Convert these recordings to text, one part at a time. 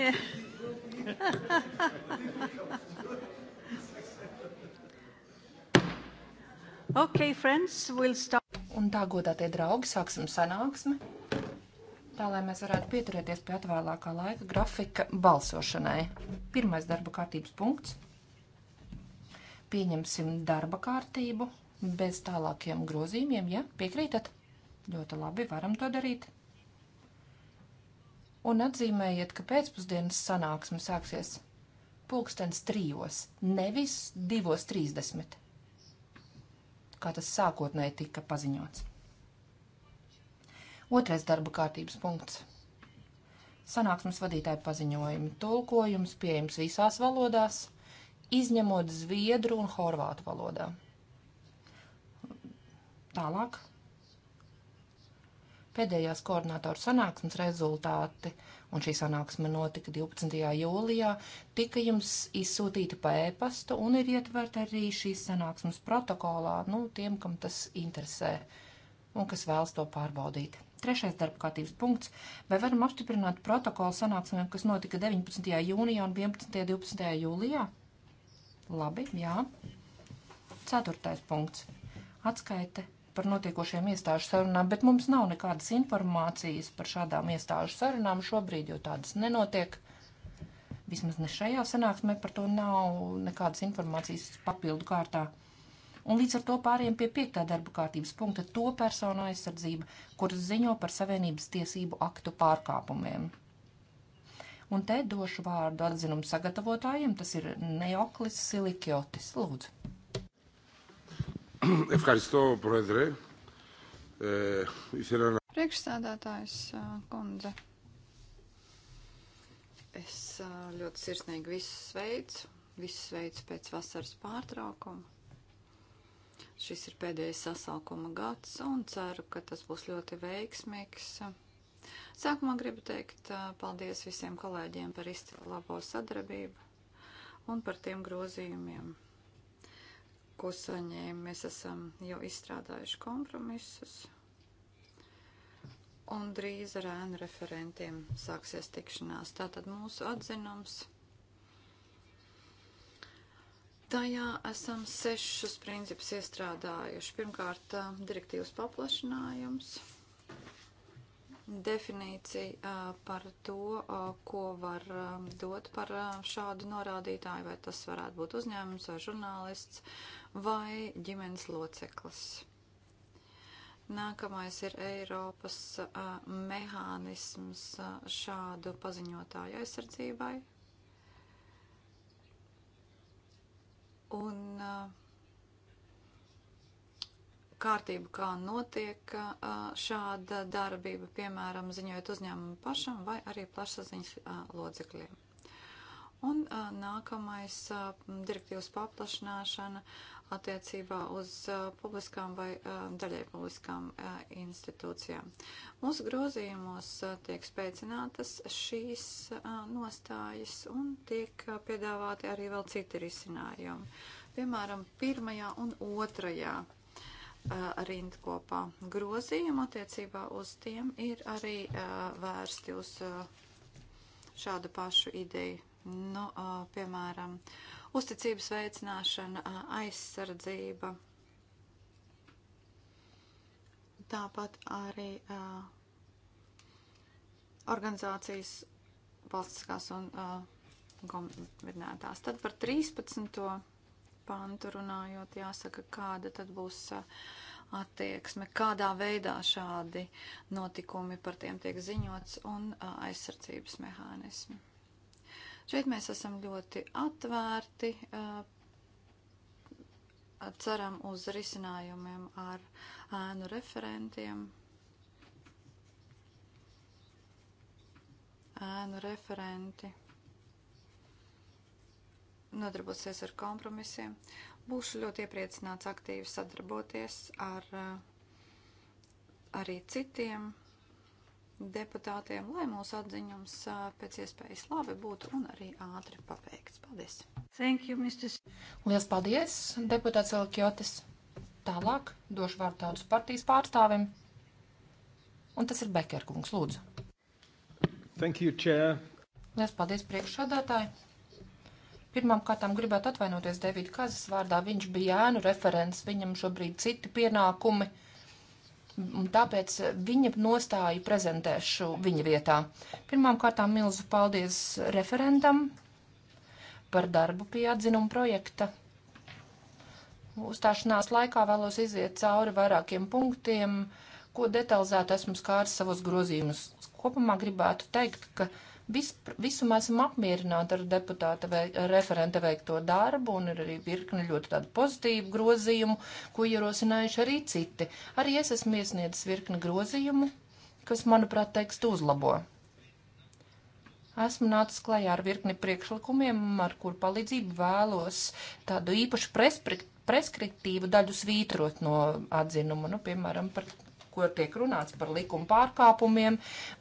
Yeah. okay, friends, we'll start. Un tā godātie draugi, sāksim sanāksmi. Tā lai mēs varētu pieturēties pie atvēlākā laika grafika balsošanai. Pirmais darba kārtības punkts. Pieņemsim darba kārtību bez tālākiem grozījumiem, ja piekrītat. Ļoti labi, varam to darīt un atzīmējiet, ka pēcpusdienas sanāksme sāksies pulkstens trijos, nevis divos trīsdesmit, kā tas sākotnēji tika paziņots. Otrais darba kārtības punkts. Sanāksmes vadītāja paziņojumi. Tulkojums pieejams visās valodās, izņemot zviedru un horvātu valodā. Tālāk Pēdējās koordinātoru sanāksmes rezultāti, un šī sanāksme notika 12. jūlijā, tika jums izsūtīti pa ēpastu un ir ietverti arī šīs sanāksmes protokolā, nu, tiem, kam tas interesē un kas vēlas to pārbaudīt. Trešais darba kārtības punkts. Vai varam apstiprināt protokolu sanāksmēm, kas notika 19. jūnijā un 11. un 12. jūlijā? Labi, jā. Ceturtais punkts. Atskaite par notiekošiem iestāžu sarunām, bet mums nav nekādas informācijas par šādām iestāžu sarunām šobrīd, jo tādas nenotiek. Vismaz ne šajā sanāksmē par to nav nekādas informācijas papildu kārtā. Un līdz ar to pāriem pie piektā darba kārtības punkta to personu aizsardzība, kuras ziņo par Savienības tiesību aktu pārkāpumiem. Un te došu vārdu atzinumu sagatavotājiem, tas ir Neoklis Silikjotis. Lūdzu. Ευχαριστώ, Πρόεδρε. Ε, ήθελα να... Priekšstādātājs kundze. Es ļoti sirsnīgi visus sveicu, visus sveicu pēc vasaras pārtraukuma. Šis ir pēdējais sasaukuma gads un ceru, ka tas būs ļoti veiksmīgs. Sākumā gribu teikt paldies visiem kolēģiem par izcilu labo sadarbību un par tiem grozījumiem, ko saņēma. Mēs esam jau izstrādājuši kompromisus. Un drīz ar ēnu referentiem sāksies tikšanās. Tātad mūsu atzinums. Tajā esam sešus principus iestrādājuši. Pirmkārt, direktīvas paplašinājums definīcija par to, ko var dot par šādu norādītāju, vai tas varētu būt uzņēmums vai žurnālists vai ģimenes loceklis. Nākamais ir Eiropas mehānisms šādu paziņotāju aizsardzībai. Un uh, kārtību, kā notiek šāda darbība, piemēram, ziņojot uzņēmumu pašam vai arī plašsaziņas lodzekļiem. Un nākamais direktīvas paplašināšana attiecībā uz publiskām vai daļai publiskām institūcijām. Mūsu grozījumos tiek spēcinātas šīs nostājas un tiek piedāvāti arī vēl citi risinājumi. Piemēram, pirmajā un otrajā rindu kopā. Grozījumi attiecībā uz tiem ir arī vērsti uz šādu pašu ideju. Nu, piemēram, uzticības veicināšana, aizsardzība. Tāpat arī organizācijas valstiskās un uh, kombinētās. Tad par 13 pantu runājot, jāsaka, kāda tad būs attieksme, kādā veidā šādi notikumi par tiem tiek ziņots un aizsardzības mehānismi. Šeit mēs esam ļoti atvērti, ceram uz risinājumiem ar ēnu referentiem. Ēnu referenti nodarbosies ar kompromisiem. Būšu ļoti iepriecināts aktīvi sadarboties ar eh, arī citiem deputātiem, lai mūsu atziņums eh, pēc iespējas labi būtu un arī ātri pabeigts. Paldies! Thank you, Mr. Lielas paldies, deputāts Elkjotis! Tālāk došu vārdu tautas partijas pārstāvim. Un tas ir Bekerkungs, lūdzu. Thank you, Chair. Lielas paldies priekšsādātāji! Pirmkārt, gribētu atvainoties Davida Kazas vārdā. Viņš bija ēnu referents, viņam šobrīd citi pienākumi. Tāpēc viņa nostāju prezentēšu viņa vietā. Pirmkārt, milzu paldies referentam par darbu pie atzinuma projekta. Uzstāšanās laikā vēlos iziet cauri vairākiem punktiem, ko detalizēti esmu skāris savos grozījumus. Kopumā gribētu teikt, ka Vis, visumā esam apmierināti ar deputāta veik, referenta veikto darbu un ir arī virkni ļoti tādu pozitīvu grozījumu, ko ierosinājuši arī citi. Arī es esmu iesniedzis virkni grozījumu, kas, manuprāt, tekstu uzlabo. Esmu nācis klajā ar virkni priekšlikumiem, ar kur palīdzību vēlos tādu īpašu prespekt, preskriptīvu daļu svītrot no atzinuma, nu, piemēram, par kur tiek runāts par likuma pārkāpumiem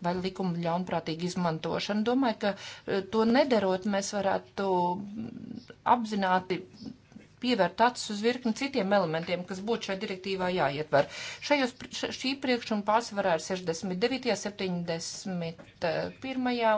vai likuma ļaunprātīgu izmantošanu. Domāju, ka eh, to nedarot mēs varētu mm, apzināti pievērt acis uz virkni citiem elementiem, kas būtu šai direktīvā jāietver. Šajos, šī priekšuma pārsvarā ir 69., 71.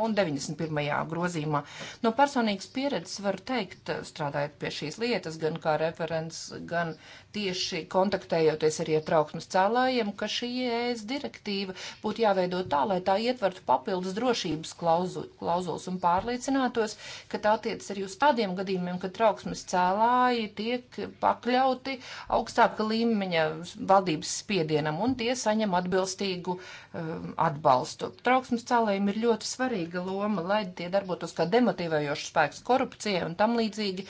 un 91. grozījumā. No personīgas pieredzes var teikt, strādājot pie šīs lietas, gan kā referents, gan tieši kontaktējoties ar ietrauksmes cēlājiem, ka šī ES direktīva būtu jāveido tā, lai tā ietvertu papildus drošības klauzu, klauzulas un pārliecinātos, ka tā attiec arī uz tādiem gadījumiem, kad trauksmes cēlāji tiek pakļauti augstāka līmeņa valdības spiedienam un tie saņem atbilstīgu um, atbalstu. Trauksmes cēlējiem ir ļoti svarīga loma, lai tie darbotos kā demotivējošs spēks korupcijai un tam līdzīgi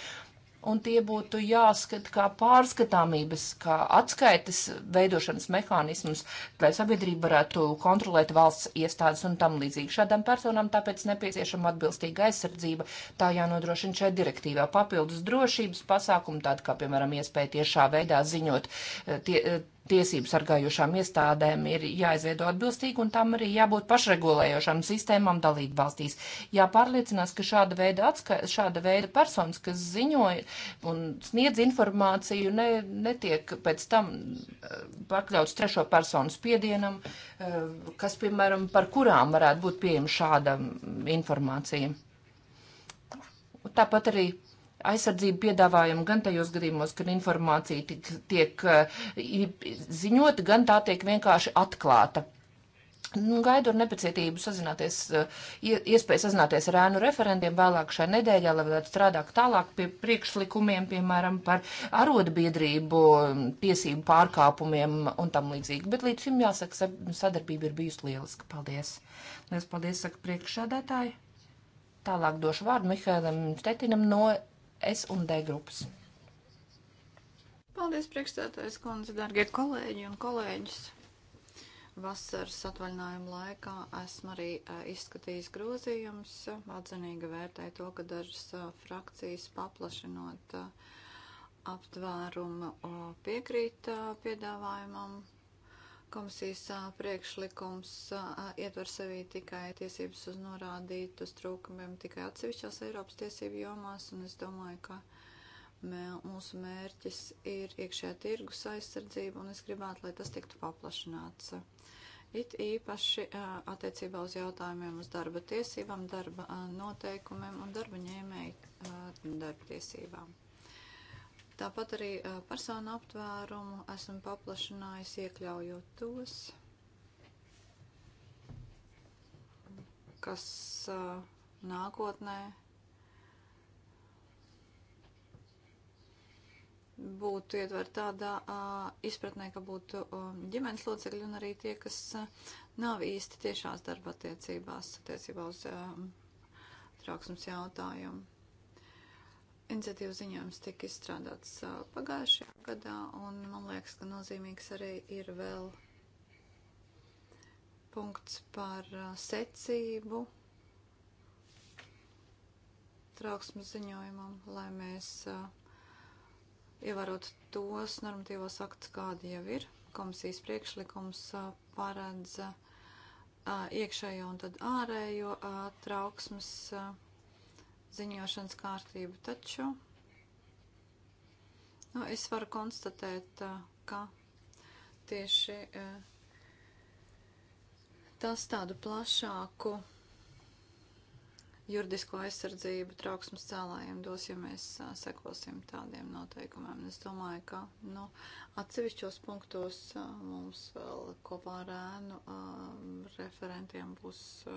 un tie būtu jāskata kā pārskatāmības, kā atskaites veidošanas mehānismus, lai sabiedrība varētu kontrolēt valsts iestādes un tam līdzīgi. Šādām personām tāpēc nepieciešama atbilstīga aizsardzība, tā jānodrošina šai direktīvā papildus drošības pasākumu, tādu kā, piemēram, iespēja tiešā veidā ziņot eh, tie, eh, tiesību sargājošām iestādēm ir jāizveido atbilstīgi un tam arī jābūt pašregulējošām sistēmām dalību valstīs. Jāpārliecinās, ka šāda veida, atska, šāda veida personas, kas ziņoja un sniedz informāciju, ne, netiek pēc tam eh, pakļauts trešo personu spiedienam, eh, kas, piemēram, par kurām varētu būt pieejama šāda informācija. Tāpat arī aizsardzību piedāvājam gan tajos gadījumos, kad informācija tiek, tiek eh, ziņota, gan tā tiek vienkārši atklāta. Nu, gaidu ar nepacietību sazināties, eh, iespēju sazināties ar ēnu referentiem vēlāk šajā nedēļā, lai varētu strādāt tālāk pie priekšlikumiem, piemēram, par arotbiedrību tiesību pārkāpumiem un tam līdzīgi. Bet līdz šim jāsaka, sadarbība ir bijusi lieliska. Paldies! Lielas paldies, saka priekšsādātāji! Tālāk došu vārdu Mihēlam Stetinam no S un D grupas. Paldies, priekšstādājas kundze, darbie kolēģi un kolēģis. Vasaras atvaļinājuma laikā esmu arī izskatījis grozījumus, atzinīgi vērtēju to, ka dažas frakcijas paplašinot aptvērumu piekrīt piedāvājumam Komisijas priekšlikums ietver sevī tikai tiesības uz norādītu uz trūkumiem tikai atsevišķās Eiropas tiesību jomās, un es domāju, ka mē, mūsu mērķis ir iekšējā tirgus aizsardzība, un es gribētu, lai tas tiktu paplašināts. It īpaši attiecībā uz jautājumiem uz darba tiesībām, darba noteikumiem un darba ņēmēju darba tiesībām. Tāpat arī personu aptvērumu esmu paplašinājis, iekļaujot tos, kas nākotnē būtu ietverti tādā uh, izpratnē, ka būtu uh, ģimenes locekļi un arī tie, kas uh, nav īsti tiešās darba attiecībās attiecībā uz uh, trauksmes jautājumu iniciatīvas ziņojums tika izstrādāts pagājušajā gadā, un man liekas, ka nozīmīgs arī ir vēl punkts par secību trauksmes ziņojumam, lai mēs ievērotu tos normatīvos aktus, kādi jau ir. Komisijas priekšlikums paredz iekšējo un tad ārējo trauksmes ziņojumu ziņošanas kārtību, taču nu, es varu konstatēt, ka tieši tas tādu plašāku juridisko aizsardzību trauksmes cēlājiem dos, ja mēs a, sekosim tādiem noteikumiem. Es domāju, ka nu, atsevišķos punktos a, mums vēl kopā ar ēnu referentiem būs a,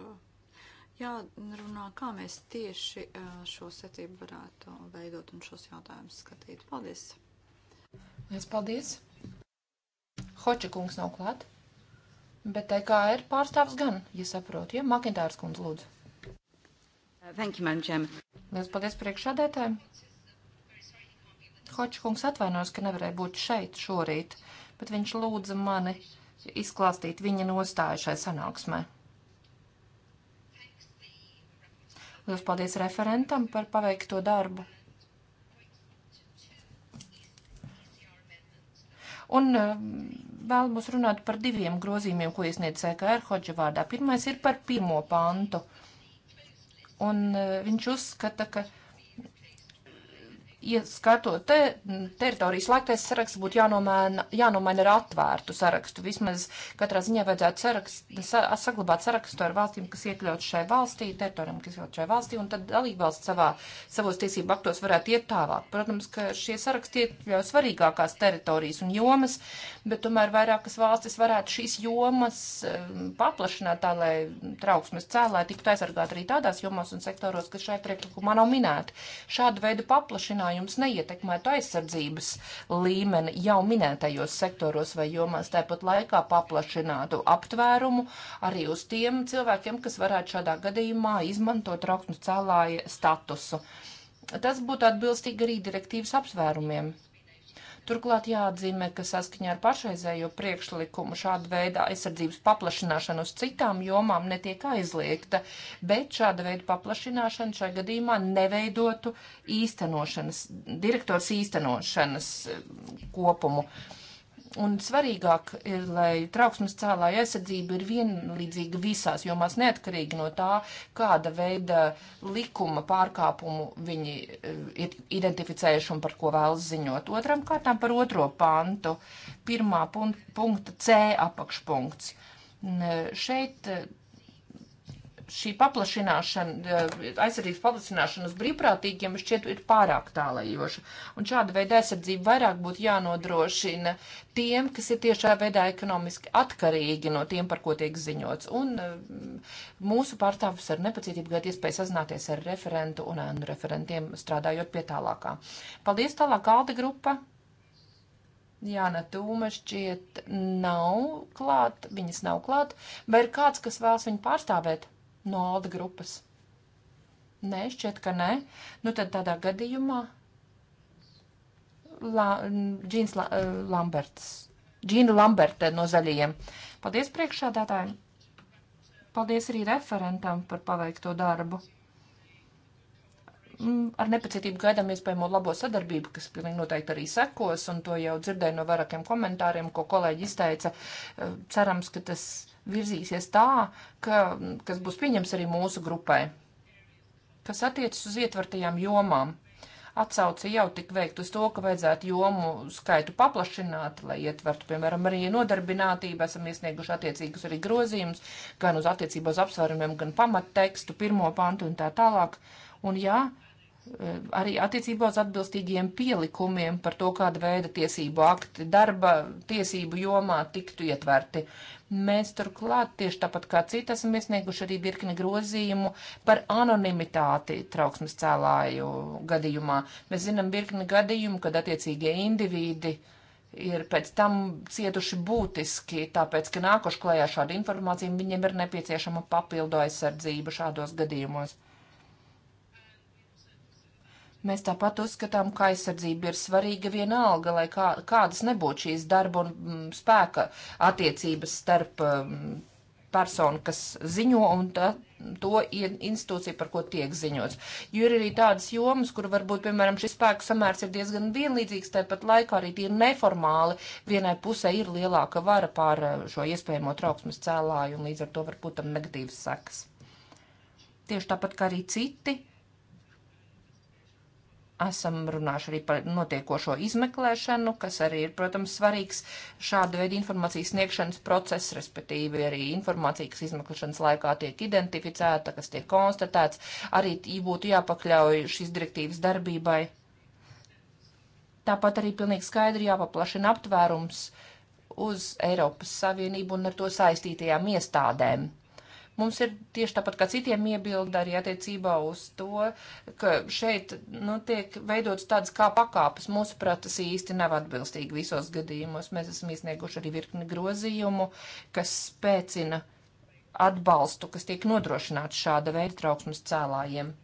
jārunā, kā mēs tieši šo secību varētu veidot un šos jautājumus skatīt. Paldies! Liels paldies! Hoči kungs nav klāt, bet te kā ir pārstāvs gan, ja saprotu, ja? Makintārs kungs lūdzu. Thank you, man, Džem. Liels paldies priekšādētājiem. Hoči kungs atvainojas, ka nevarēja būt šeit šorīt, bet viņš lūdza mani izklāstīt viņa nostāju šai sanāksmē. Lielas paldies referentam par paveikto darbu. Un eh, vēlamos runāt par diviem grozījumiem, ko iesniedz CKR Hodža vārdā. Pirmais ir par pirmo pantu. Un eh, viņš uzskata, ka ieskatot te, teritorijas laiktais saraksts būtu jānomaina, jānomaina ar atvērtu sarakstu. Vismaz katrā ziņā vajadzētu sarakst, sa, saglabāt sarakstu ar valstīm, kas iekļaut šai valstī, teritorijām, kas iekļaut šai valstī, un tad dalībvalsts savā, savos tiesību aktos varētu iet tālāk. Protams, ka šie saraksti iekļauj svarīgākās teritorijas un jomas, bet tomēr vairākas valstis varētu šīs jomas um, paplašināt tā, lai trauksmes cēlāji tiktu aizsargāti arī tādās jomās un sektoros, kas šai priekšlikumā nav minēti. Šādu veidu paplašinājumu samazinājums neietekmētu aizsardzības līmeni jau minētajos sektoros vai jomās, tāpat laikā paplašinātu aptvērumu arī uz tiem cilvēkiem, kas varētu šādā gadījumā izmantot trauksmes cēlāja statusu. Tas būtu atbilstīgi arī direktīvas apsvērumiem. Turklāt jāatzīmē, ka saskaņā ar pašreizējo priekšlikumu šāda veida aizsardzības paplašināšana uz citām jomām netiek aizliegta, bet šāda veida paplašināšana šajā gadījumā neveidotu īstenošanas, direktors īstenošanas eh, kopumu. Uh, Un svarīgāk ir, lai trauksmes cēlāja aizsardzība ir vienlīdzīga visās jomās, neatkarīgi no tā, kāda veida likuma pārkāpumu viņi eh, ir identificējuši un par ko vēlas ziņot. Otram kārtām par otro pantu, pirmā punkta C apakšpunkts. Šeit šī paplašināšana, eh, aizsardzības paplašināšana uz brīvprātīgiem šķiet ir pārāk tālajoša. Un šāda veida aizsardzība vairāk būtu jānodrošina tiem, kas ir tiešā veidā ekonomiski atkarīgi no tiem, par ko tiek ziņots. Un eh, mūsu pārstāvis ar nepacietību gaida iespēju sazināties ar referentu un ēnu referentiem, strādājot pie tālākā. Paldies tālāk, Alde grupa! Jāna Tūma šķiet nav klāt, viņas nav klāt, vai ir kāds, kas vēlas viņu pārstāvēt? no Alda grupas? Nē, šķiet, ka nē. Nu tad tādā gadījumā La, Džīns La, eh, Lamberts. Džīna Lamberta no zaļajiem. Paldies priekšādātājiem. Paldies arī referentam par paveikto darbu mm, ar nepacietību gaidām iespējamo labo sadarbību, kas pilnīgi noteikti arī sekos, un to jau dzirdēju no vairākiem komentāriem, ko kolēģi izteica. Eh, cerams, ka tas virzīsies tā, ka, kas būs pieņems arī mūsu grupai, kas attiecas uz ietvertajām jomām. Atsauce jau tik veikt uz to, ka vajadzētu jomu skaitu paplašināt, lai ietvertu, piemēram, arī nodarbinātību. Esam iesnieguši attiecīgus arī grozījumus, gan uz attiecībā uz apsvērumiem, gan pamattekstu, pirmo pantu un tā tālāk. Un jā, ja, Eh, arī attiecībā uz atbilstīgiem pielikumiem par to, kāda veida tiesību akti darba tiesību jomā tiktu ietverti. Mēs turklāt, tieši tāpat kā citi, esam iesnieguši arī virkni grozījumu par anonimitāti trauksmes cēlāju gadījumā. Mēs zinām virkni gadījumu, kad attiecīgie individi ir pēc tam cietuši būtiski, tāpēc, ka nākuši klajā šādu informāciju, viņiem ir nepieciešama papildu aizsardzība šādos gadījumos. Mēs tāpat uzskatām, ka aizsardzība ir svarīga vienalga, lai kā, kādas nebūtu šīs darba un mm, spēka attiecības starp mm, personu, kas ziņo un tā, to institūciju, par ko tiek ziņots. Jo ir arī tādas jomas, kur varbūt, piemēram, šis spēku samērs ir diezgan vienlīdzīgs, tāpat laikā arī tie neformāli vienai pusē ir lielāka vara pār eh, šo iespējamo trauksmes cēlāju un līdz ar to varbūt tam negatīvas sekas. Tieši tāpat kā arī citi Esam runājuši arī par notiekošo izmeklēšanu, kas arī ir, protams, svarīgs šāda veida informācijas sniegšanas process, respektīvi arī informācija, kas izmeklēšanas laikā tiek identificēta, kas tiek konstatēts, arī būtu jāpakļauj šīs direktīvas darbībai. Tāpat arī pilnīgi skaidri jāpaplašina aptvērums uz Eiropas Savienību un ar to saistītajām iestādēm Mums ir tieši tāpat kā citiem iebilda arī attiecībā uz to, ka šeit nu, tiek veidotas tādas kā pakāpes. Mūsuprāt, tas īsti nav atbilstīgi visos gadījumos. Mēs esam iesnieguši arī virkni grozījumu, kas spēcina atbalstu, kas tiek nodrošināts šāda veida trauksmes cēlājiem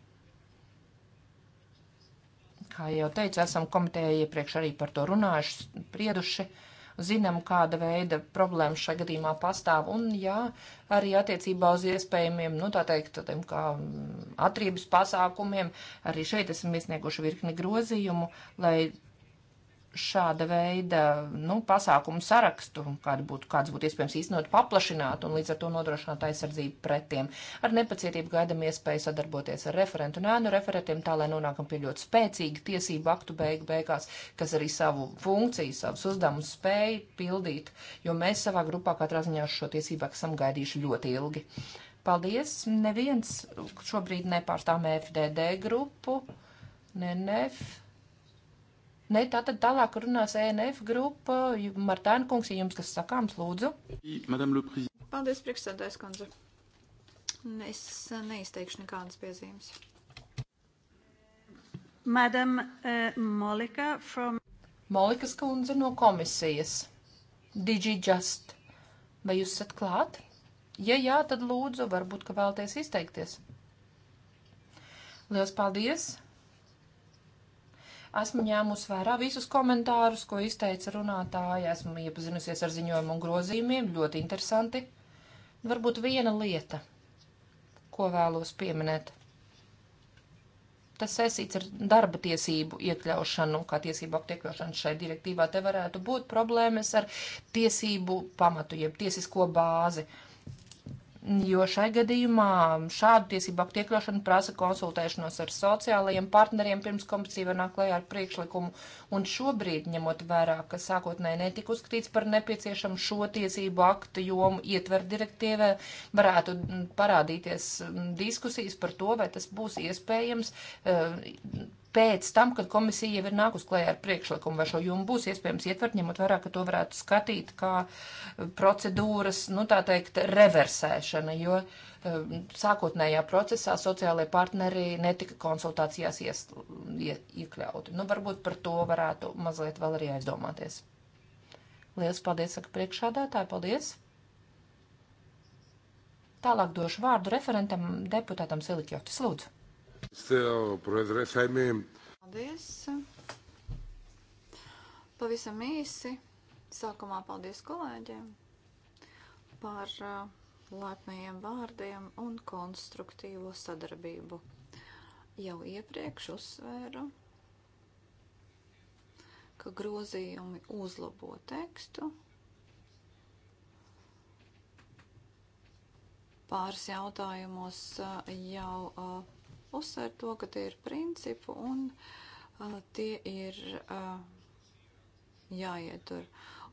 kā jau teicu, esam komiteja iepriekš arī par to runājuši, sprieduši. Uh, zinām, kāda veida problēma šajā gadījumā pastāv, un jā, arī attiecībā uz iespējamiem, nu tā teikt, tādiem kā mm, atrības pasākumiem, arī šeit esam iesnieguši virkni grozījumu, lai šāda veida nu, pasākumu sarakstu, kāda būtu, kāds būtu iespējams īstenot, paplašināt un līdz ar to nodrošināt aizsardzību pret tiem. Ar nepacietību gaidam iespēju sadarboties ar referentu un ēnu referentiem, tā lai nonākam pie ļoti spēcīga tiesību aktu beigu beigās, kas arī savu funkciju, savus uzdevumus spēj pildīt, jo mēs savā grupā katrā ziņā šo tiesību aktu esam gaidījuši ļoti ilgi. Paldies! Neviens šobrīd nepārstāv FDD grupu, ne NEF. Ne Nē, tā tad tālāk runās ENF grupa. Martēna kungs, ja jums kas sakāms, lūdzu. Paldies, priekšsēdājs kundze. Es uh, neizteikšu nekādas piezīmes. Madam uh, Molika from... Molikas kundze no komisijas. Digi Just. Vai jūs esat klāt? Ja jā, tad lūdzu, varbūt, ka vēlties izteikties. Lielas paldies! Esmu ņēmusi vērā visus komentārus, ko izteica runātāja. Esmu iepazinusies ar ziņojumu un grozījumiem. Ļoti interesanti. Varbūt viena lieta, ko vēlos pieminēt. Tas saistīts ar darba tiesību iekļaušanu, kā tiesību aktu iekļaušanu šai direktīvā. Te varētu būt problēmas ar tiesību pamatu, jeb tiesisko bāzi. Uh, jo šai gadījumā šādu tiesību aktu iekļaušana prasa konsultēšanos ar sociālajiem partneriem pirms komisija var nākt klajā ar priekšlikumu, un šobrīd, ņemot vērā, ka sākotnēji netika uzskatīts par nepieciešamu šo tiesību aktu jomu ietver direktīvē, varētu parādīties diskusijas par to, vai tas būs iespējams e, pēc tam, kad komisija jau ir nākus klējā ar priekšlikumu, vai šo jomu būs iespējams ietvert, ņemot vērā, ka to varētu skatīt kā eh, procedūras, nu tā teikt, reversēšana, jo eh, sākotnējā procesā sociālajie partneri netika konsultācijās ies, ie, iekļauti. Nu, varbūt par to varētu mazliet vēl arī aizdomāties. Lielas paldies, saka priekšādātāji, paldies! Tālāk došu vārdu referentam deputātam Silikjotis Lūdzu. Paldies. Pavisam īsi. Sākumā paldies kolēģiem par laipnajiem vārdiem un konstruktīvo sadarbību. Jau iepriekš uzsvēru, ka grozījumi uzlabo tekstu. Pāris jautājumos eh, jau eh, uzsver to, ka tie ir principi un uh, tie ir uh, jāietur.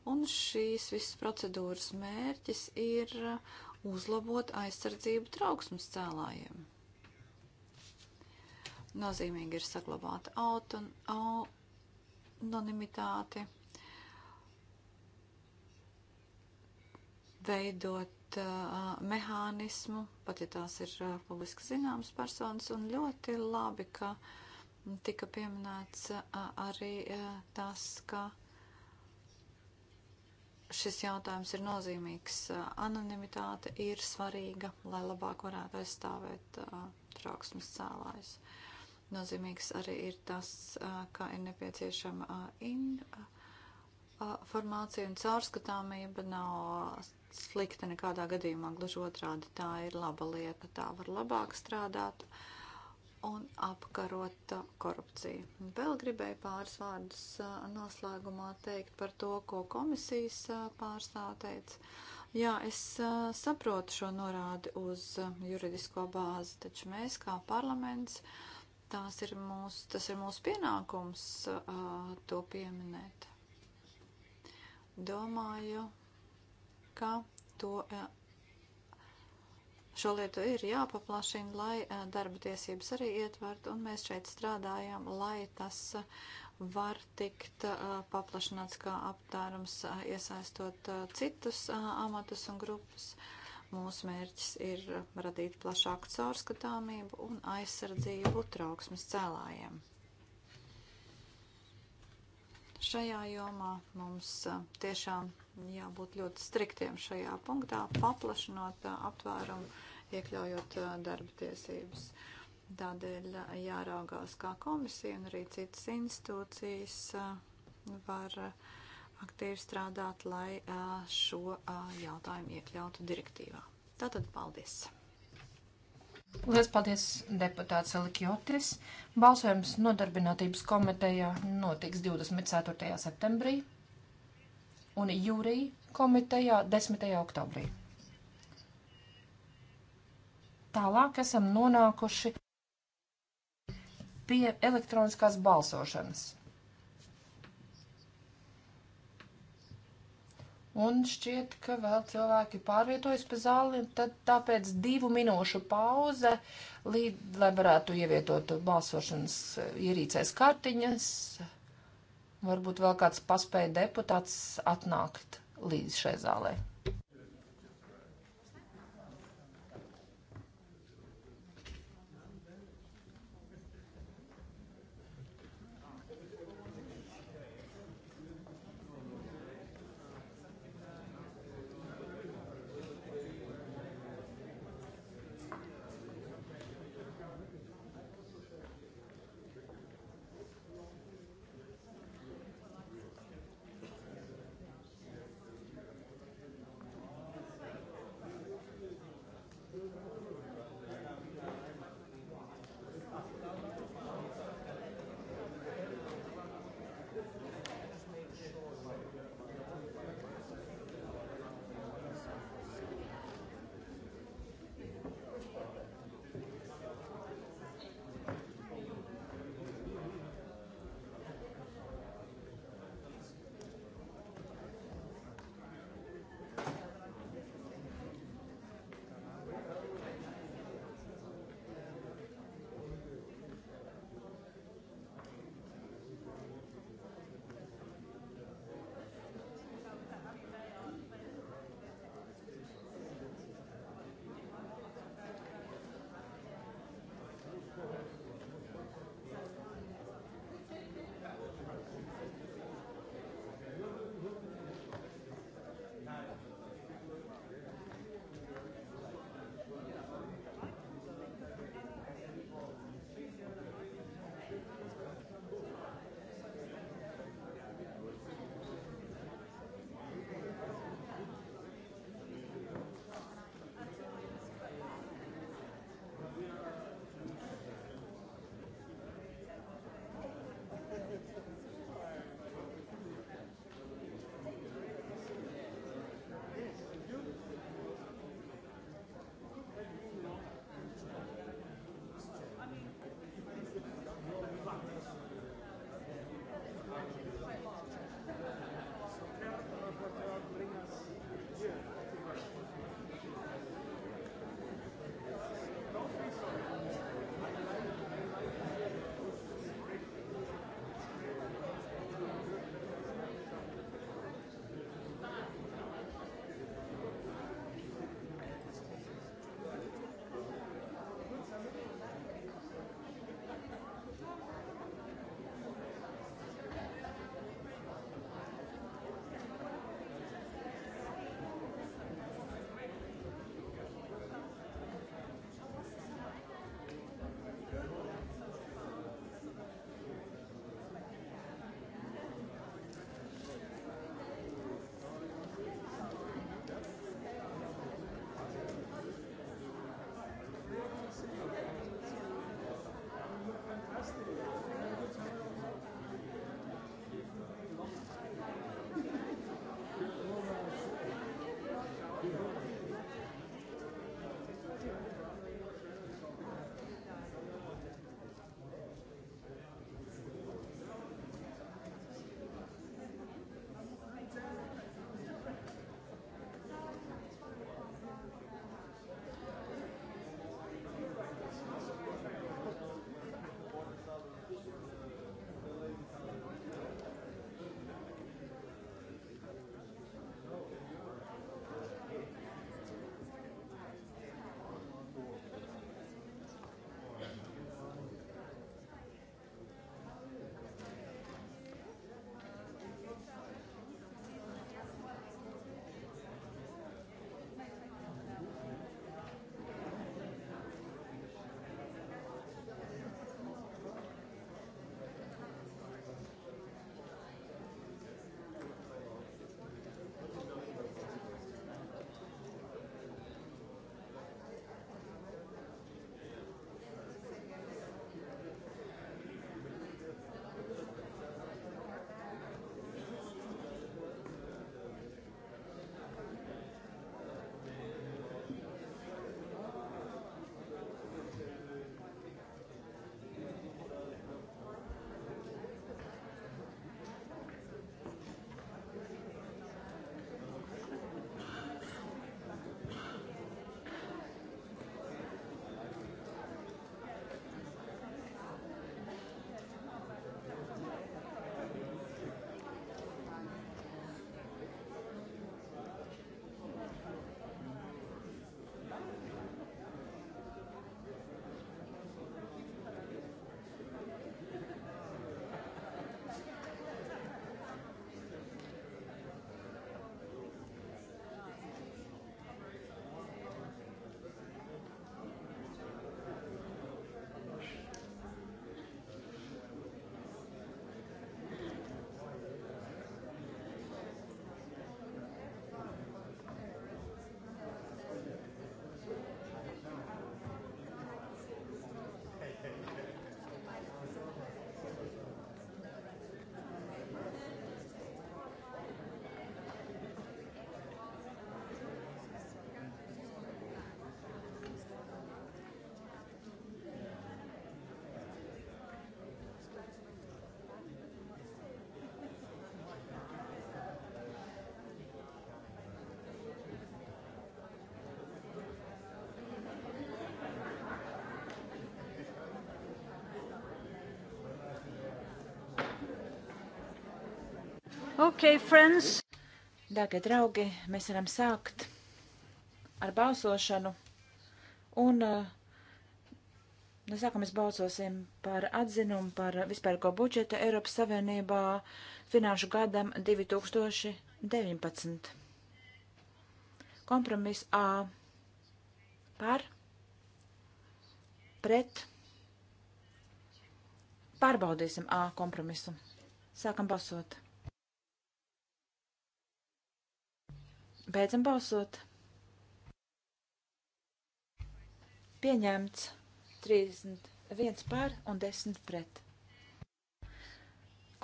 Un šīs visas procedūras mērķis ir uzlabot aizsardzību trauksmes cēlājiem. Nozīmīgi ir saglabāt auton, anonimitāti, veidot uh, mehānismu, pat ja tās ir uh, publiski zināmas personas, un ļoti labi, ka tika pieminēts uh, arī uh, tas, ka šis jautājums ir nozīmīgs. Uh, anonimitāte ir svarīga, lai labāk varētu aizstāvēt uh, trauksmes cēlājus. Nozīmīgs arī ir tas, uh, ka ir nepieciešama uh, in. Uh, formācija un caurskatāmība nav slikta nekādā gadījumā, gluži otrādi tā ir laba lieta, tā var labāk strādāt un apkarot uh, korupciju. Vēl gribēju pāris vārdus uh, noslēgumā teikt par to, ko komisijas uh, pārstāv teica. Jā, es saprotu šo norādi uz juridisko bāzi, taču mēs kā parlaments, tās ir mūsu, tas ir mūsu pienākums to pieminēt. Domāju, ka to eh, šo lietu ir jāpaplašina, lai eh, darba tiesības arī ietvertu, un mēs šeit strādājam, lai tas eh, var tikt paplašināts kā aptārums, iesaistot citus amatus un grupas. Mūsu mērķis ir radīt plašāku caurskatāmību un aizsardzību trauksmes cēlājiem. Šajā jomā mums tiešām jābūt ļoti striktiem šajā punktā, paplašinot aptvērumu, iekļaujot darba tiesības. Tādēļ jāraugās, kā komisija un arī citas institūcijas var aktīvi strādāt, lai šo jautājumu iekļautu direktīvā. Tātad paldies! Lielas paldies, deputāts Alikjotis. Balsojums nodarbinātības komitejā notiks 24. septembrī un jūrī komitejā 10. oktobrī. Tālāk esam nonākuši pie elektroniskās balsošanas. Un šķiet, ka vēl cilvēki pārvietojas pa zāli, tad tāpēc divu minūšu pauze, līd, lai varētu ievietot balsošanas eh, ierīcēs kartiņas. Varbūt vēl kāds paspēja deputāts atnākt līdz šai zālē. Ok, friends. Dārgie draugi, mēs varam sākt ar balsošanu. Un uh, no sākuma mēs balsosim par atzinumu par vispārko budžetu Eiropas Savienībā finanšu gadam 2019. Kompromis A par pret. Pārbaudīsim A kompromisu. Sākam balsot. Beidzam balsot. Pieņemts 31 par un 10 pret.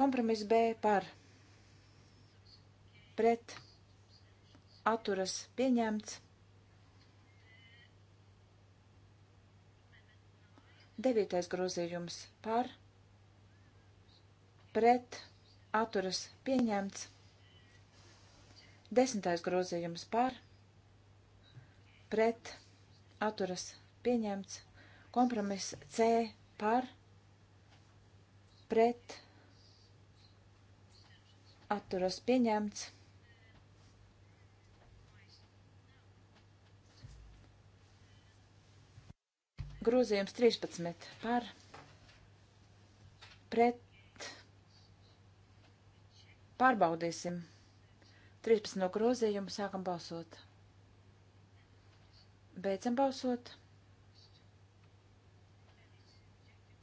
Kompromiss B par pret atturas pieņemts 9. grozījums par pret atturas pieņemts Desmitais grozījums par, pret, atturas pieņemts. Kompromiss C par, pret, atturas pieņemts. Grūzījums 13 par pret pārbaudīsim. 13. grozījumu sākam balsot. Beidzam balsot.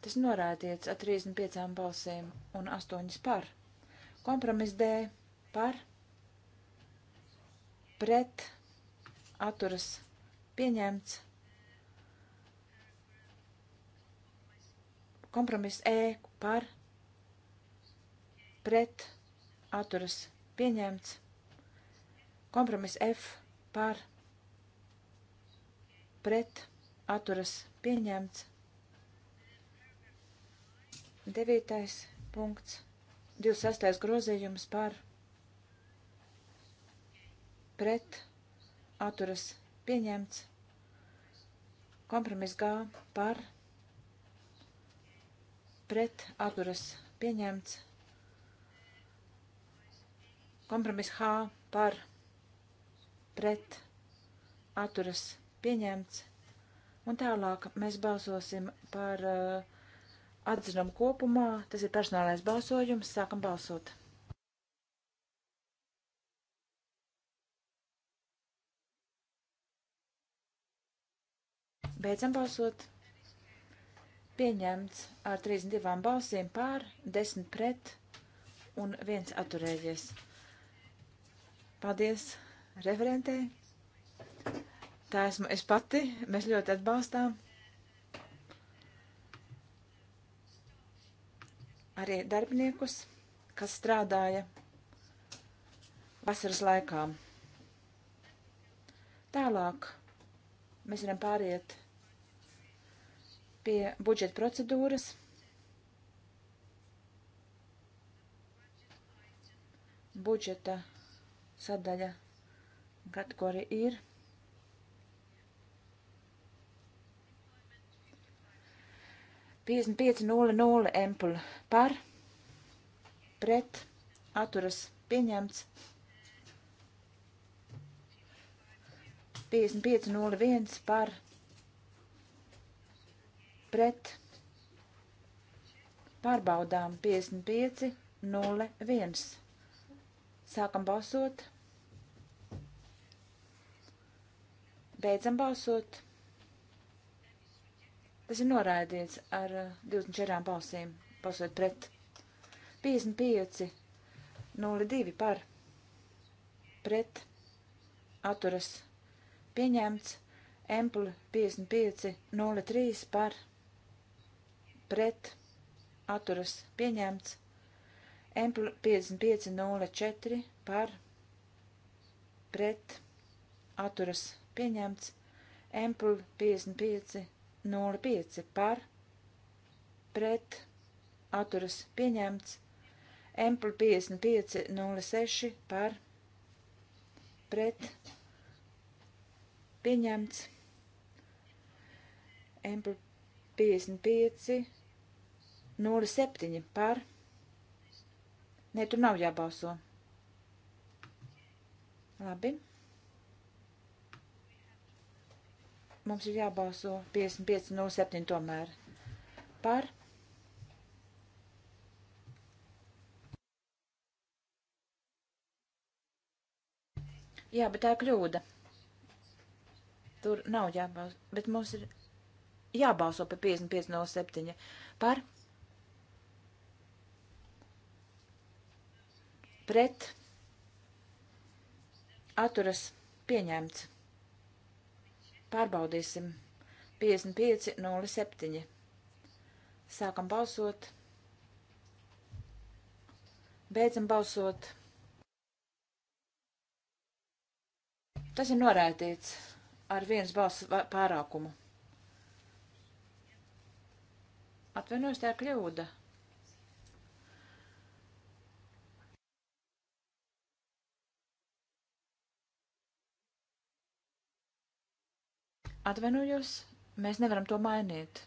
Tas norādīts ar 35 balsīm un 8 par. Kompromiss D par pret atturas pieņemts. Kompromiss E par pret atturas pieņemts. Kompromiss F par pret atturas pieņemts. Devītais punkts. 26. grozījums par pret atturas pieņemts. Kompromiss G par pret atturas pieņemts. Kompromiss H par pret pret atturas pieņemts. Un tālāk mēs balsosim par uh, atzinumu kopumā. Tas ir personālais balsojums. Sākam balsot. Beidzam balsot. Pieņemts ar 32 balsīm pār, 10 pret un viens atturējies. Paldies! referentē. Tā esmu es pati, mēs ļoti atbalstām. Arī darbiniekus, kas strādāja vasaras laikā. Tālāk mēs varam pāriet pie budžeta procedūras. Budžeta sadaļa kategorija ir. Piecdesmit pieci nulle nulle empul par, pret, atturas pieņemts. 55.01 par pret pārbaudām 55.01. Sākam balsot. Beidzam balsot. Tas ir noraidīts ar 24 uh, balsīm. Balsot pret. 55, 02 par. Pret. Atturas. Pieņemts. Empli 55, 03 par. Pret. Atturas. Pieņemts. Empli 55, 04 par. Pret. Atturas. Pieņemts pieņemts. Empul 55, 05 par, pret, atturas pieņemts. Empul 55, 06 par, pret, pieņemts. Empul 55, 07 par. Nē, tur nav jābalso. Labi. Mums ir jābalso 55 no 7 tomēr. Par. Jā, bet tā ir kļūda. Tur nav jābalso, bet mums ir jābalso par 55 no 7. Par. Pret. Atturas pieņemts. Pārbaudīsim. 55, 07. Sākam balsot. Beidzam balsot. Tas ir norētīts ar vienas balss pārākumu. Atvainojos, tā ir kļūda. Atvainojos, mēs nevaram to mainīt.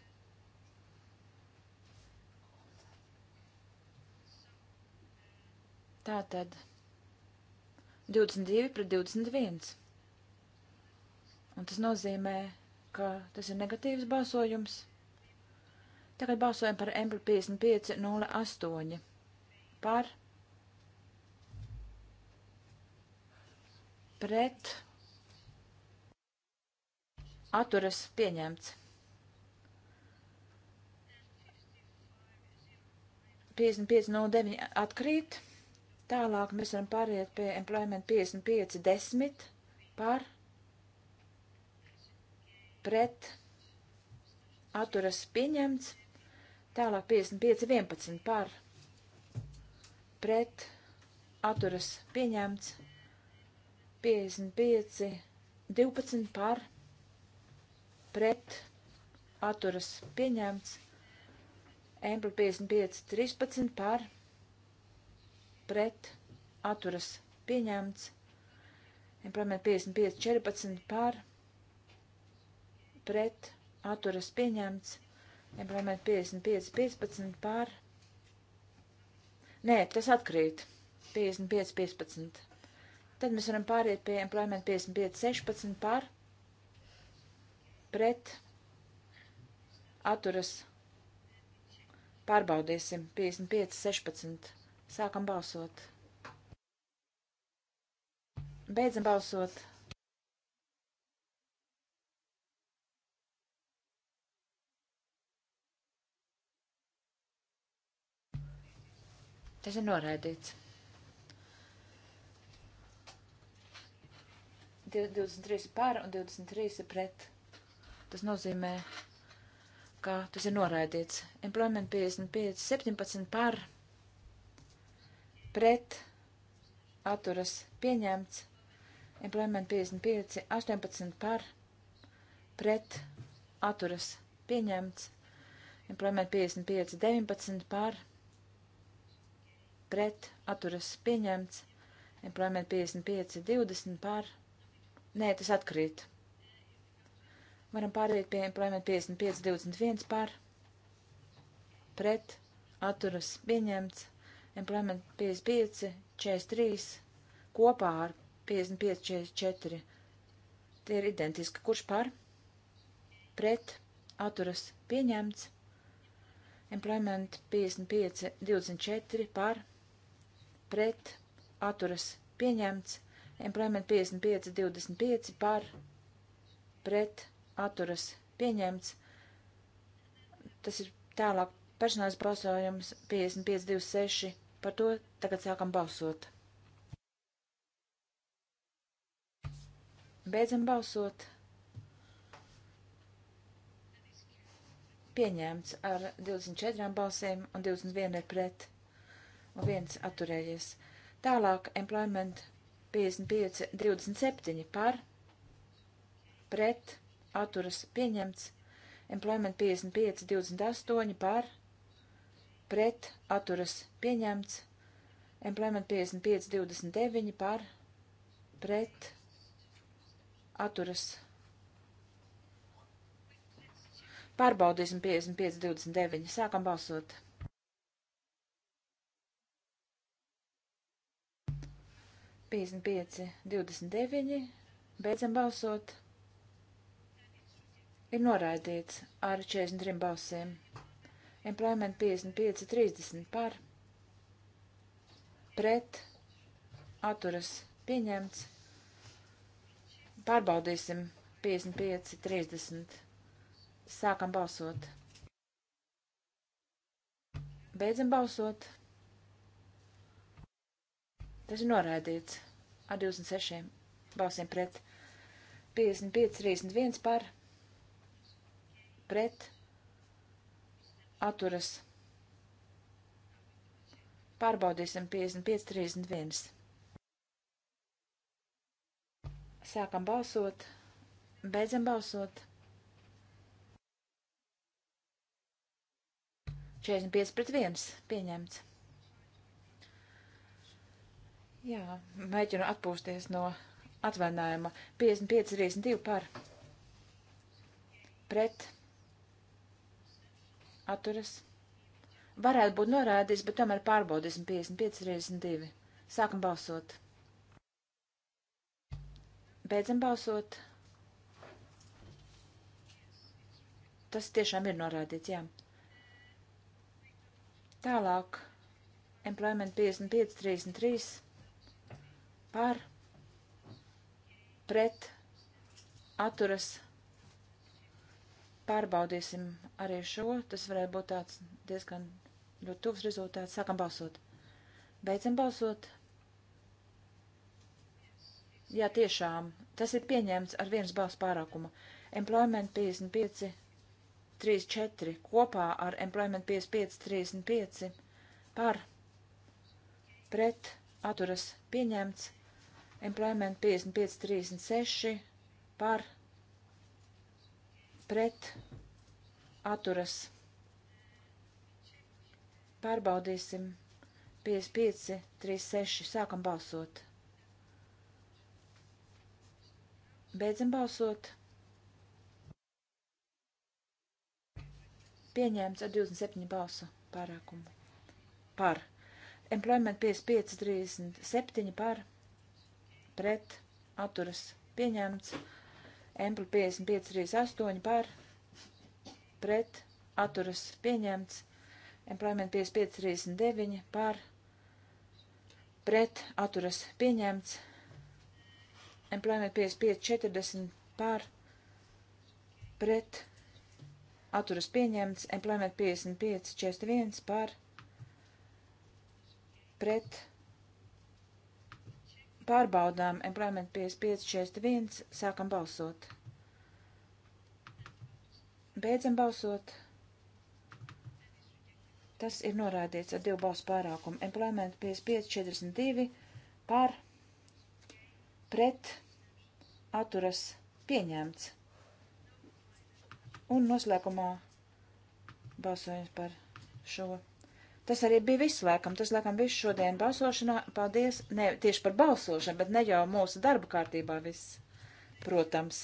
Tātad 22 pret 21. Un tas nozīmē, ka tas ir negatīvs balsojums. Tagad balsojam par Embra 5508. Par. Pret atturas pieņemts. 55.09 atkrīt. Tālāk mēs varam pāriet pie employment 55.10 par pret atturas pieņemts. Tālāk 55.11 par pret atturas pieņemts. 55.12 par pret pret atturas pieņemts. Embra 55, 13 par pret atturas pieņemts. Employment 55, 14 par pret atturas pieņemts. Employment 55, 15 par. Nē, tas atkrīt. 55, 15. Tad mēs varam pāriet pie employment 55, 16 par pret, atturas, pārbaudīsim, 55, 16, sākam balsot. Beidzam balsot. Tas ir noraidīts. 23 pār un 23 pret. Tas nozīmē, ka tas ir noraidīts. Employment 55, 17 par pret atturas pieņemts. Employment 55, 18 par pret atturas pieņemts. Employment 55, 19 par pret atturas pieņemts. Employment 55, 20 par. Nē, tas atkrīt. Varam pāriet pie implementa 55.21 par pret atturas pieņemts. Implementa 55.43 kopā ar 55.44. Tie ir identiski. Kurš par? Pret atturas pieņemts. Implement 55.24 par pret atturas pieņemts. Implement 55.25 par pret atturas pieņemts atturas pieņemts. Tas ir tālāk personāls balsojums 5526. Par to tagad sākam balsot. Beidzam balsot. Pieņemts ar 24 balsīm un 21 ir pret un viens atturējies. Tālāk employment 55, 27 par, pret, atturas pieņemts. Employment 55, 28 par, pret, atturas pieņemts. Employment 55, 29 par, pret, atturas. Pārbaudīsim 55, 29. Sākam balsot. Piecdesmit pieci, divdesmit deviņi. Beidzam balsot ir noraidīts ar 43 balsīm. Employment 55, 30 par, pret, atturas pieņemts. Pārbaudīsim 55, 30. Sākam balsot. Beidzam balsot. Tas ir noraidīts ar 26 balsīm pret 55, 31 par, pret pret atturas. Pārbaudīsim 55.31. Sākam balsot, beidzam balsot. 45 pret 1 pieņemts. Jā, mēģinu atpūsties no atvainājuma. 55, 32 par pret atturas. Varētu būt norādījis, bet tomēr pārbaudīsim 55, 32. Sākam balsot. Beidzam balsot. Tas tiešām ir norādīts, jā. Tālāk. Employment 55, 33. Par. Pret. Atturas Pārbaudīsim arī šo. Tas varētu būt tāds diezgan ļoti tuvs rezultāts. Sākam balsot. Beidzam balsot. Jā, tiešām. Tas ir pieņemts ar vienas balss pārākumu. Employment 55, 3, 4 kopā ar Employment 55, 35 par pret atturas pieņemts. Employment 55, 36 par pret pret atturas. Pārbaudīsim 55, 36. Sākam balsot. Beidzam balsot. Pieņēmts ar 27 balsu pārākumu. Par. Employment 55, 37 par. Pret. Atturas. Pieņēmts. Empli 5538 par pret atturas pieņemts. Employment 5539 par pret atturas pieņemts. Employment 5540 par pret atturas pieņemts. Employment 5541 par pret atturas pieņemts Pārbaudām Employment 5561, sākam balsot. Beidzam balsot. Tas ir norādīts ar divu balsu pārākumu. Employment 5542 par pret atturas pieņemts. Un noslēgumā balsojums par šo. Tas arī bija viss, laikam. Tas, laikam, viss šodien balsošanā. Paldies. Ne tieši par balsošanu, bet ne jau mūsu darba kārtībā viss, protams.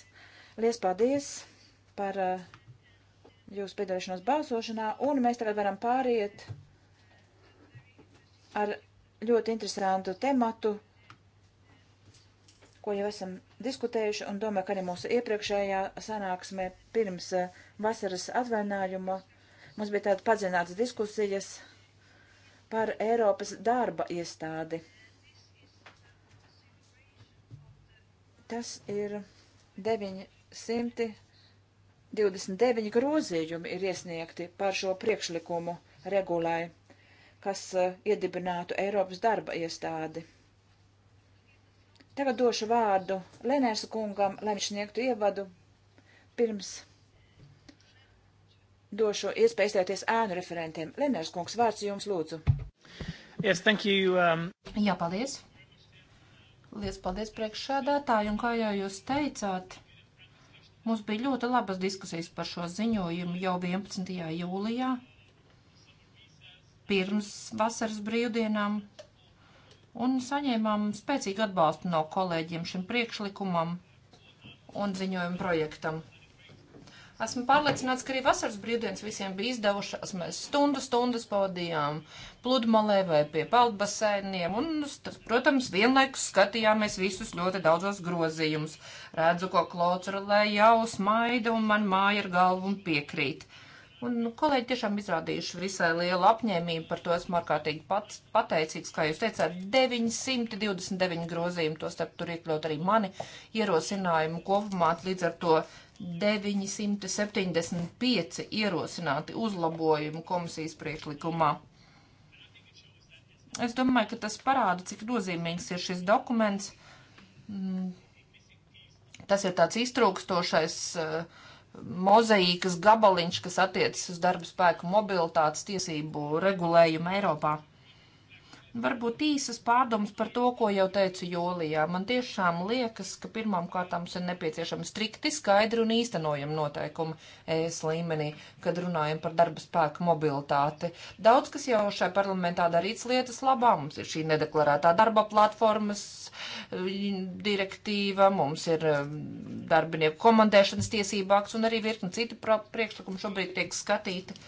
Lies paldies par uh, jūsu piedalīšanos balsošanā. Un mēs tagad varam pāriet ar ļoti interesantu tematu, ko jau esam diskutējuši. Un domāju, ka arī mūsu iepriekšējā sanāksmē pirms uh, vasaras atvainājuma mums bija tāda padziļināta diskusijas par Eiropas darba iestādi. Tas ir 929 grozījumi ir iesniegti par šo priekšlikumu regulai, kas eh, iedibinātu Eiropas darba iestādi. Tagad došu vārdu Lenērs kungam, lai viņš sniegtu ievadu pirms došu iespēju izteikties ēnu referentiem. Lenērs kungs, vārds jums lūdzu. Yes, thank you. Um... Jā, paldies. Lies paldies priekšsēdētāji, un kā jau jūs teicāt, mums bija ļoti labas diskusijas par šo ziņojumu jau 11. jūlijā, pirms vasaras brīvdienām, un saņēmām spēcīgu atbalstu no kolēģiem šim priekšlikumam un ziņojumu projektam. Esmu pārliecināts, ka arī vasaras brīvdienas visiem bija izdevušās. Mēs stundu stundas pavadījām pludmalē vai pie peldbaseiniem, un, nu, tas, protams, vienlaikus skatījāmies visus ļoti daudzos grozījumus. Redzu, ko klocerlē jau smaida, un man māja ir galva un piekrīt. Un nu, kolēģi tiešām izrādījuši visai lielu apņēmību, par to esmu ārkārtīgi pat, pateicīgs. Kā jūs teicāt, 929 grozījumi, to starp tur iekļaut arī mani ierosinājumu kopumā, līdz ar to 975 ierosināti uzlabojumi komisijas priekšlikumā. Es domāju, ka tas parāda, cik nozīmīgs ir šis dokuments. Mm. Tas ir tāds iztrūkstošais uh, mozaīkas gabaliņš, kas attiecas uz darba spēku mobilitātes tiesību regulējumu Eiropā. Varbūt īsas pārdomas par to, ko jau teicu jūlijā. Man tiešām liekas, ka pirmām kārtām ir nepieciešama strikti, skaidri un īstenojama noteikuma ES līmenī, kad runājam par darba spēku mobilitāti. Daudz, kas jau šai parlamentā darīts lietas labā, mums ir šī nedeklarētā darba platformas eh, direktīva, mums ir eh, darbinieku komandēšanas tiesība akts un arī virkni citu priekšlikumu šobrīd tiek skatīti.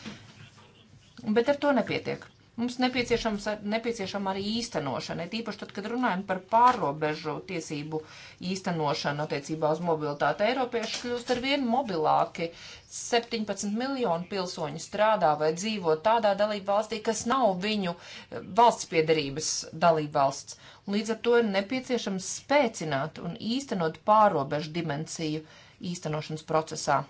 Bet ar to nepietiek Mums nepieciešama arī īstenošana, tīpaši tad, kad runājam par pārobežu tiesību īstenošanu attiecībā uz mobilitāti. Eiropieši kļūst ar vien mobilāki. 17 miljonu pilsoņu strādā vai dzīvo tādā dalību valstī, kas nav viņu eh, valsts piedarības dalību valsts. Līdz ar to ir nepieciešams spēcināt un īstenot pārobežu dimensiju īstenošanas procesā.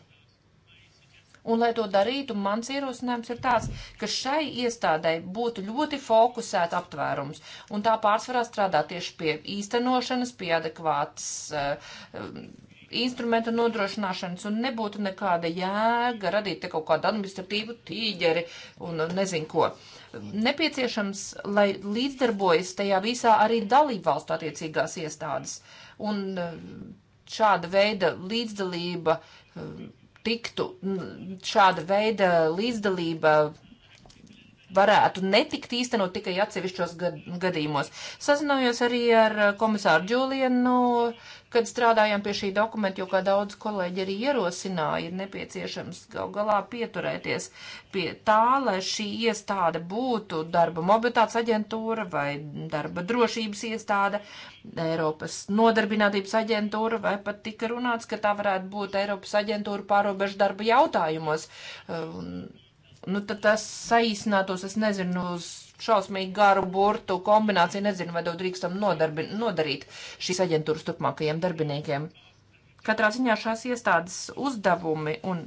Un, lai to darītu, mans ierosinājums ir tāds, ka šai iestādai būtu ļoti fokusēta aptvērums, un tā pārsvarā strādā tieši pie īstenošanas, pie adekvātas uh, eh, instrumenta nodrošināšanas, un nebūtu nekāda jēga radīt te kaut kādu administratīvu tīģeri un nezinu ko. Nepieciešams, lai līdzdarbojas tajā visā arī dalībvalstu attiecīgās iestādes. Un eh, šāda veida līdzdalība uh, tiktu šāda veida līdzdalība varētu netikt īstenot tikai atsevišķos gad, gadījumos. Sazinājos arī ar eh, komisāru Džulienu, kad strādājām pie šī dokumenta, jo kā daudz kolēģi arī ierosināja, ir nepieciešams gal galā pieturēties pie tā, lai šī iestāde būtu darba mobilitātes aģentūra vai darba drošības iestāde, Eiropas nodarbinātības aģentūra vai pat tika runāts, ka tā varētu būt Eiropas aģentūra pārobežu darba jautājumos. Un, nu tad tas saīsinātos, es nezinu, uz šausmīgi garu burtu kombināciju, nezinu, vai to drīkstam nodarbi, nodarīt šīs aģentūras turpmākajiem darbiniekiem. Katrā ziņā šās iestādes uzdevumi un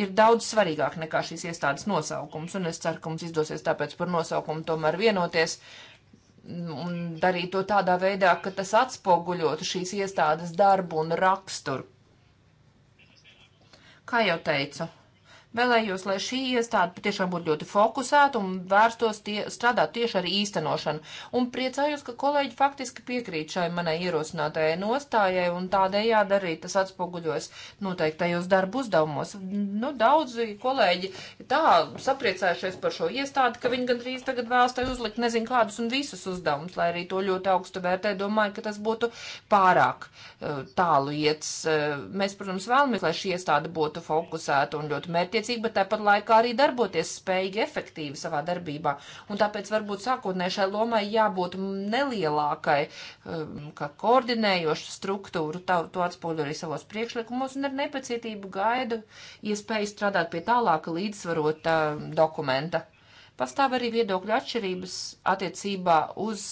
ir daudz svarīgāk nekā šīs iestādes nosaukums, un es ceru, ka mums izdosies tāpēc par nosaukumu tomēr vienoties un darīt to tādā veidā, ka tas atspoguļotu šīs iestādes darbu un raksturu. Kā jau teicu, Vēlējos, lai šī iestāde patiešām būtu ļoti fokusēta un vērstos tie, strādāt tieši ar īstenošanu. Un priecājos, ka kolēģi faktiski piekrīt šai manai ierosinātajai nostājai un tādējādi arī tas atspoguļojas noteiktajos darbu uzdevumos. Nu, daudzi kolēģi tā sapriecājušies par šo iestādi, ka viņi gandrīz tagad vēlas tai uzlikt nezinu kādus un visus uzdevumus, lai arī to ļoti augstu vērtē. Domāju, ka tas būtu pārāk eh, tālu iets. Eh, mēs, protams, vēlamies, lai šī iestāde būtu fokusēta un ļoti mērķi attiecīgi, bet tāpat laikā arī darboties spējīgi, efektīvi savā darbībā. Un tāpēc varbūt sākotnēji šai lomai jābūt nelielākai, um, kā koordinējošu struktūru, tā, to atspoguļo arī savos priekšlikumos, un ar nepacietību gaidu iespēju strādāt pie tālāka līdzsvarota um, dokumenta. Pastāv arī viedokļu atšķirības attiecībā uz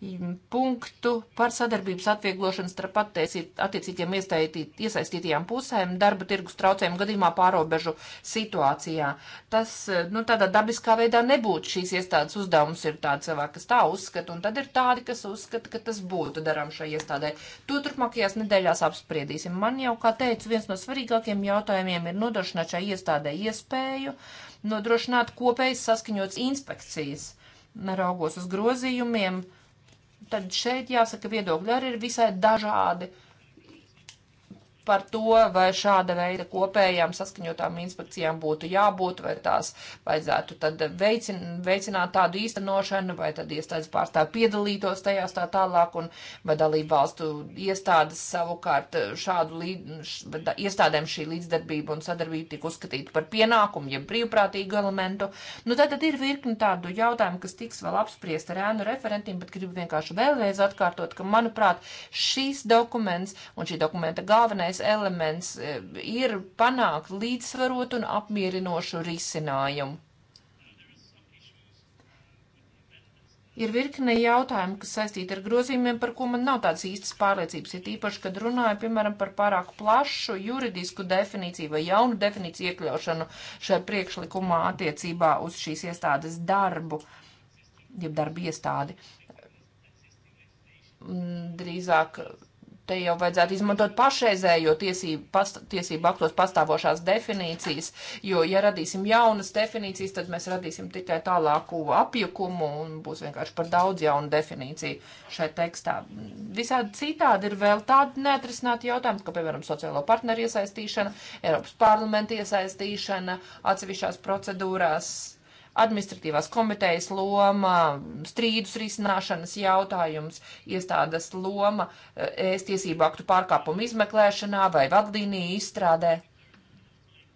Mm, punktu par sadarbības atvieglošanu starp attiecīgiem iesaistītajām pusēm darba tirgus traucējumu gadījumā pārobežu situācijā. Tas, eh, nu, tādā dabiskā veidā nebūtu šīs iestādes uzdevums ir tāda cilvēka, kas tā uzskata, un tad ir tādi, kas uzskata, ka tas būtu darām šai iestādē. To turpmākajās nedēļās apspriedīsim. Man jau, kā teicu, viens no svarīgākiem jautājumiem ir nodrošināt šai iestādē iespēju nodrošināt kopējas saskaņotas inspekcijas. Neraugos uz grozījumiem, uh, tad šeit jāsaka viedokļi arī ir visai dažādi. Uh, par to, vai šāda veida kopējām saskaņotām inspekcijām būtu jābūt, vai tās vajadzētu tad veicin, veicināt tādu īstenošanu, vai tad iestādes pārstāv piedalītos tajās tā tālāk, un vai dalību valstu iestādes savukārt šādu līd, š, iestādēm šī līdzdarbība un sadarbība tika uzskatīta par pienākumu, ja brīvprātīgu elementu. Nu, tad, tad ir virkni tādu jautājumu, kas tiks vēl apspriest ar ēnu referentiem, bet gribu vienkārši vēlreiz atkārtot, ka, manuprāt, šīs dokuments un šī dokumenta galvenais galvenais elements e, ir panākt līdzsvarot un apmierinošu risinājumu. Ir virkne jautājumu, kas saistīti ar grozījumiem, par ko man nav tādas īstas pārliecības. Ir īpaši, kad runāju, piemēram, par pārāk plašu juridisku definīciju vai jaunu definīciju iekļaušanu šajā priekšlikumā attiecībā uz šīs iestādes darbu, jeb darba iestādi. Drīzāk Te jau vajadzētu izmantot pašreizējo tiesību, past, tiesību aktos pastāvošās definīcijas, jo, ja radīsim jaunas definīcijas, tad mēs radīsim tikai tālāku apjukumu un būs vienkārši par daudz jaunu definīciju šai tekstā. Visādi citādi ir vēl tādi neatrisināti jautājumi, kā, piemēram, sociālo partneru iesaistīšana, Eiropas parlamenta iesaistīšana atsevišķās procedūrās administratīvās komitejas loma, strīdus risināšanas jautājums, iestādes loma, eh, ēstiesību aktu pārkāpumu izmeklēšanā vai vadlīniju izstrādē.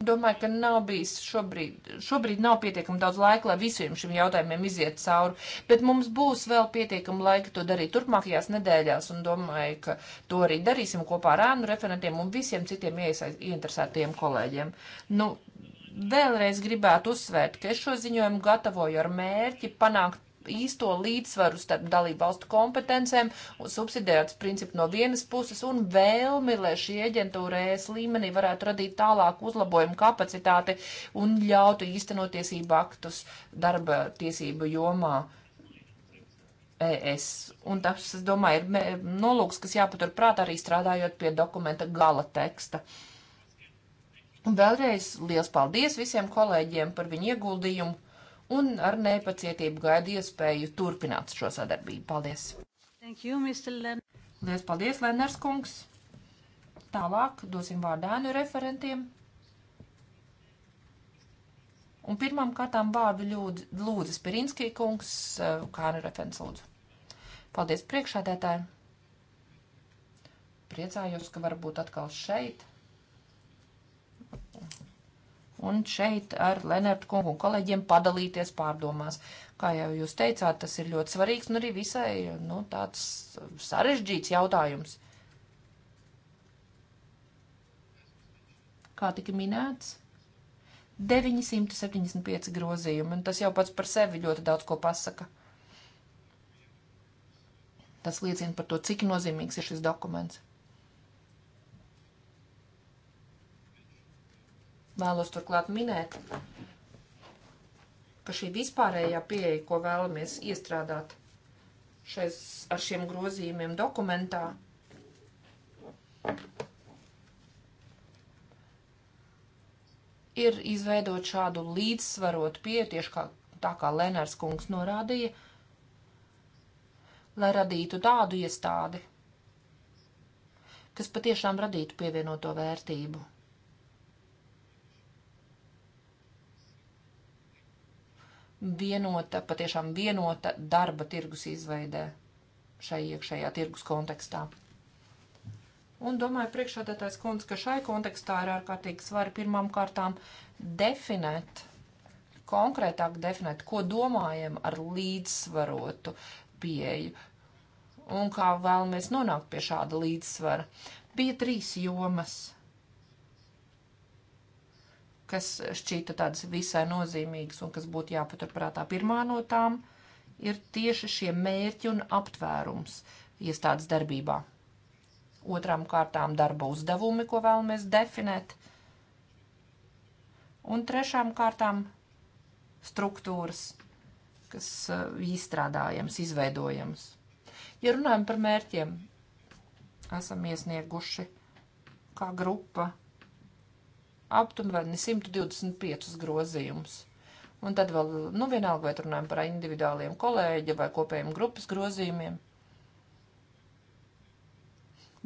Domāju, ka nav bijis šobrīd, šobrīd nav pietiekami daudz laika, lai visiem šiem jautājumiem iziet cauri, bet mums būs vēl pietiekami laika to darīt turpmākajās nedēļās, un domāju, ka to arī darīsim kopā ar ēnu referentiem un visiem citiem ieinteresētiem kolēģiem. Nu, vēlreiz gribētu uzsvērt, ka es šo ziņojumu gatavoju ar mērķi panākt īsto līdzsvaru starp dalību valstu kompetencēm, subsidiētas principu no vienas puses un vēlmi, lai šī aģentūra ES līmenī varētu radīt tālāk uzlabojumu kapacitāti un ļautu īstenot tiesību aktus darba tiesību jomā. ES. Un tas, es domāju, ir nolūks, kas jāpatur prātā arī strādājot pie dokumenta gala teksta. Uh, Un vēlreiz liels paldies visiem kolēģiem par viņu ieguldījumu un ar nepacietību gaidu iespēju turpināt šo sadarbību. Paldies! Thank you, Mr. Len liels paldies, Lenners kungs! Tālāk dosim vārdēnu referentiem. Un pirmām kārtām vārdu ļūdz, lūdzas Pirinskī kungs, eh, kā nu referents lūdzu. Paldies priekšādētājiem! Priecājos, ka varbūt atkal šeit un šeit ar Lenertu kungu un kolēģiem padalīties pārdomās. Kā jau jūs teicāt, tas ir ļoti svarīgs un arī visai nu, tāds sarežģīts jautājums. Kā tika minēts? 975 grozījumi, un tas jau pats par sevi ļoti daudz ko pasaka. Tas liecina par to, cik nozīmīgs ir šis dokuments. Vēlos turklāt minēt, ka šī vispārējā pieeja, ko vēlamies iestrādāt šais, ar šiem grozījumiem dokumentā, ir izveidot šādu līdzsvarotu pieeju, tieši kā, tā kā Lenārs kungs norādīja, lai radītu tādu iestādi, kas patiešām radītu pievienoto vērtību. vienota, patiešām vienota darba tirgus izveidē šai iekšējā tirgus kontekstā. Un domāju, priekšādātājs kundze, ka šai kontekstā ir ārkārtīgi svarīgi pirmām kārtām definēt, konkrētāk definēt, ko domājam ar līdzsvarotu pieeju un kā vēlamies nonākt pie šāda līdzsvara. Bija trīs jomas, kas šķīta tādas visai nozīmīgas un kas būtu jāpaturprātā. Pirmā no tām ir tieši šie mērķi un aptvērums iestādes darbībā. Otrām kārtām darba uzdevumi, ko vēlamies definēt. Un trešām kārtām struktūras, kas uh, izstrādājams, izveidojams. Ja runājam par mērķiem, esam iesnieguši kā grupa aptuveni 125 grozījumus. Un tad vēl, nu, vienalga, vai runājam par individuāliem kolēģi vai kopējiem grupas grozījumiem.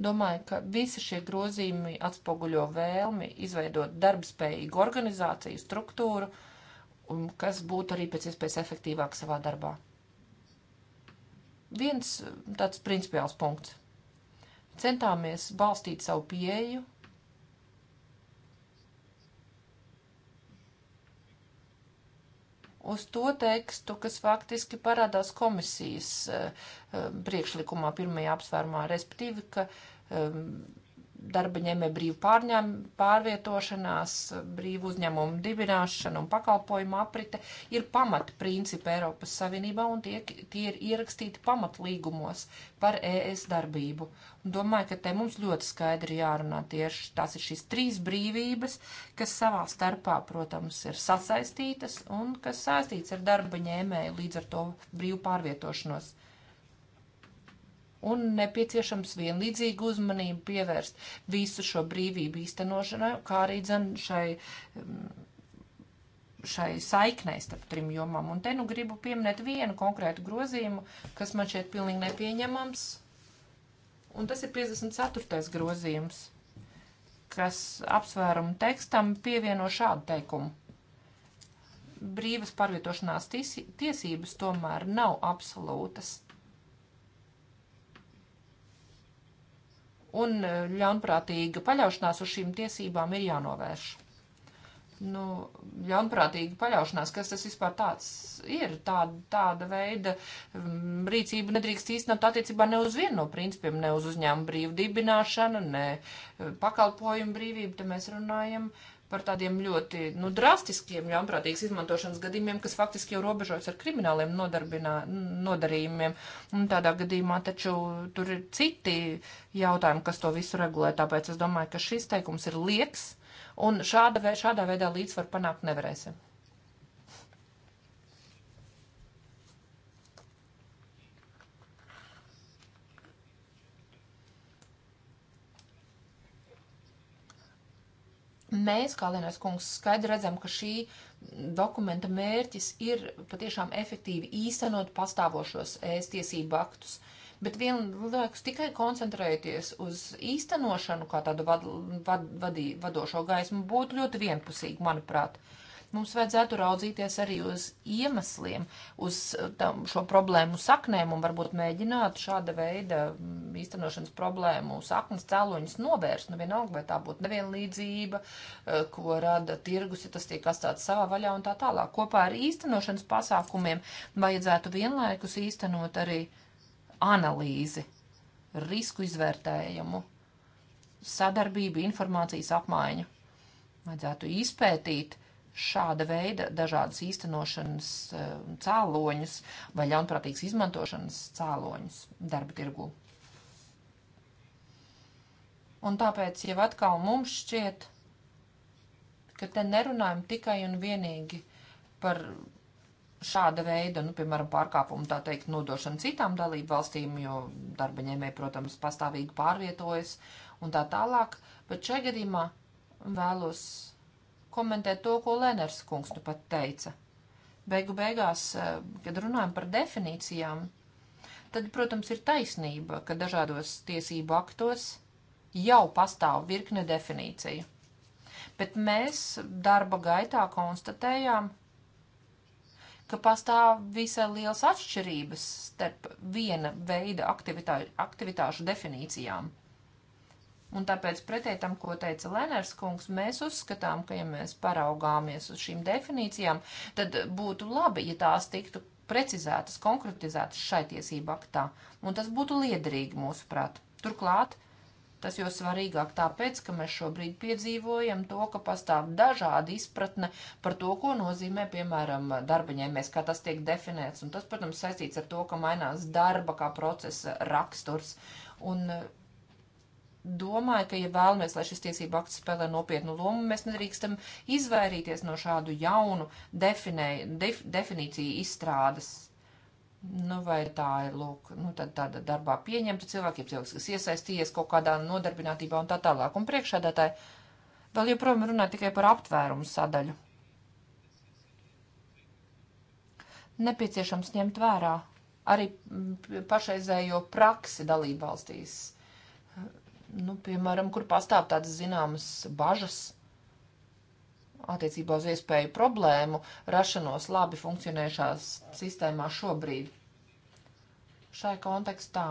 Domāju, ka visi šie grozījumi atspoguļo vēlmi izveidot darbspējīgu organizāciju, struktūru, kas būtu arī pēc iespējas efektīvāk savā darbā. Viens tāds principiāls punkts. Centāmies balstīt savu pieeju uz to tekstu, kas faktiski parādās komisijas eh, eh, priekšlikumā pirmajā apsvērumā, respektīvi, ka eh, darba ņēmē brīvu pārņēm, pārvietošanās, brīvu uzņēmumu dibināšanu un pakalpojumu aprite ir pamata principi Eiropas Savienībā un tie, tie ir ierakstīti pamatlīgumos par ES darbību. Un domāju, ka te mums ļoti skaidri jārunā tieši tās ir šīs trīs brīvības, kas savā starpā, protams, ir sasaistītas un kas saistīts ar darba ņēmēju līdz ar to brīvu pārvietošanos un nepieciešams vienlīdzīgu uzmanību pievērst visu šo brīvību īstenošanai, kā arī dzen šai, mm, šai saiknei starp trim jomām. Un te nu gribu pieminēt vienu konkrētu grozījumu, kas man šeit pilnīgi nepieņemams, un tas ir 54. grozījums, kas apsvērumu tekstam pievieno šādu teikumu brīvas pārvietošanās tiesības tomēr nav absolūtas. un e, ļaunprātīga paļaušanās uz šīm tiesībām ir jānovērš. Nu, ļaunprātīga paļaušanās, kas tas vispār tāds ir, tā, tāda veida rīcība nedrīkst īstenot attiecībā ne uz vienu no principiem, ne uz uzņēmumu brīvu dibināšanu, ne e, pakalpojumu brīvību, te mēs runājam uh, par tādiem ļoti nu, drastiskiem, ļaunprātīgas izmantošanas gadījumiem, kas faktiski jau robežojas ar krimināliem nodarījumiem. Un tādā gadījumā taču tur ir citi jautājumi, kas to visu regulē. Tāpēc es domāju, ka šis teikums ir lieks, un šāda, vē, šādā veidā līdzsvaru panākt nevarēsim. Mēs, kā Lenārs kungs, skaidri redzam, ka šī dokumenta mērķis ir patiešām efektīvi īstenot pastāvošos ēst tiesību aktus bet vienlaikus tikai koncentrēties uz īstenošanu kā tādu vad, vad, vadī, vadošo gaismu būtu ļoti vienpusīgi, manuprāt. Uh, Mums vajadzētu raudzīties arī uz iemesliem, uz eh, tam, šo problēmu saknēm un varbūt mēģināt šāda veida mm, īstenošanas problēmu saknes cēloņus novērst. Nu vienalga, vai tā būtu nevienlīdzība, eh, ko rada tirgus, ja tas tiek atstāts savā vaļā un tā tālāk. Kopā ar īstenošanas pasākumiem vajadzētu vienlaikus īstenot arī analīzi, risku izvērtējumu sadarbību, informācijas apmaiņu. Vajadzētu izpētīt šāda veida dažādas īstenošanas eh, cēloņus vai ļaunprātīgas izmantošanas cēloņus darba tirgu. Un tāpēc jau atkal mums šķiet, ka te nerunājam tikai un vienīgi par šāda veida, nu, piemēram, pārkāpumu, tā teikt, nodošanu citām dalību valstīm, jo darba ņēmēji, protams, pastāvīgi pārvietojas un tā tālāk, bet šajā gadījumā vēlos komentēt to, ko Lenars kungs nu pat teica. Beigu beigās, eh, kad runājam par definīcijām, tad, protams, ir taisnība, ka dažādos tiesību aktos jau pastāv virkne definīciju. Bet mēs darba gaitā konstatējām, ka pastāv visai liels atšķirības starp viena veida aktivitāšu definīcijām. Un tāpēc pretēji tam, ko teica Lenārs kungs, mēs uzskatām, ka, ja mēs paraugāmies uz šīm definīcijām, tad būtu labi, ja tās tiktu precizētas, konkretizētas šai tiesību aktā. Un tas būtu liederīgi mūsuprāt. Turklāt Tas jo svarīgāk tāpēc, ka mēs šobrīd piedzīvojam to, ka pastāv dažāda izpratne par to, ko nozīmē, piemēram, darbaņēmēs, kā tas tiek definēts. Un tas, protams, saistīts ar to, ka mainās darba kā procesa raksturs. Un domāju, ka, ja vēlamies, lai šis tiesību akts spēlē nopietnu lomu, mēs nedrīkstam izvairīties no šādu jaunu definē, def, definīciju izstrādes. Nu, vai tā ir, lūk, nu, tad tāda darbā pieņemta cilvēki, cilvēks, kas iesaistījies kaut kādā nodarbinātībā un tā tālāk. Un priekšādātāji vēl joprojām runā tikai par aptvērumu sadaļu. Nepieciešams ņemt vērā arī pašreizējo praksi dalībvalstīs nu, piemēram, kur pastāv tādas zināmas bažas attiecībā uz iespēju problēmu rašanos labi funkcionējušās sistēmā šobrīd. Šai kontekstā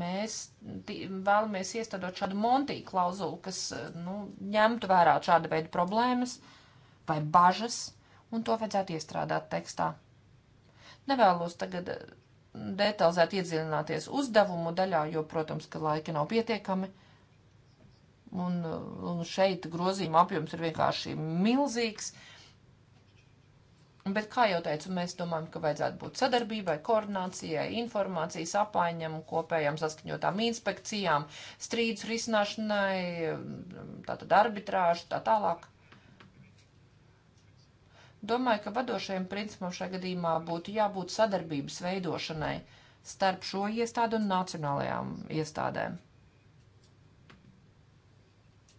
mēs vēlamies iestādot šādu montiju klauzulu, kas nu, ņemtu vērā šāda veida problēmas vai bažas, un to vajadzētu iestrādāt tekstā. Nevēlos tagad eh, detalizēt iedziļināties uzdevumu daļā, jo, protams, ka laika nav pietiekami. Un, uh, un šeit grozījuma apjoms ir vienkārši milzīgs. Bet, kā jau teicu, mēs domājam, ka vajadzētu būt sadarbībai, koordinācijai, informācijas apmaiņam, kopējām saskaņotām inspekcijām, strīdus risināšanai, tātad arbitrāžu, tā tālāk. Domāju, ka vadošajam principam šajā gadījumā būtu jābūt sadarbības veidošanai starp šo iestādu un nacionālajām iestādēm.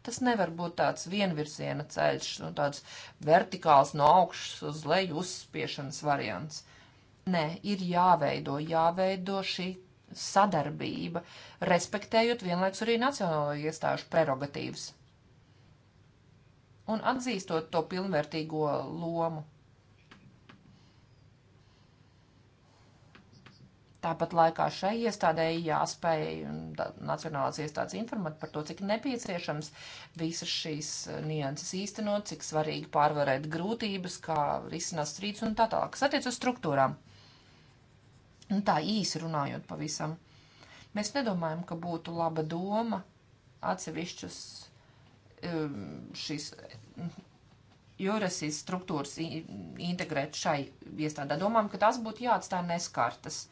Tas nevar būt tāds vienvirziena ceļš, nu, tāds vertikāls no augšas uz leju uzspiešanas variants. Nē, ir jāveido, jāveido šī sadarbība, respektējot vienlaiks arī nacionālo iestāžu prerogatīvas un atzīstot to pilnvērtīgo lomu. Tāpat laikā šai iestādēji jāspēj nacionālās iestādes informēt par to, cik nepieciešams visas šīs nianses īstenot, cik svarīgi pārvarēt grūtības, kā risinās strīds un tā tālāk. Kas attiec uz struktūrām? Un tā īsi runājot pavisam. Mēs nedomājam, ka būtu laba doma atsevišķus um, šīs jūrasīs struktūras integrēt šai iestādē. Domājam, ka tās būtu jāatstāj neskartas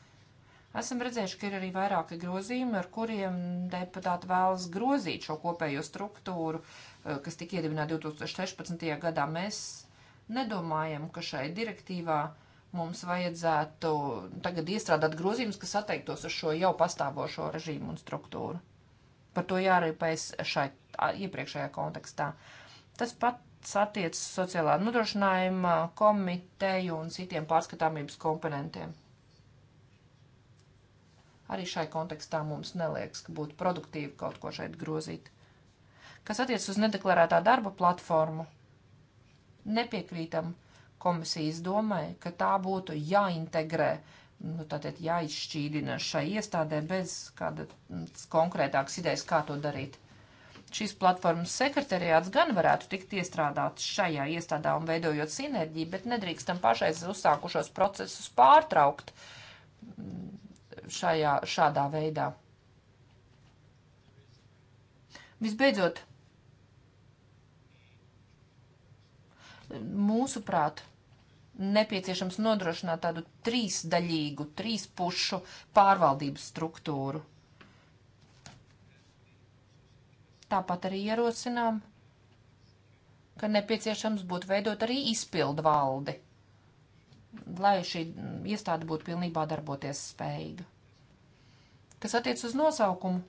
Esam redzējuši, ka ir arī vairāki grozījumi, ar kuriem deputāti vēlas grozīt šo kopējo struktūru, eh, kas tika iedibināta 2016. gadā. Mēs nedomājam, ka šai direktīvā mums vajadzētu tagad iestrādāt grozījumus, kas atteiktos uz šo jau pastāvošo režīmu un struktūru. Par to jārīpējas šai iepriekšējā kontekstā. Tas pats attiecas sociālā nodrošinājuma komiteju un citiem pārskatāmības komponentiem. Arī šai kontekstā mums neliekas, ka būtu produktīvi kaut ko šeit grozīt. Kas attiec uz nedeklarētā darba platformu, nepiekrītam komisijas domai, ka tā būtu jāintegrē, nu, tātad jāizšķīdina šai iestādē bez kāda mm, konkrētākas idejas, kā to darīt šīs platformas sekretariāts gan varētu tikt iestrādāts šajā iestādā un veidojot sinerģiju, bet nedrīkstam pašais uzsākušos procesus pārtraukt šajā, šādā veidā. Visbeidzot, mūsuprāt, nepieciešams nodrošināt tādu trīsdaļīgu, trīspušu pārvaldības struktūru. Tāpat arī ierosinām, ka nepieciešams būtu veidot arī izpildu valdi, lai šī iestāde būtu pilnībā darboties spējīga. Kas attiec uz nosaukumu,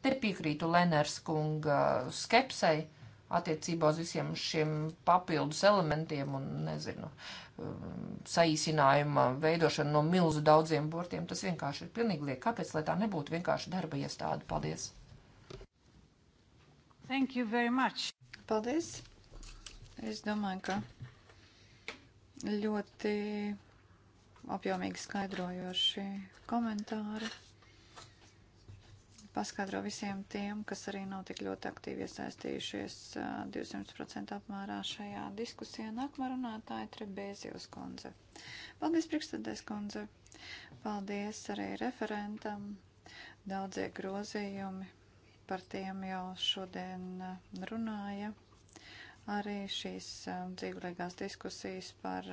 te piekrītu Leners kunga skepsei attiecībā uz visiem šiem papildus elementiem un, nezinu, saīsinājuma veidošanu no milzu daudziem burtiem. Tas vienkārši ir pilnīgi liek. Kāpēc, lai tā nebūtu vienkārši darba iestāde? Paldies! Thank you very much! Paldies! Es domāju, ka ļoti apjomīgi skaidrojoši komentāri paskaidro visiem tiem, kas arī nav tik ļoti aktīvi iesaistījušies 200% apmērā šajā diskusijā. Nākamā runātāja Trebēzijos kundze. Paldies, priekšstādēs kundze. Paldies arī referentam. Daudzie grozījumi par tiem jau šodien runāja. Arī šīs dzīvlīgās diskusijas par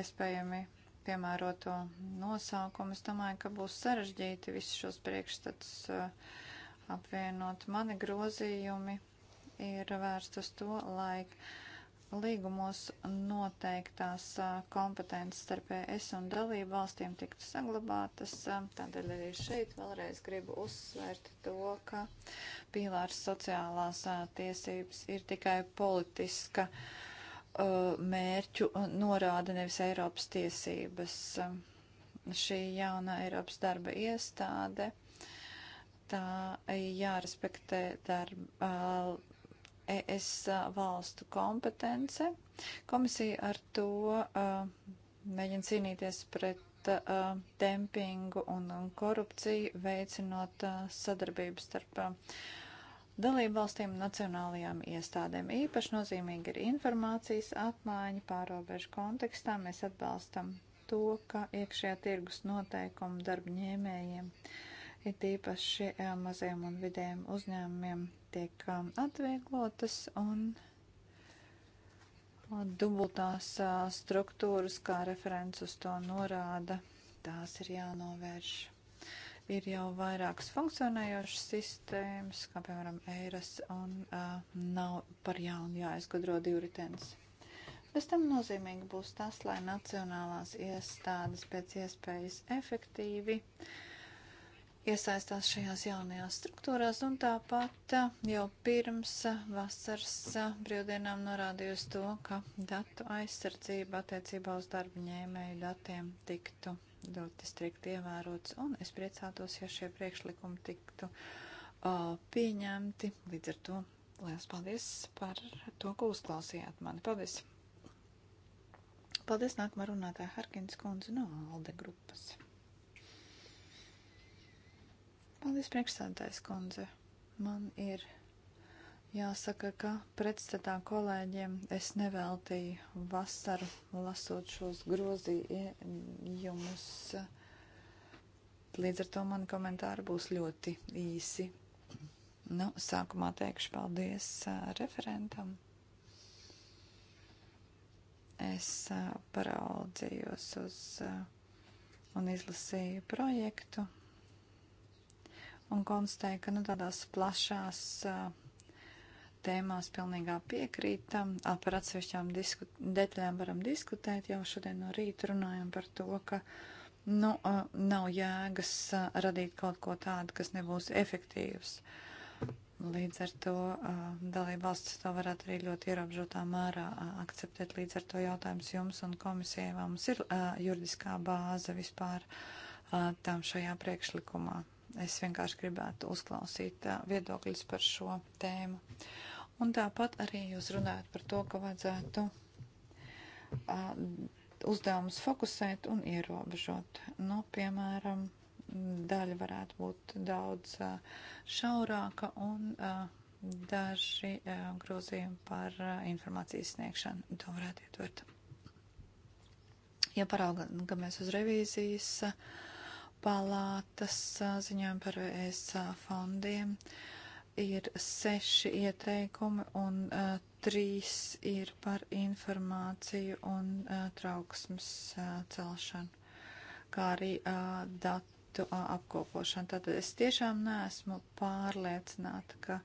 iespējami piemēroto nosaukumu. Es domāju, ka būs sarežģīti visus šos priekšstats uh, apvienot. Mani grozījumi ir vērst uz to, lai līgumos noteiktās uh, kompetences starp ES un dalību valstīm tiktu saglabātas. Uh, tādēļ arī šeit vēlreiz gribu uzsvērt to, ka pīlārs sociālās tiesības ir tikai politiska uh, Uh, mērķu norāda nevis Eiropas tiesības. Šī jaunā Eiropas darba iestāde, tā jārespektē darba, uh, ES valstu kompetence. Komisija ar to uh, mēģina cīnīties pret dempingu un korupciju, veicinot sadarbību starp uh, Dalību valstīm un nacionālajām iestādēm īpaši nozīmīgi ir informācijas apmaiņa pārobežu kontekstā. Mēs atbalstam to, ka iekšējā tirgus noteikumu darba ņēmējiem ir tīpaši eh, maziem un vidējiem uzņēmumiem tiek eh, atvieglotas un dubultās eh, struktūras, kā referents uz to norāda, tās ir jānovērš. Ir jau vairākas funkcionējošas sistēmas, kā piemēram eiras, un uh, nav par jaunu jāizgudro divritenis. Bez tam nozīmīgi būs tas, lai nacionālās iestādes pēc iespējas efektīvi uh, iesaistās šajās jaunajās struktūrās un tāpat jau pirms vasaras brīvdienām norādījusi to, ka datu aizsardzība attiecībā uz darba ņēmēju datiem tiktu ļoti strikti ievērots, un es priecātos, ja šie priekšlikumi tiktu uh, pieņemti. Līdz ar to liels paldies par to, ko uzklausījāt mani. Paldies! Paldies nākamā runātāja Harkins kundze no Alde grupas. Paldies priekšsādātājs kundze. Man ir Jāsaka, ka pretstatā kolēģiem es neveltīju vasaru lasot šos grozījumus. Līdz ar to mani komentāri būs ļoti īsi. Nu, sākumā teikšu paldies referentam. Es paraudzījos uz un izlasīju projektu un konstatēju, ka nu, tādās plašās uh, tēmās pilnīgā piekrītam. Par atsevišķām disku, detaļām varam diskutēt. Jau šodien no rīta runājam par to, ka nu, nav jēgas radīt kaut ko tādu, kas nebūs efektīvs. Līdz ar to dalība valsts to varētu arī ļoti ierobežotā mērā akceptēt. Līdz ar to jautājums jums un komisijai, vai mums ir juridiskā bāze vispār tam šajā priekšlikumā. Es vienkārši gribētu uzklausīt viedokļus par šo tēmu. Un tāpat arī jūs runājat par to, ka vajadzētu uzdevumus fokusēt un ierobežot. Nu, piemēram, daļa varētu būt daudz šaurāka un daži grozījumi par informācijas sniegšanu. To varētu ietvert. Ja paraugamies uz revīzijas palātas ziņojumu par ES fondiem ir seši ieteikumi un uh, trīs ir par informāciju un uh, trauksmes uh, celšanu, kā arī uh, datu uh, apkopošanu. Tātad es tiešām neesmu pārliecināta, ka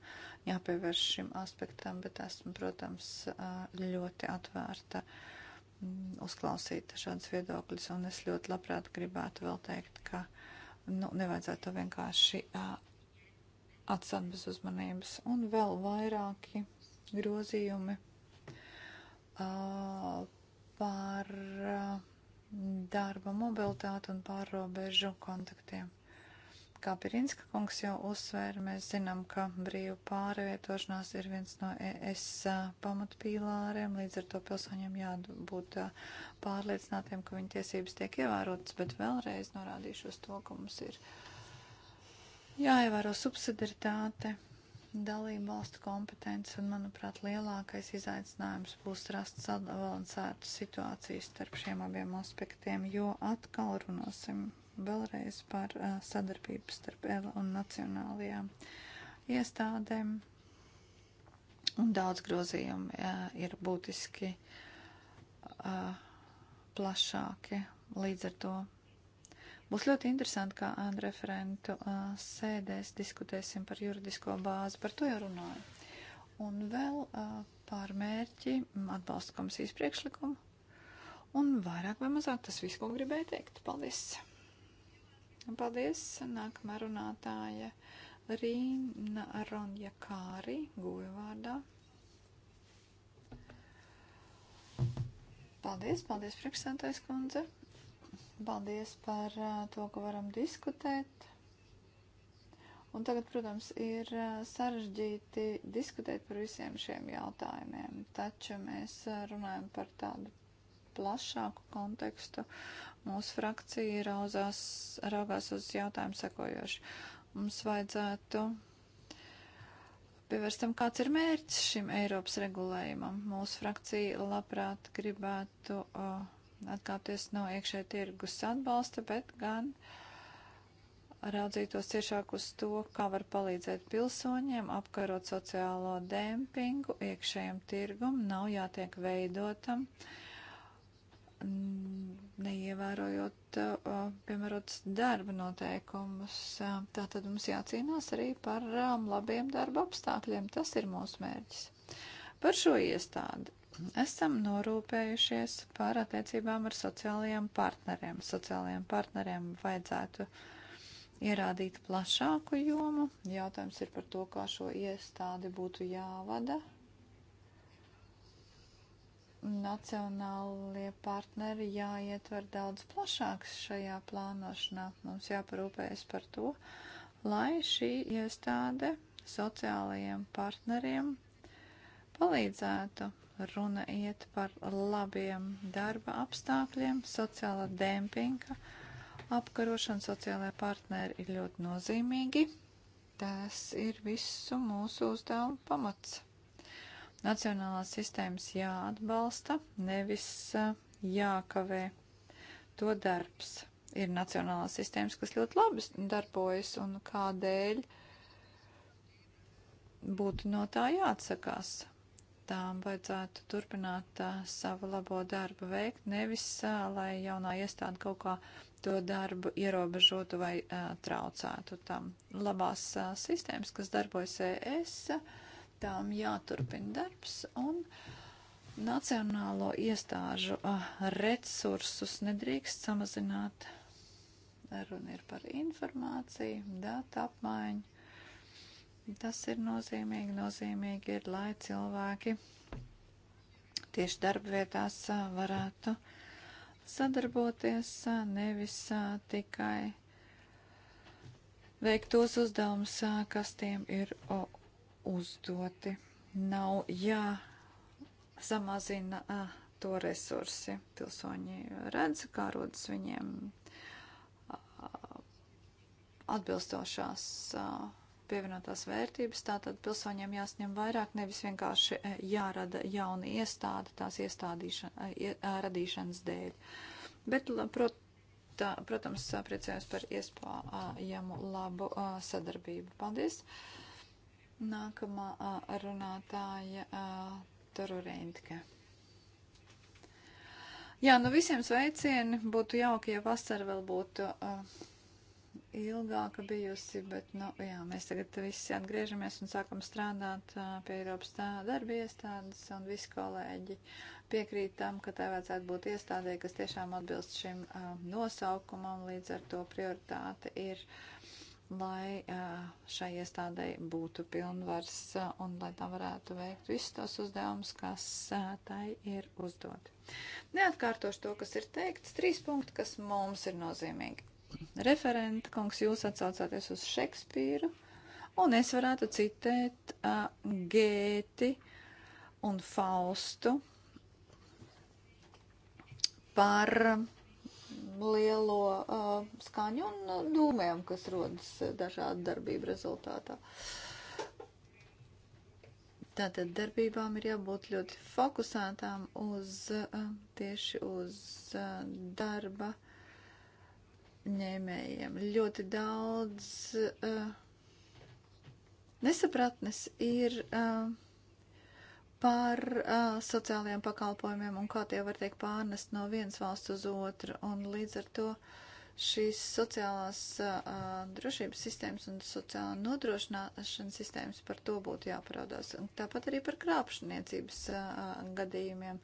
jāpievērš šim aspektam, bet esmu, protams, uh, ļoti atvērta. Uh, Mm, uzklausīt šādas viedokļas, un es ļoti labprāt gribētu vēl teikt, ka nu, nevajadzētu to vienkārši uh, atstāt bez uzmanības. Un vēl vairāki grozījumi uh, par uh, darba mobilitāti un pārrobežu kontaktiem. Kā Pirinska kungs jau uzsvēra, mēs zinām, ka brīva pārvietošanās ir viens no ES pamatpīlāriem, līdz ar to pilsoņiem jābūt pārliecinātiem, ka viņu tiesības tiek ievērotas, bet vēlreiz norādīšu uz to, ka mums ir jāievēro subsidaritāte, dalību valstu kompetence, un, manuprāt, lielākais izaicinājums būs rast sabalansētu situāciju starp šiem abiem aspektiem, jo atkal runāsim vēlreiz par sadarbību starp ELA un nacionālajām iestādēm. Un daudz grozījumu ir būtiski plašāki. Līdz ar to būs ļoti interesanti, kā referentu sēdēs diskutēsim par juridisko bāzi. Par to jau runāju. Un vēl par mērķi atbalsta komisijas priekšlikumu. Un vairāk vai mazāk tas viss, ko gribēju teikt. Paldies! Paldies. Nākamā runātāja Rīna Aronja Kāri, guļu vārdā. Paldies, paldies, priekšsēdētājs kundze. Paldies par uh, to, ka varam diskutēt. Un tagad, protams, ir uh, sarežģīti diskutēt par visiem šiem jautājumiem, taču mēs uh, runājam par tādu plašāku kontekstu, mūsu frakcija rauzās, raugās uz jautājumu sekojoši. Mums vajadzētu pievērstam, kāds ir mērķis šim Eiropas regulējumam. Mūsu frakcija labprāt gribētu uh, atkāpties no iekšē tirgus atbalsta, bet gan raudzītos ciešāk uz to, kā var palīdzēt pilsoņiem apkarot sociālo dempingu iekšējam tirgum, nav jātiek veidotam. Uh, Mm, neievērojot piemērotas darba noteikumus. Tātad mums jācīnās arī par labiem darba apstākļiem. Tas ir mūsu mērķis. Par šo iestādi esam norūpējušies par attiecībām ar sociālajiem partneriem. Sociālajiem partneriem vajadzētu ierādīt plašāku jomu. Jautājums ir par to, kā šo iestādi būtu jāvada nacionālie partneri jāietver daudz plašāks šajā plānošanā. Mums jāparūpējas par to, lai šī iestāde sociālajiem partneriem palīdzētu. Runa iet par labiem darba apstākļiem, sociāla dempinga apkarošana, sociālajie partneri ir ļoti nozīmīgi. Tas ir visu mūsu uzdevumu pamats. Nacionālās sistēmas jāatbalsta, nevis eh, jākavē. To darbs ir nacionālās sistēmas, kas ļoti labi darbojas un kādēļ būtu no tā jāatsakās. Tām vajadzētu turpināt uh, savu labo darbu veikt, nevis uh, lai jaunā iestāde kaut kā to darbu ierobežotu vai uh, traucētu tam. Labās uh, sistēmas, kas darbojas ES, uh, tām jāturpina darbs un nacionālo iestāžu ah, resursus nedrīkst samazināt. Runa ir par informāciju, datu apmaiņu. Tas ir nozīmīgi. Nozīmīgi ir, lai cilvēki tieši darbvietās ah, varētu sadarboties, ah, nevis tikai veikt tos uzdevumus, kas tiem ir uzdoti. Nav jāsamazina to resursi. Pilsoņi redz, kā rodas viņiem atbilstošās pievienotās vērtības, tātad pilsoņiem jāsņem vairāk, nevis vienkārši jārada jauna iestāde tās radīšanas dēļ. Bet, prot, tā, protams, priecājos par iespējamu labu sadarbību. Paldies! Nākamā runātāja Toru Reintke. Jā, nu visiem sveicieni. Būtu jauki, ja vasara vēl būtu uh, ilgāka bijusi, bet, nu, jā, mēs tagad visi atgriežamies un sākam strādāt uh, pie Eiropas darba iestādes, un visi kolēģi piekrīt tam, ka tā vajadzētu būt iestādē, kas tiešām atbilst šim uh, nosaukumam, līdz ar to prioritāte ir. Uh, lai šai iestādei būtu pilnvars un lai tā varētu veikt visus tos uzdevumus, kas tai ir uzdoti. Neatkārtošu to, kas ir teikts, trīs punkti, kas mums ir nozīmīgi. Referenta kungs, jūs atsaucāties uz Šekspīru, un es varētu citēt uh, Gēti un Faustu par uh, lielo uh, skaņu un uh, dūmēm, kas rodas uh, dažādu darbību rezultātā. Tātad darbībām ir jābūt ļoti fokusētām uz uh, tieši uz uh, darba ņēmējiem. Ļoti daudz uh, nesapratnes ir. Uh, par uh, sociālajiem pakalpojumiem un kā tie var tiek pārnest no vienas valsts uz otru. Un līdz ar to šīs sociālās uh, drošības sistēmas un sociālā nodrošināšanas sistēmas par to būtu jāparādās. Un tāpat arī par krāpšaniecības uh, gadījumiem.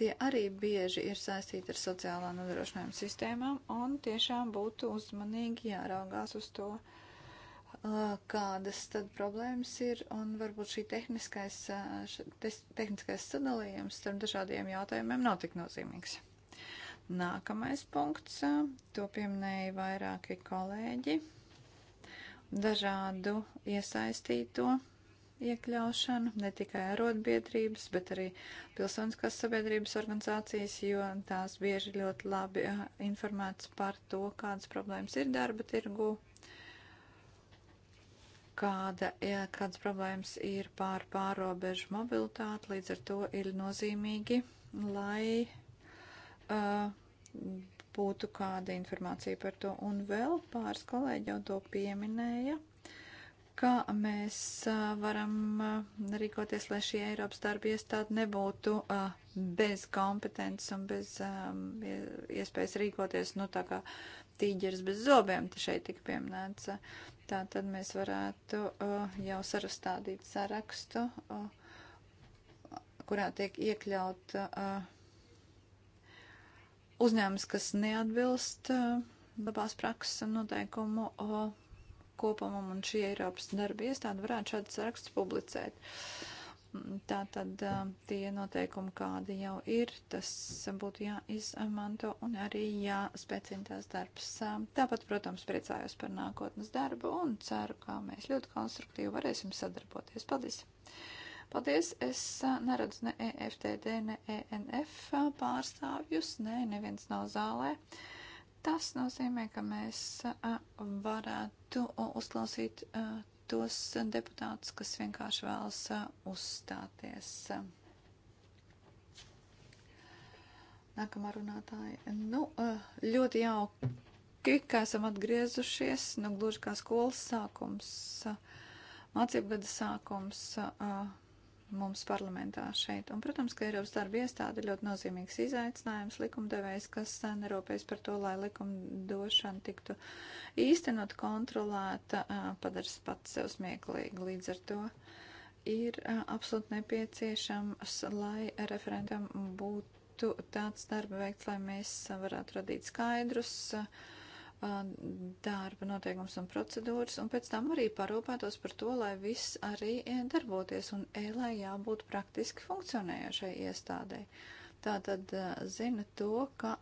Tie arī bieži ir saistīti ar sociālā nodrošinājuma sistēmām un tiešām būtu uzmanīgi jāraugās uz to. Uh, kādas tad problēmas ir, un varbūt šī tehniskais, tehniskais sadalījums starp dažādiem jautājumiem nav tik nozīmīgs. Nākamais punkts, to pieminēja vairāki kolēģi, dažādu iesaistīto iekļaušanu, ne tikai arotbiedrības, bet arī pilsoniskās sabiedrības organizācijas, jo tās bieži ļoti labi informētas par to, kādas problēmas ir darba tirgu kāda, ja, e, kādas problēmas ir pār pārobežu mobilitāti, līdz ar to ir nozīmīgi, lai uh, būtu kāda informācija par to. Un vēl pāris kolēģi jau to pieminēja, ka mēs uh, varam uh, rīkoties, lai šī Eiropas darba iestāde nebūtu uh, bez kompetences un bez um, iespējas rīkoties, nu tā kā tīģeris bez zobiem, te šeit tika pieminēts. Uh, Tā tad mēs varētu uh, jau sarastādīt sarakstu, uh, kurā tiek iekļaut uh, uzņēmums, kas neatbilst uh, labās prakses noteikumu uh, kopumam, un šī Eiropas darba iestāde varētu šādu sarakstu publicēt. Uh, Tā tad tie noteikumi, kādi jau ir, tas būtu jāizmanto un arī jāspēcina tās darbs. Tāpat, protams, priecājos par nākotnes darbu un ceru, ka mēs ļoti konstruktīvi varēsim sadarboties. Paldies! Paldies! Es neredzu ne EFTD, ne ENF pārstāvjus, ne neviens nav zālē. Tas nozīmē, ka mēs varētu uzklausīt tos deputātus, kas vienkārši vēlas uzstāties. Nākamā runātāja. Nu, ļoti jauki, ka esam atgriezušies, nu, gluži kā skolas sākums, mācību gada sākums mums parlamentā šeit. Un, protams, ka Eiropas darba iestāde ir ļoti nozīmīgs izaicinājums likumdevējs, kas nerūpējas par to, lai likumdošana tiktu īstenot kontrolēta, padars pats sev smieklīgi līdz ar to. Ir absolūti nepieciešams, lai referentam būtu tāds darba veikts, lai mēs varētu radīt skaidrus, uh, darba noteikums un procedūras, un pēc tam arī parūpētos par to, lai viss arī darboties un ēlai jābūt praktiski funkcionējošai iestādei. Tātad zina to, ka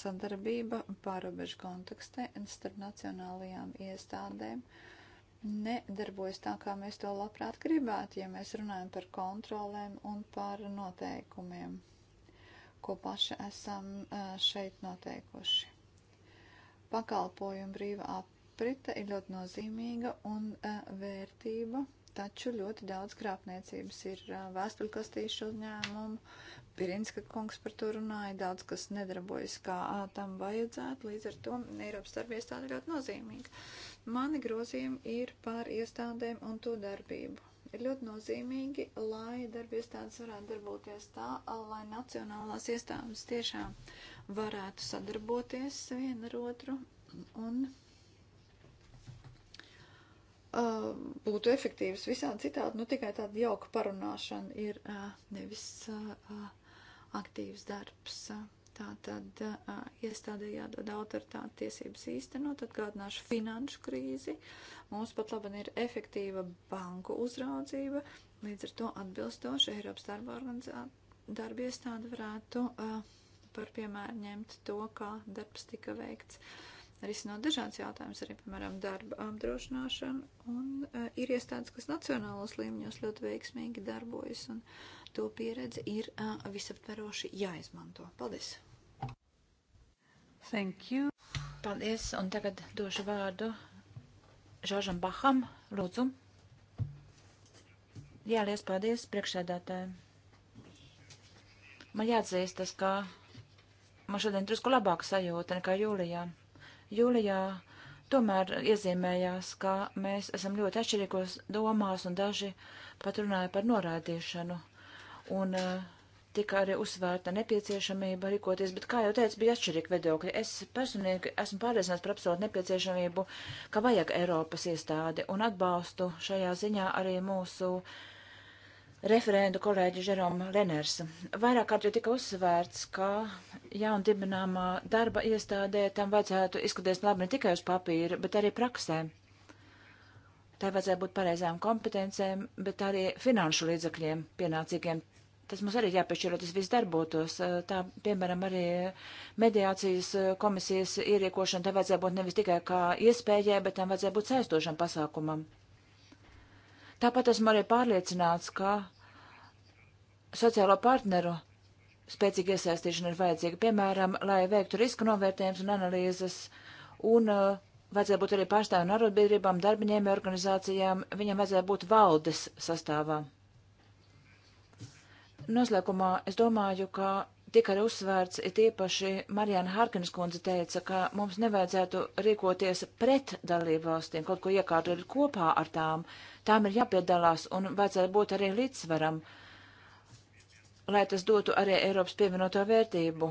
sadarbība pārobežu kontekstē starp nacionālajām iestādēm nedarbojas tā, kā mēs to labprāt gribētu, ja mēs runājam par kontrolēm un par noteikumiem, ko paši esam šeit noteikuši. Pakalpojumu brīva aprita ir ļoti nozīmīga un uh, vērtība, taču ļoti daudz krāpniecības ir uh, e, vēstuļkastīšu uzņēmumu. Pirinska kungs par to runāja, daudz kas nedarbojas, kā uh, tam vajadzētu, līdz ar to Eiropas darba iestāde ļoti nozīmīga. Mani grozījumi ir par iestādēm un to darbību ir ļoti nozīmīgi, lai darba iestādes varētu darboties tā, lai nacionālās iestādes tiešām varētu sadarboties viena ar otru un uh, būtu efektīvas visādi citādi, nu tikai tāda jauka parunāšana ir uh, nevis uh, uh aktīvs darbs. Tā tad uh, iestādē jādod autoritāti tiesības īstenot, atgādināšu finanšu krīzi. Mums pat laban ir efektīva banku uzraudzība, līdz ar to atbilstoši Eiropas darba, darba iestāde varētu uh, par piemēru ņemt to, kā darbs tika veikts. Risinot dažādas jautājumas, arī, piemēram, darba apdrošināšanu, un uh, ir iestādes, kas nacionālos līmeņos ļoti veiksmīgi darbojas, un to pieredze ir uh, visaptveroši jāizmanto. Paldies! Thank you! Paldies, un tagad došu vārdu Žožam Baham, lūdzu. Jā, liels paldies priekšsēdētājiem. Man jāatzīstas, ka man šodien drusku labāka sajūta nekā jūlijā. Jūlijā tomēr iezīmējās, ka mēs esam ļoti atšķirīgos domās un daži pat runāja par norādīšanu. Un uh, tika arī uzsvērta nepieciešamība rīkoties, bet, kā jau teicu, bija atšķirīgi viedokļi. Es personīgi esmu pārliecināts par absolūtu nepieciešamību, ka vajag Eiropas iestādi un atbalstu šajā ziņā arī mūsu uh, referentu kolēģi Žeroma Leners. Vairāk kārt jau tika uzsvērts, ka jaundibināmā darba iestādē tam vajadzētu izskatīties labi ne tikai uz papīra, bet arī praksē. Tā vajadzētu būt pareizām kompetencēm, bet arī finanšu līdzakļiem pienācīgiem. Tas mums arī jāpiešķiro, tas viss darbotos. Tā, piemēram, arī mediācijas komisijas ieriekošana, tā vajadzētu būt nevis tikai kā iespējai, bet tam vajadzētu būt saistošam pasākumam Tāpat esmu arī pārliecināts, ka sociālo partneru spēcīga iesaistīšana ir vajadzīga, piemēram, lai veiktu risku novērtējums un analīzes, un uh, vajadzētu būt arī pārstāvju narodbiedrībām, darbiņiem, organizācijām, viņam vajadzētu būt valdes sastāvā. Noslēgumā es domāju, ka tika arī uzsvērts, it īpaši Marijana Harkins kundze teica, ka mums nevajadzētu rīkoties pret dalību valstīm, kaut ko iekārtot kopā ar tām. Tām ir jāpiedalās un vajadzētu būt arī līdzsvaram, lai tas dotu arī Eiropas pievienoto vērtību.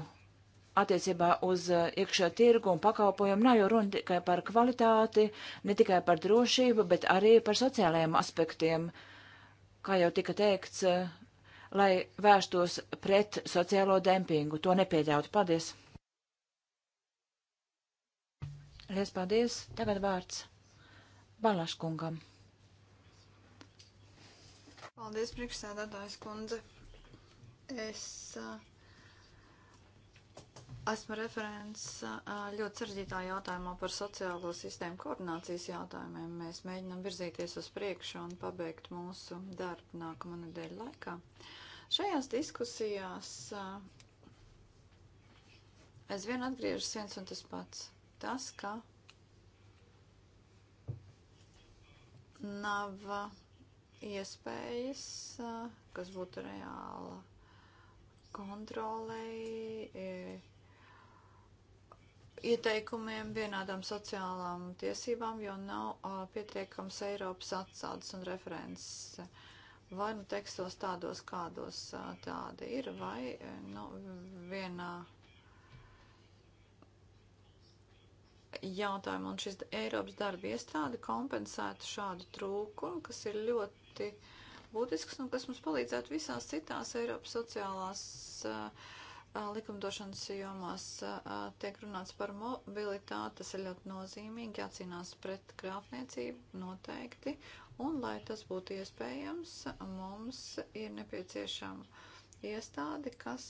Attiecībā uz uh, iekšā tirgu un pakalpojumu nav jau runa tikai par kvalitāti, ne tikai par drošību, bet arī par sociālajiem aspektiem. Kā jau tika teikts, uh, lai vērstos pret sociālo dempingu. To nepieļaut. Paldies! Lies paldies! Tagad vārds Balaškungam. Paldies, priekšsēdētājs kundze. Es uh, Esmu referents ļoti sarežģītā jautājumā par sociālo sistēmu koordinācijas jautājumiem. Mēs mēģinam virzīties uz priekšu un pabeigt mūsu darbu nākamā nedēļa laikā. Šajās diskusijās aizvien atgriežas viens un tas pats. Tas, ka nav iespējas, kas būtu reāla kontrolei, e, ieteikumiem vienādām sociālām tiesībām, jo nav uh, pietiekams Eiropas atsaudas un references. Vai nu tekstos tādos, kādos uh, tādi ir, vai nu, vienā jautājumā, un šis Eiropas darba iestāde kompensētu šādu trūkumu, kas ir ļoti būtisks un kas mums palīdzētu visās citās Eiropas sociālās uh, likumdošanas jomās tiek runāts par mobilitāti, tas ir ļoti nozīmīgi, jācīnās pret krāpniecību noteikti, un lai tas būtu iespējams, mums ir nepieciešama iestādi, kas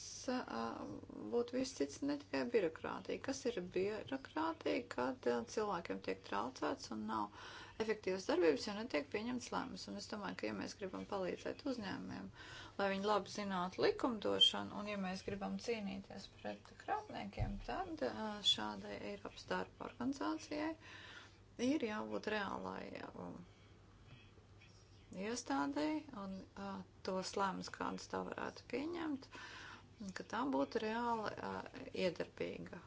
būtu viss cits, ne tikai birokrātija. Kas ir birokrātija, kad cilvēkiem tiek traucēts un nav efektīvas darbības, jo netiek pieņemts lēmums, un es domāju, ka ja mēs gribam palīdzēt uzņēmumiem, lai viņi labi zinātu likumdošanu, un ja mēs gribam cīnīties pret krāpniekiem, tad šādai Eiropas darba organizācijai ir jābūt reālai iestādēji, un tos lēmums, kādas tā varētu pieņemt, ka tā būtu reāli iedarbīga.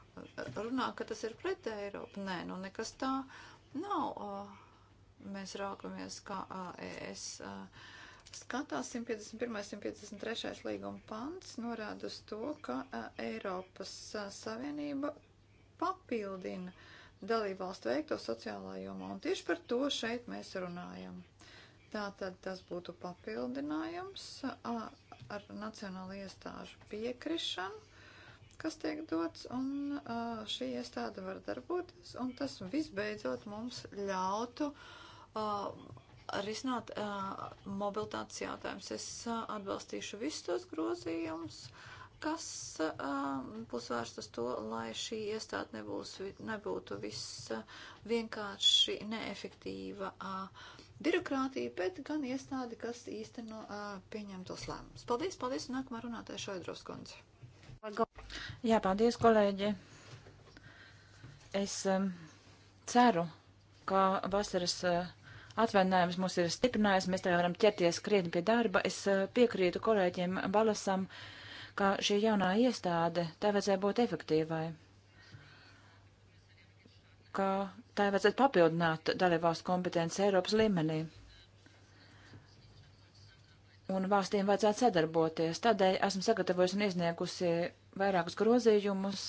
Runā, ka tas ir pret Eiropu. Nē, nu nekas tā nav. Mēs raugamies, kā es. A, skatās 151. 153. līguma pants norāda uz to, ka Eiropas Savienība papildina dalībvalstu veikto sociālā jomā, un tieši par to šeit mēs runājam. Tātad tas būtu papildinājums ar nacionālu iestāžu piekrišanu, kas tiek dots, un šī iestāde var darboties, un tas visbeidzot mums ļautu risināt uh, mobilitātes jautājumus. Es uh, atbalstīšu visus tos grozījumus, kas uh, būs vērsts uz to, lai šī iestāde nebūs, nebūtu viss uh, vienkārši neefektīva uh, birokrātija, bet gan iestāde, kas īsteno uh, pieņemtos lēmumus. Paldies, paldies, un nākamā runātāja Šoidros kundze. Jā, paldies, kolēģi. Es um, ceru, ka vasaras. Uh, atvainājums mums ir stiprinājis, mēs tā varam ķerties krietni pie darba. Es eh, piekrītu kolēģiem Balasam, ka šī jaunā iestāde tā vajadzēja būt efektīvai, ka tā vajadzētu papildināt dalībvalstu kompetenci Eiropas līmenī. Un valstīm vajadzētu sadarboties. Tādēļ esmu sagatavojusi un iesniegusi vairākus grozījumus.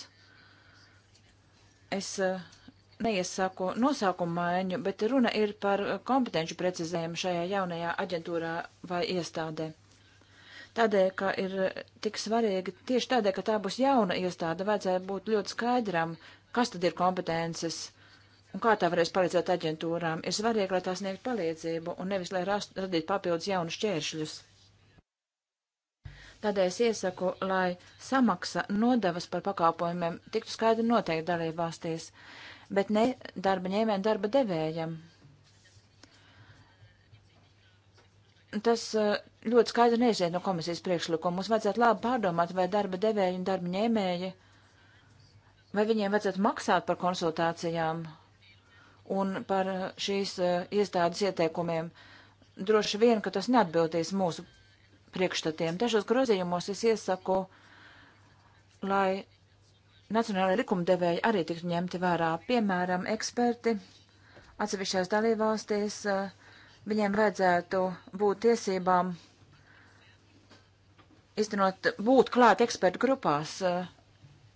Es uh, neiesaku nosaukumu maiņu, bet runa ir par kompetenci precizējumu šajā jaunajā aģentūrā vai iestādē. Tādēļ, ka ir tik svarīgi, tieši tādēļ, ka tā būs jauna iestāde, vajadzētu būt ļoti skaidram, kas tad ir kompetences un kā tā varēs palīdzēt aģentūrām. Ir svarīgi, lai tās sniegtu palīdzību un nevis, lai rast, radītu papildus jaunus šķēršļus. Tādēļ es iesaku, lai samaksa nodevas par pakalpojumiem tiktu skaidri noteikti dalībvalstīs bet ne darba ņēmējiem, darba devējiem. Tas uh, ļoti skaidri neiziet no komisijas priekšlikuma. Mums vajadzētu labi pārdomāt, vai darba devēji un darba ņēmēji, vai viņiem vajadzētu maksāt par konsultācijām un par uh, šīs uh, iestādes ieteikumiem. Droši vien, ka tas neatbildīs mūsu priekšstatiem. Dažos grozījumos es iesaku, lai nacionālajie likumdevēji arī tiks ņemti vērā. Piemēram, eksperti atsevišķās dalībvalstīs, eh, viņiem vajadzētu būt tiesībām iztenot, būt klāt ekspertu grupās, eh,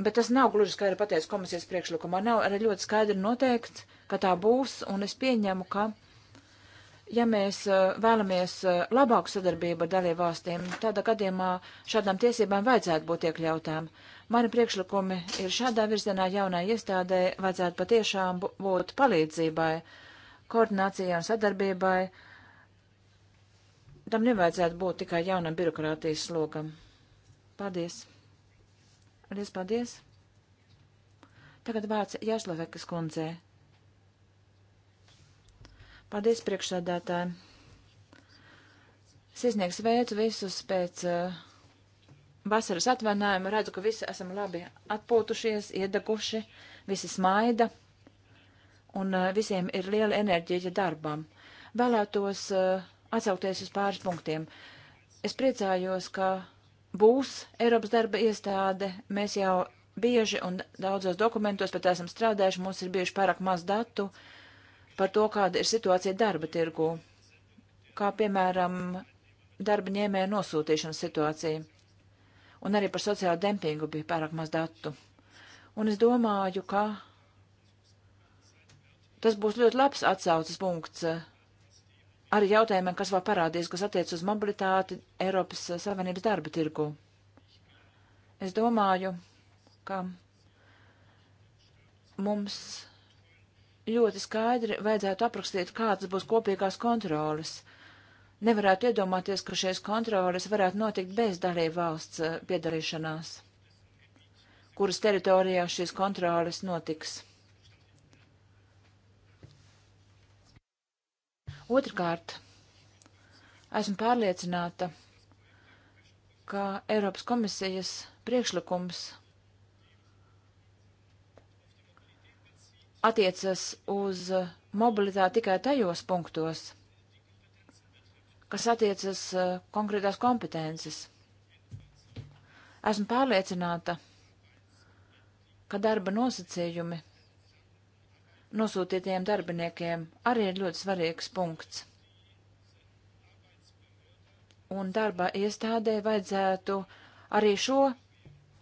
bet tas nav gluži skaidri pateicis komisijas priekšlikumā. Nav arī ļoti skaidri noteikts, ka tā būs, un es pieņemu, ka ja mēs eh, vēlamies labāku sadarbību ar dalībvalstīm, tādā gadījumā šādām tiesībām vajadzētu būt iekļautām. Mani priekšlikumi ir šādā virzienā jaunai iestādē vajadzētu patiešām būt palīdzībai, koordinācijai un sadarbībai. Tam nevajadzētu būt tikai jaunam birokrātijas slogam. Paldies! Paldies, paldies! Tagad vārds Jāslavekas kundzē. Paldies priekšsādātājiem! Es izniegs veicu visus pēc uh, vasaras atvainājumu, redzu, ka visi esam labi atpūtušies, iedeguši, visi smaida, un eh, visiem ir liela enerģija darbam. Vēlētos uh, atsaukties uz pāris punktiem. Es priecājos, ka būs Eiropas darba iestāde. Mēs jau bieži un daudzos dokumentos pat esam strādājuši, mums ir bijuši pārāk maz datu par to, kāda ir situācija darba tirgu, kā piemēram darba ņēmēja nosūtīšanas situācija un arī par sociālo dempingu bija pārāk maz datu. Un es domāju, ka tas būs ļoti labs atsaucas punkts eh, arī jautājumiem, kas vēl parādīs, kas attiec uz mobilitāti Eiropas Savienības darba tirgu. Es domāju, ka mums ļoti skaidri vajadzētu aprakstīt, kādas būs kopīgās kontrolas nevarētu iedomāties, ka šies kontroles varētu notikt bez dalību valsts eh, piedarīšanās, kuras teritorijā šīs kontroles notiks. Otrkārt, esmu pārliecināta, ka Eiropas komisijas priekšlikums attiecas uz mobilitāti tikai tajos punktos, kas attiecas eh, konkrētās kompetences. Esmu pārliecināta, ka darba nosacījumi nosūtītajiem darbiniekiem arī ir ļoti svarīgs punkts. Un darba iestādē vajadzētu arī šo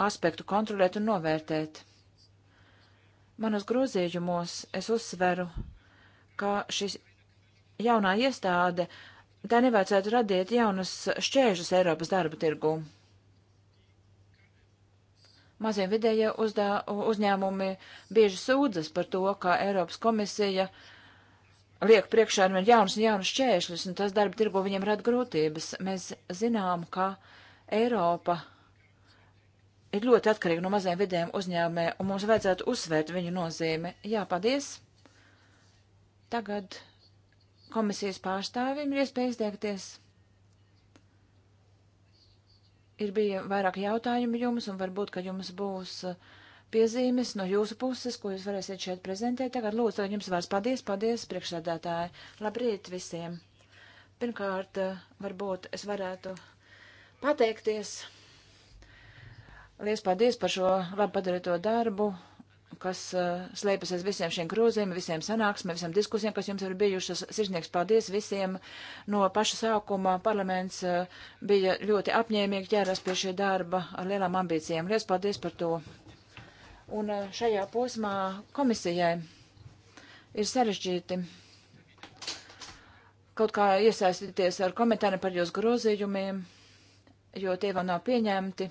aspektu kontrolēt un novērtēt. Manos grozījumos es uzsveru, ka šis jaunā iestāde uh, tā nevajadzētu radīt jaunas šķēršas Eiropas darba tirgū. Mazie vidējie uzdā, uzņēmumi bieži sūdzas par to, ka Eiropas komisija liek priekšā ar vien jaunas un jaunas šķēršļus, un tas darba tirgu viņiem rada grūtības. Mēs zinām, ka Eiropa ir ļoti atkarīga no maziem vidējiem uzņēmumiem, un mums vajadzētu uzsvērt viņu nozīmi. Jā, paldies! Tagad komisijas pārstāvim ir iespēja izteikties. Ir bija vairāk jautājumu jums, un varbūt, ka jums būs uh, piezīmes no jūsu puses, ko jūs varēsiet šeit prezentēt. Tagad lūdzu, tagad jums vairs paldies, paldies, priekšsēdētāji. Labrīt visiem! Pirmkārt, uh, varbūt es varētu pateikties. Lies paldies par šo labi padarīto darbu kas uh, eh, slēpjas aiz visiem šiem krūzīm, visiem sanāksmēm, visam diskusijām, kas jums ir bijušas. Sirsnieks paldies visiem. No paša sākuma parlaments uh, bija ļoti apņēmīgi ķērās pie šī darba ar lielām ambīcijām. Lies paldies par to. Un uh, šajā posmā komisijai ir sarežģīti kaut kā iesaistīties ar komentāriem par jūsu grozījumiem, jo tie vēl nav pieņemti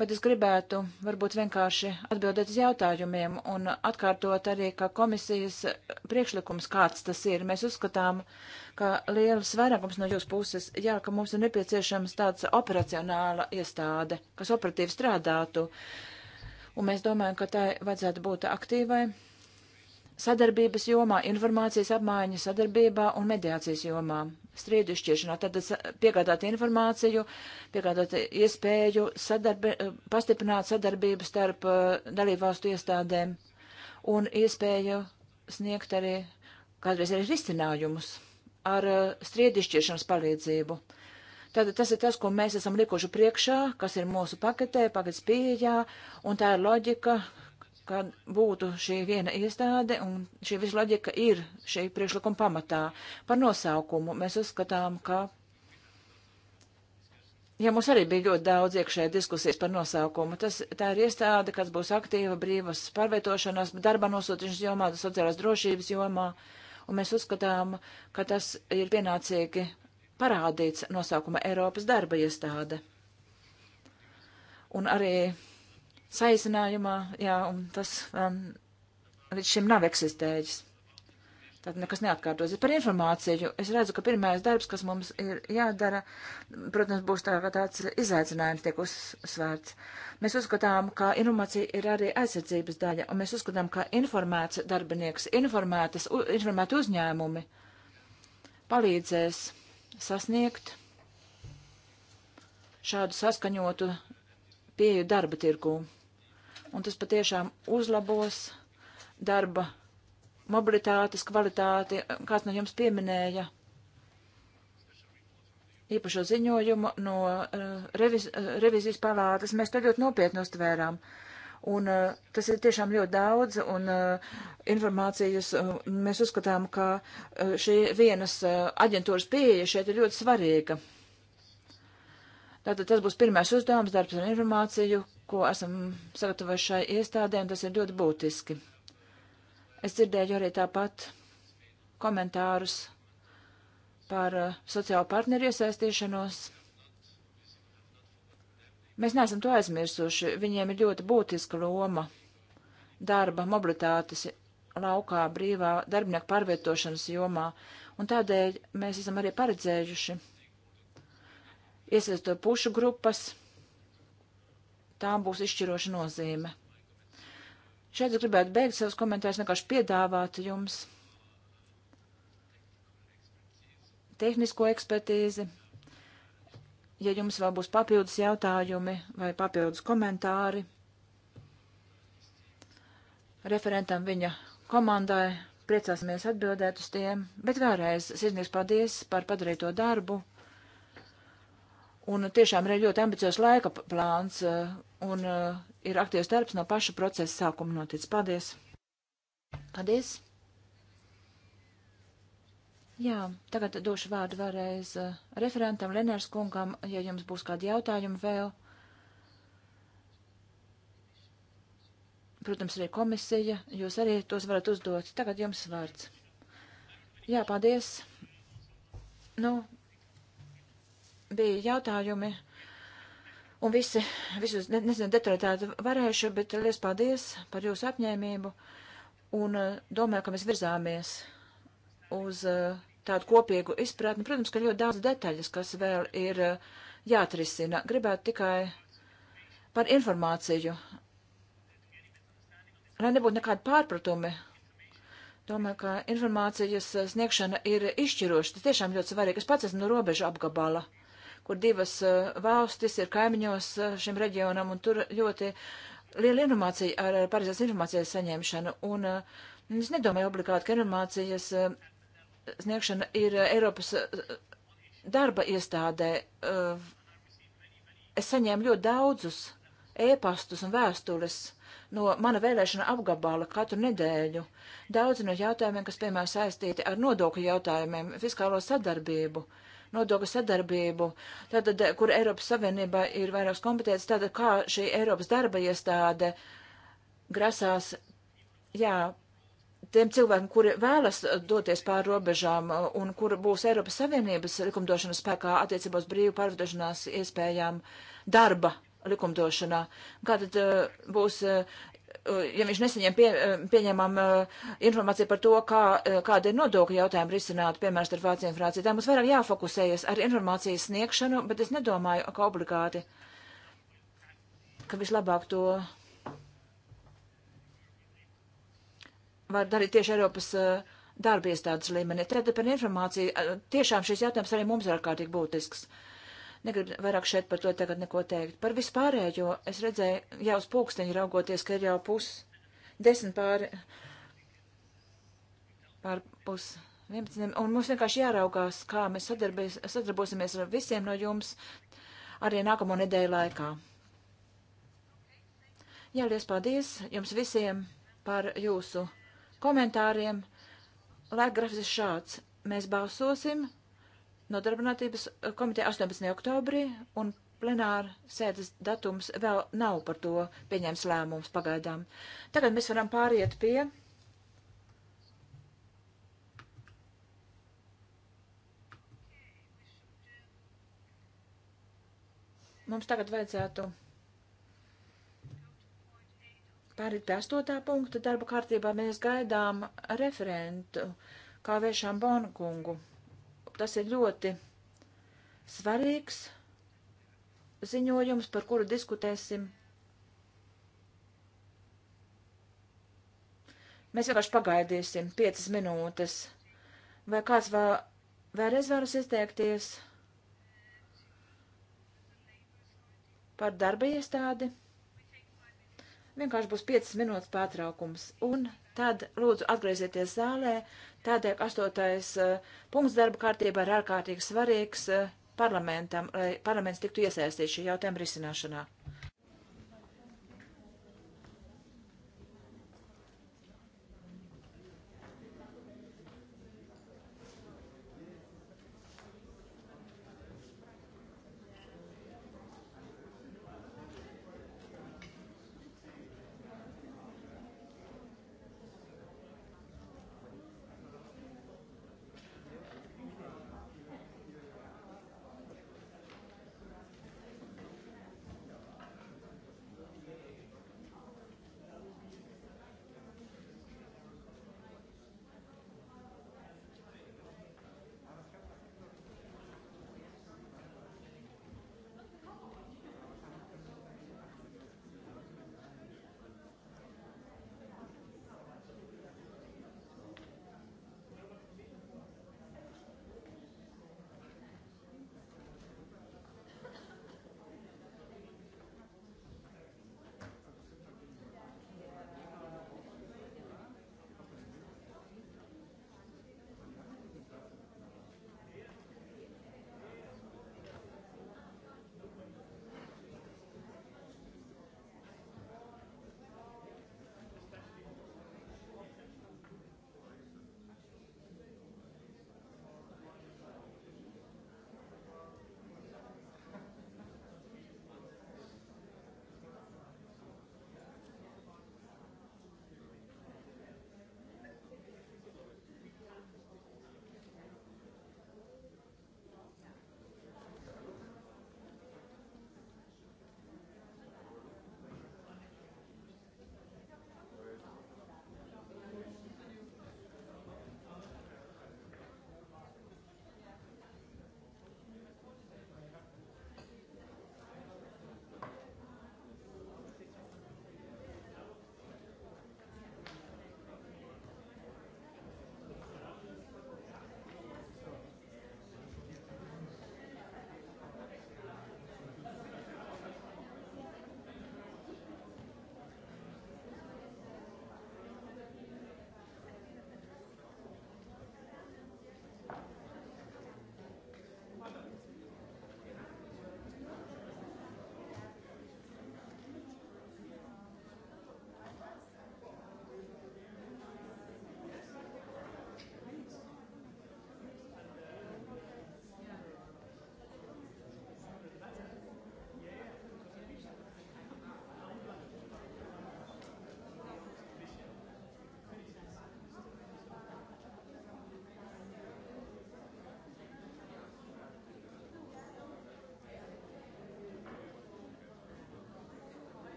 bet es gribētu varbūt vienkārši atbildēt uz jautājumiem un atkārtot arī, ka komisijas priekšlikums kāds tas ir. Mēs uzskatām, ka liels vairākums no jūsu puses, jā, ka mums ir nepieciešams tāds operacionāla iestāde, kas operatīvi strādātu, un mēs domājam, ka tai vajadzētu būt aktīvai sadarbības jomā, informācijas apmaiņa sadarbībā un mediācijas jomā, strīdu izšķiršanā. Tad eh, piegādāt informāciju, piegādāt iespēju sadarbi, eh, pastiprināt sadarbību starp uh, dalībvalstu iestādēm un iespēju sniegt arī kādreiz arī risinājumus ar uh, strīdu izšķiršanas palīdzību. Tātad tas ir tas, ko mēs esam likuši priekšā, kas ir mūsu paketē, paketes pieejā, un tā ir loģika, ka būtu šī viena iestāde, un šī visa loģika ir šī priekšlikuma pamatā. Par nosaukumu mēs uzskatām, ka, ja mums arī bija ļoti daudz iekšēja diskusijas par nosaukumu, tas, tā ir iestāde, kas būs aktīva brīvas pārvietošanās, darba nosūtīšanas jomā, sociālās drošības jomā, un mēs uzskatām, ka tas ir pienācīgi parādīts nosaukuma Eiropas darba iestāde. Un arī saīsinājumā, jā, un tas um, līdz šim nav eksistējis. Tad nekas neatkārtos. Par informāciju es redzu, ka pirmais darbs, kas mums ir jādara, protams, būs tā, tāds izaicinājums tiek uzsvērts. Mēs uzskatām, ka informācija ir arī aizsardzības daļa, un mēs uzskatām, ka informēts darbinieks, informētas, informēti uzņēmumi palīdzēs sasniegt šādu saskaņotu pieju darba tirgū un tas patiešām uzlabos darba mobilitātes kvalitāti, kāds no jums pieminēja īpašo ziņojumu no uh, eh, reviz, uh, eh, revizijas palātas, mēs to ļoti nopietni uztvērām. Un uh, tas ir tiešām ļoti daudz, un uh, informācijas uh, mēs uzskatām, ka uh, šī vienas uh, aģentūras pieeja šeit ir ļoti svarīga. Tātad tas būs pirmais uzdevums, darbs ar informāciju, ko esam sagatavojuši šai iestādēm, tas ir ļoti būtiski. Es dzirdēju arī tāpat komentārus par uh, sociālo partneru iesaistīšanos. Mēs neesam to aizmirsuši. Viņiem ir ļoti būtiska loma darba mobilitātes laukā, brīvā darbinieku pārvietošanas jomā, un tādēļ mēs esam arī paredzējuši iesaistot pušu grupas tām būs izšķiroša nozīme. Šeit es gribētu beigt savus komentārus, vienkārši piedāvāt jums tehnisko ekspertīzi. Ja jums vēl būs papildus jautājumi vai papildus komentāri, referentam viņa komandai priecāsimies atbildēt uz tiem, bet vēlreiz sirdnieks paldies par padarīto darbu. Un tiešām ir ļoti ambiciozs laika plāns eh, un eh, ir aktīvs darbs no paša procesa sākuma notic. Paldies! Paldies! Jā, tagad došu vārdu vēlreiz eh, referentam Lenārs kungam, ja jums būs kādi jautājumi vēl. Protams, arī komisija, jūs arī tos varat uzdot. Tagad jums vārds. Jā, paldies. Nu, bija jautājumi, un visi, visus, ne, nezinu, detalizēti varēšu, bet liels paldies par jūsu apņēmību, un eh, domāju, ka mēs virzāmies uz eh, tādu kopīgu izpratni. Protams, ka ļoti daudz detaļas, kas vēl ir eh, jāatrisina. Gribētu tikai par informāciju, lai nebūtu nekādi pārpratumi. Domāju, ka informācijas sniegšana ir izšķiroša. Tas tiešām ļoti svarīgi. Es pats esmu no robežu apgabala. Uh, kur divas eh, valstis ir kaimiņos eh, šim reģionam, un tur ļoti liela informācija ar pareizās informācijas saņemšanu. Un eh, es nedomāju obligāti, ka informācijas sniegšana ir Eiropas darba iestādē. Es saņēmu ļoti daudzus ēpastus un vēstules no mana vēlēšana apgabala katru nedēļu. Daudz no jautājumiem, kas, piemēram, saistīti ar nodokļu jautājumiem, fiskālo sadarbību. Uh, nodokļu sadarbību, tātad, eh, kur Eiropas Savienība ir vairākas kompetences, tātad kā šī Eiropas darba iestāde grasās, jā, tiem cilvēkiem, kuri vēlas doties pāri robežām eh, un kur būs Eiropas Savienības likumdošanas spēkā attiecībā uz brīvu pārvietošanās iespējām darba likumdošanā, kā tad uh, būs uh, Eh, ja viņš nesaņem pie, eh, pieņemam eh, informāciju par to, kā, kāda ir nodokļa jautājuma risināt, piemēram, starp Vāciju un Franciju. Tā mums vairāk jāfokusējas ar informācijas sniegšanu, bet es nedomāju, ka obligāti, ka vislabāk to var darīt tieši Eiropas darbiestādes līmenī. Tad par informāciju tiešām šis jautājums arī mums ir ārkārtīgi būtisks. Uh, Negribu vairāk šeit par to tagad neko teikt. Par vispārējo es redzēju jau uz pulksteņu raugoties, ka ir jau pus desmit pāri, pār pus vienpadsmitiem, un mums vienkārši jāraugās, kā mēs sadarbosimies ar visiem no jums arī nākamo nedēļu laikā. Jā, liels paldies jums visiem par jūsu komentāriem. Laika grafis ir šāds. Mēs balsosim nodarbinātības eh, komiteja 18. oktobrī un plenāra sēdes datums vēl nav par to pieņēmis lēmums pagaidām. Tagad mēs varam pāriet pie. Mums tagad vajadzētu pāriet pie astotā punkta darba kārtībā. Mēs gaidām referentu kā vēršām Bonkungu. kungu. Tas ir ļoti svarīgs ziņojums, par kuru diskutēsim. Mēs vienkārši pagaidīsim piecas minūtes. Vai kāds vēl, vēlreiz varas izteikties par darba iestādi? Vienkārši būs piecas minūtes pārtraukums un tad lūdzu atgriezieties zālē. Tādēļ astotais uh, punkts darba kārtībā ir ārkārtīgi svarīgs uh, parlamentam, lai parlaments tiktu iesaistīts šī jautājuma risināšanā.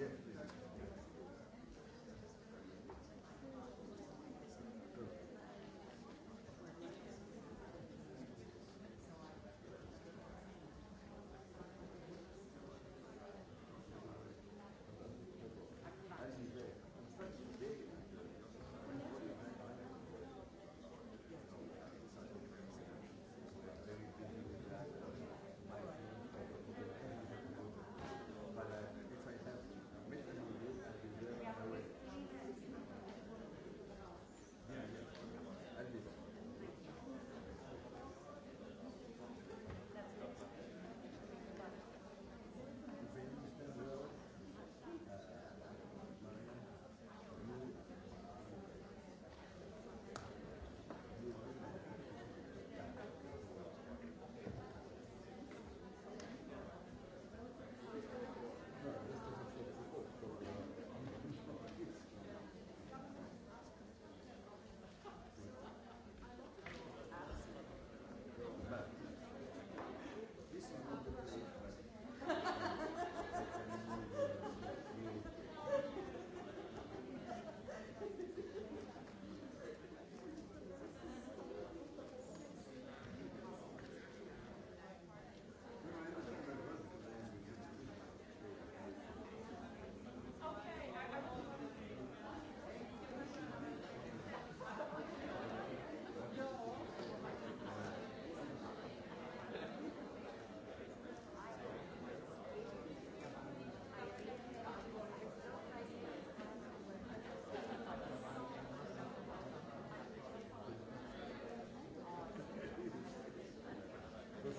Yeah.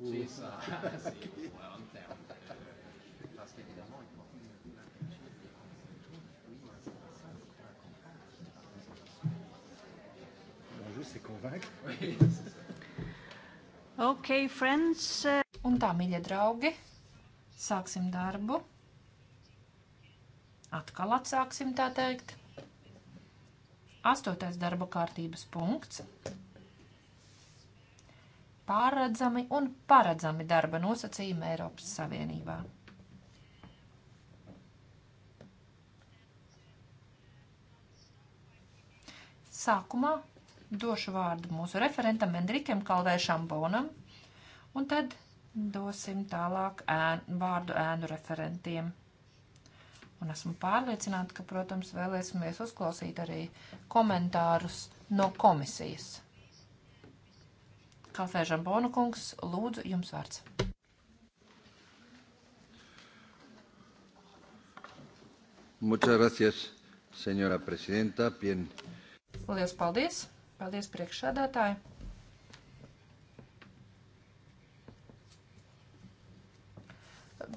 pour... C'est ça, c'est au long terme. Parce qu'évidemment, il faut Bonjour, c'est convaincre. Oui, c'est ça. Ok, friends. Eh, un tā, mīļie draugi, sāksim darbu. Atkal atsāksim tā teikt. Astotais darba kārtības punkts pārredzami un paredzami darba nosacījumi Eiropas Savienībā. Sākumā došu vārdu mūsu referentam Endrikam Kalvēšam Bonam, un tad dosim tālāk ēnu, vārdu ēnu referentiem. Un esmu pārliecināta, ka, protams, vēlēsimies uzklausīt arī komentārus no komisijas. Kafē Žambona kungs, lūdzu, jums vārds. Muchas gracias, senora presidenta. Bien. Lielas paldies. Paldies priekšsādātāji.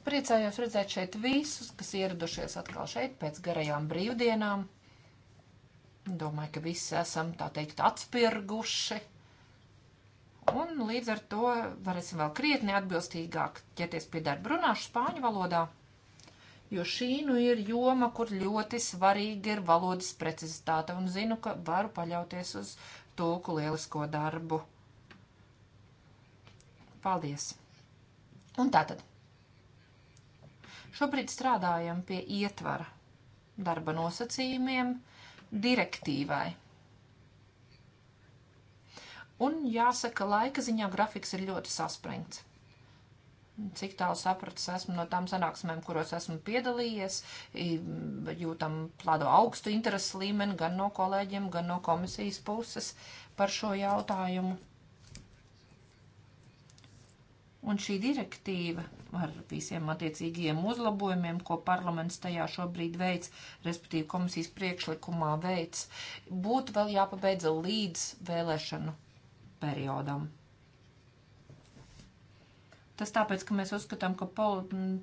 Priecājos redzēt šeit visus, kas ieradušies atkal šeit pēc garajām brīvdienām. Domāju, ka visi esam, tā teikt, atspirguši Un līdz ar to varēsim vēl krietni atbilstīgāk ķerties pie darba. Runāšu spāņu valodā, jo šī nu ir joma, kur ļoti svarīga ir valodas precizitāte, un zinu, ka varu paļauties uz tulku lielisko darbu. Paldies! Un tātad. Šobrīd strādājam pie ietvara darba nosacījumiem direktīvai Un jāsaka, laika ziņā grafiks ir ļoti saspringts. Cik tālu sapratis esmu no tām sanāksmēm, kuros esmu piedalījies, jūtam plādo augstu interesu līmeni gan no kolēģiem, gan no komisijas puses par šo jautājumu. Un šī direktīva ar visiem attiecīgajiem uzlabojumiem, ko parlaments tajā šobrīd veids, respektīvi komisijas priekšlikumā veids, būtu vēl jāpabeidza līdz vēlēšanu periodam. Tas tāpēc, ka mēs uzskatām, ka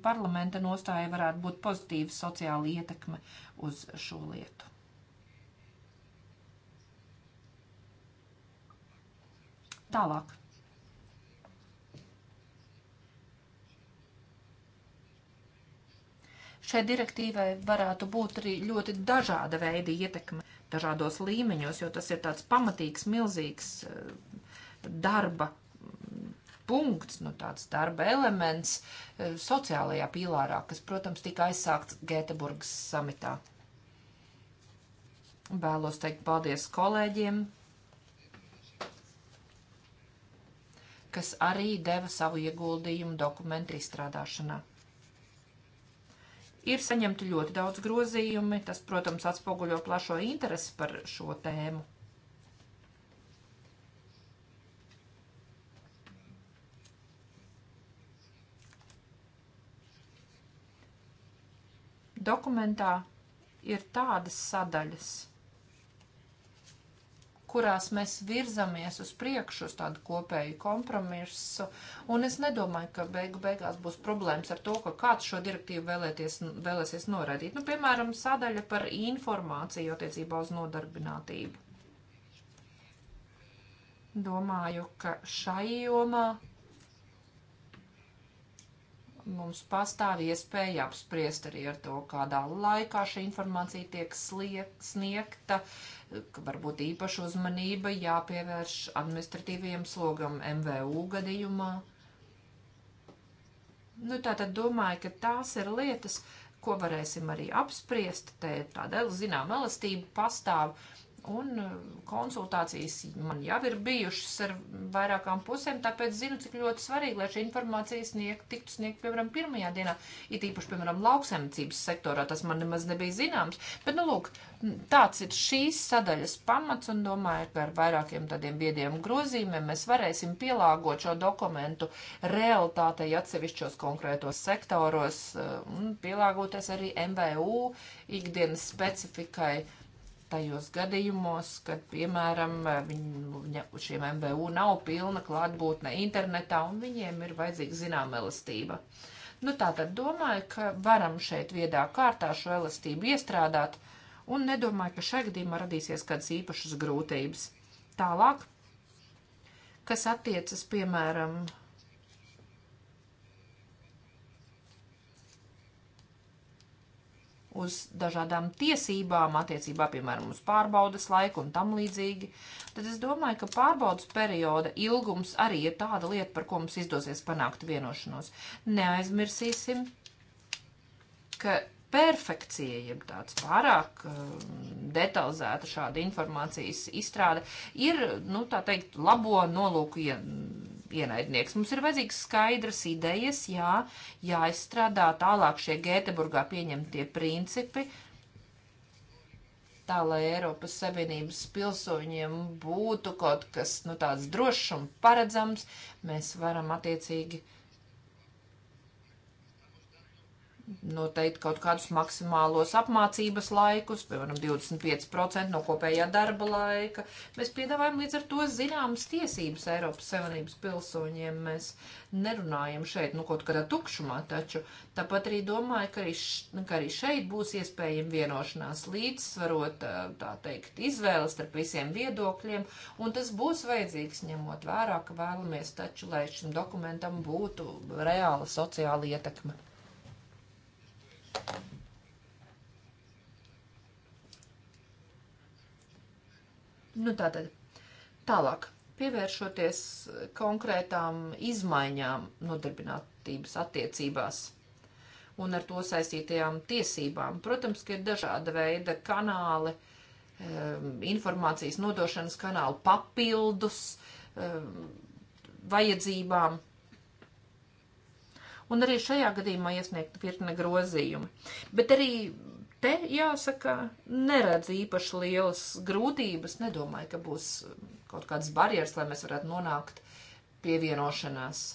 parlamenta nostāja varētu būt pozitīva sociāla ietekme uz šo lietu. Tālāk. Šai direktīvai varētu būt arī ļoti dažāda veida ietekme dažādos līmeņos, jo tas ir tāds pamatīgs, milzīgs uh, darba mm, punkts, nu, tāds darba elements e, sociālajā pīlārā, kas, protams, tika aizsākts Gēteburgas samitā. Vēlos teikt paldies kolēģiem, kas arī deva savu ieguldījumu dokumentu izstrādāšanā. Ir saņemti ļoti daudz grozījumi, tas, protams, atspoguļo plašo interesi par šo tēmu. dokumentā ir tādas sadaļas, kurās mēs virzamies uz priekšu uz tādu kopēju kompromisu, un es nedomāju, ka beigu beigās būs problēmas ar to, ka kāds šo direktīvu vēlēties, vēlēsies noraidīt. Nu, piemēram, sadaļa par informāciju attiecībā uz nodarbinātību. Domāju, ka šai jomā mums pastāv iespēja apspriest arī ar to, kādā laikā šī informācija tiek sliek, sniegta, ka varbūt īpaša uzmanība jāpievērš administratīvajiem slogam MVU gadījumā. Nu, tā tad domāju, ka tās ir lietas, ko varēsim arī apspriest. Te tāda, zinām, elastība pastāv Un um, konsultācijas man jau ir bijušas ar vairākām pusēm, tāpēc zinu, cik ļoti svarīgi, lai šī informācija sniegt, tiktu sniegt, piemēram, pirmajā dienā, it īpaši, piemēram, lauksaimniecības sektorā, tas man nemaz nebija zināms. Bet, nu, lūk, tāds ir šīs sadaļas pamats, un domāju, ka ar vairākiem tādiem viediem grozīmiem mēs varēsim pielāgot šo dokumentu realitātei atsevišķos konkrētos sektoros uh, un pielāgoties arī MVU ikdienas specifikai tajos gadījumos, kad, piemēram, viņu, šiem MVU nav pilna klātbūtne internetā un viņiem ir vajadzīga zinām elastība. Nu, tā tad domāju, ka varam šeit viedā kārtā šo elastību iestrādāt un nedomāju, ka šai gadījumā radīsies kādas īpašas grūtības. Tālāk, kas attiecas, piemēram, uz dažādām tiesībām, attiecībā, piemēram, uz pārbaudas laiku un tam līdzīgi, tad es domāju, ka pārbaudas perioda ilgums arī ir tāda lieta, par ko mums izdosies panākt vienošanos. Neaizmirsīsim, ka perfekcija, jeb tāds pārāk um, detalizēta šāda informācijas izstrāde ir, nu, tā teikt, labo nolūku ja ienaidnieks. Mums ir vajadzīgs skaidras idejas, jā, jāizstrādā tālāk šie Gēteburgā pieņemtie principi, tā, lai Eiropas Savienības pilsoņiem būtu kaut kas nu, tāds drošs un paredzams, mēs varam attiecīgi noteikt kaut kādus maksimālos apmācības laikus, piemēram, 25% no kopējā darba laika. Mēs piedāvājam līdz ar to zināmas tiesības Eiropas Savienības pilsoņiem. Mēs nerunājam šeit, nu, kaut kādā tukšumā taču. Tāpat arī domāju, ka arī, š, ka arī šeit būs iespējama vienošanās līdzsvarot, eh, tā teikt, izvēles starp visiem viedokļiem, un tas būs vajadzīgs ņemot vērā, ka vēlamies taču, lai šim dokumentam būtu reāla sociāla ietekme. Nu, tātad tālāk, pievēršoties konkrētām izmaiņām nodarbinātības attiecībās un ar to saistītajām tiesībām. Protams, ka ir dažāda veida kanāli, ehm, informācijas nodošanas kanāli papildus ehm, vajadzībām un arī šajā gadījumā iesniegt virkne grozījumi. Bet arī te, jāsaka, neredz īpaši lielas grūtības, nedomāju, ka būs kaut kāds barjers, lai mēs varētu nonākt pievienošanās.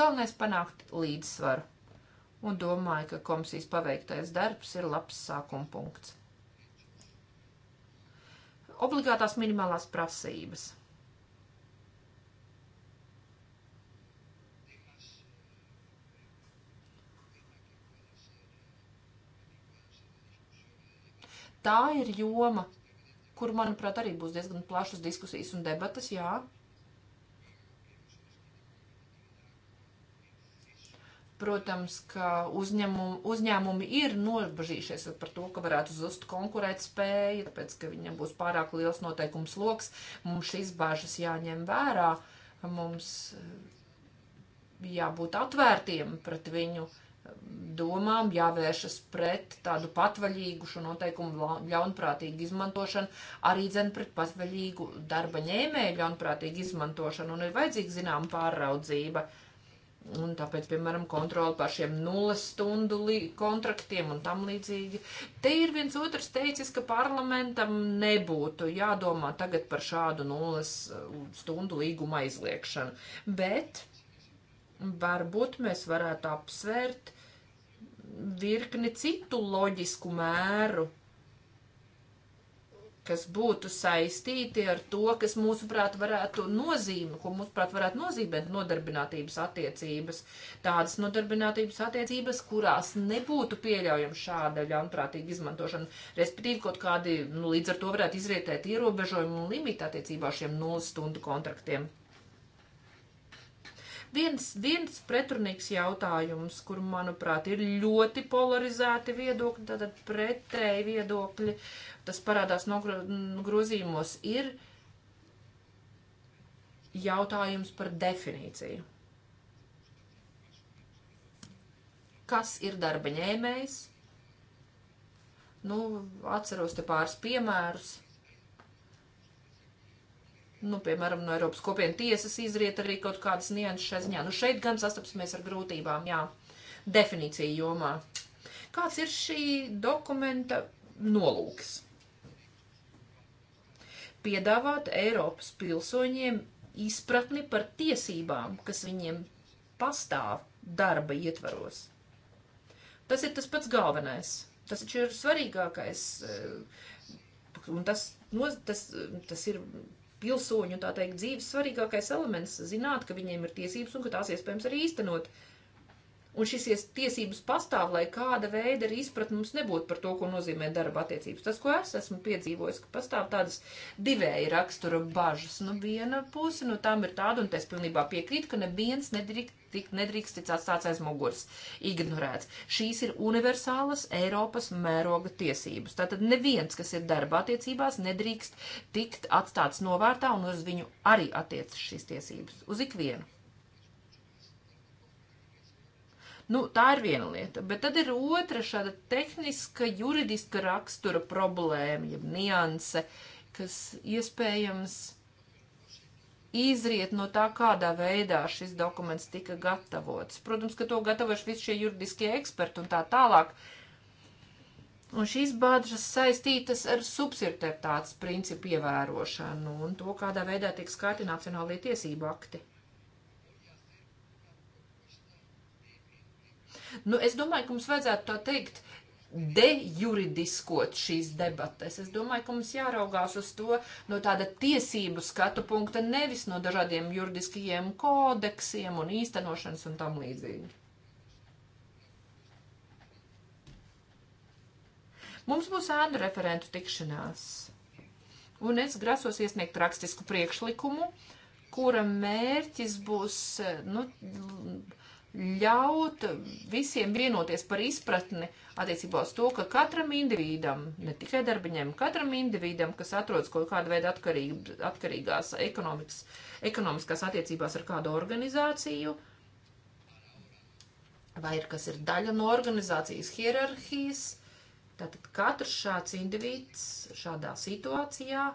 Galvenais panākt līdzsvaru un domāju, ka komisijas paveiktais darbs ir labs sākuma punkts. Obligātās minimālās prasības. tā ir joma, kur, manuprāt, arī būs diezgan plašas diskusijas un debatas, jā. Protams, ka uzņēmumi, uzņēmumi ir nobažījušies par to, ka varētu zust konkurēt spēju, tāpēc, ka viņiem būs pārāk liels noteikums loks. Mums šīs bāžas jāņem vērā, mums eh, jābūt atvērtiem pret viņu domām, jāvēršas pret tādu patvaļīgu šo noteikumu ļaunprātīgu izmantošanu, arī dzen pret patvaļīgu darba ņēmēju ļaunprātīgu izmantošanu un ir vajadzīga zinām pārraudzība. Un tāpēc, piemēram, kontroli pār šiem nulles stundu kontraktiem un tam līdzīgi. Te ir viens otrs teicis, ka parlamentam nebūtu jādomā tagad par šādu nulles uh, stundu līgumu aizliekšanu. Bet varbūt mēs varētu apsvērt virkni citu loģisku mēru, kas būtu saistīti ar to, kas mūsuprāt varētu nozīmēt, ko mūsuprāt varētu nozīmēt nodarbinātības attiecības. Tādas nodarbinātības attiecības, kurās nebūtu pieļaujama šāda ļaunprātīga izmantošana, respektīvi kaut kādi, nu, līdz ar to varētu izrietēt ierobežojumi un limiti attiecībā šiem nulles stundu kontraktiem. Viens, viens pretrunīgs jautājums, kur, manuprāt, ir ļoti polarizēti viedokļi, tātad pretēji viedokļi, tas parādās no grozījumos, ir jautājums par definīciju. Kas ir darba ņēmējs? Nu, atceros te pāris piemērus nu, piemēram, no Eiropas kopienas tiesas izriet arī kaut kādas nianses šai ziņā. Nu, šeit gan sastapsimies ar grūtībām, jā, definīcija jomā. Kāds ir šī dokumenta nolūks? Piedāvāt Eiropas pilsoņiem izpratni par tiesībām, kas viņiem pastāv darba ietvaros. Tas ir tas pats galvenais. Tas taču ir svarīgākais. Eh, un tas, no, tas, tas ir pilsoņu, tā teikt, dzīves svarīgākais elements - zināt, ka viņiem ir tiesības un ka tās iespējams arī īstenot. Uh, Un šīs tiesības pastāv, lai kāda veida arī izpratne mums nebūtu par to, ko nozīmē darba attiecības. Tas, ko es esmu piedzīvojis, ka pastāv tādas divēja rakstura bažas. Nu, viena puse no nu, tām ir tāda, un es pilnībā piekrītu, ka neviens nedrīkst tik nedrīkst tikt atstāts aiz muguras, ignorēts. Šīs ir universālas Eiropas mēroga tiesības. Tātad neviens, kas ir darba attiecībās, nedrīkst tikt atstāts novārtā un uz viņu arī attiecas šīs tiesības. Uz ikvienu. Nu, tā ir viena lieta, bet tad ir otra šāda tehniska, juridiska rakstura problēma, jeb nianse, kas iespējams izriet no tā, kādā veidā šis dokuments tika gatavots. Protams, ka to gatavojuši visi šie juridiskie eksperti un tā tālāk. Un šīs bāžas saistītas ar subsidiaritātes principu ievērošanu un to, kādā veidā tiek skārti nacionālie tiesību akti. Nu, es domāju, ka mums vajadzētu tā teikt, dejuridiskot šīs debates. Es domāju, ka mums jāraugās uz to no tāda tiesību skatu punkta, nevis no dažādiem juridiskajiem kodeksiem un īstenošanas un tam līdzīgi. Mums būs ēnu referentu tikšanās, un es grasos iesniegt rakstisku priekšlikumu, kura mērķis būs, nu, ļaut visiem vienoties par izpratni attiecībā uz to, ka katram individam, ne tikai darbiņiem, katram individam, kas atrodas kaut kāda veida atkarība, atkarīgās ekonomikas, ekonomiskās attiecībās ar kādu organizāciju, vai ir kas ir daļa no organizācijas hierarhijas, tātad katrs šāds individs šādā situācijā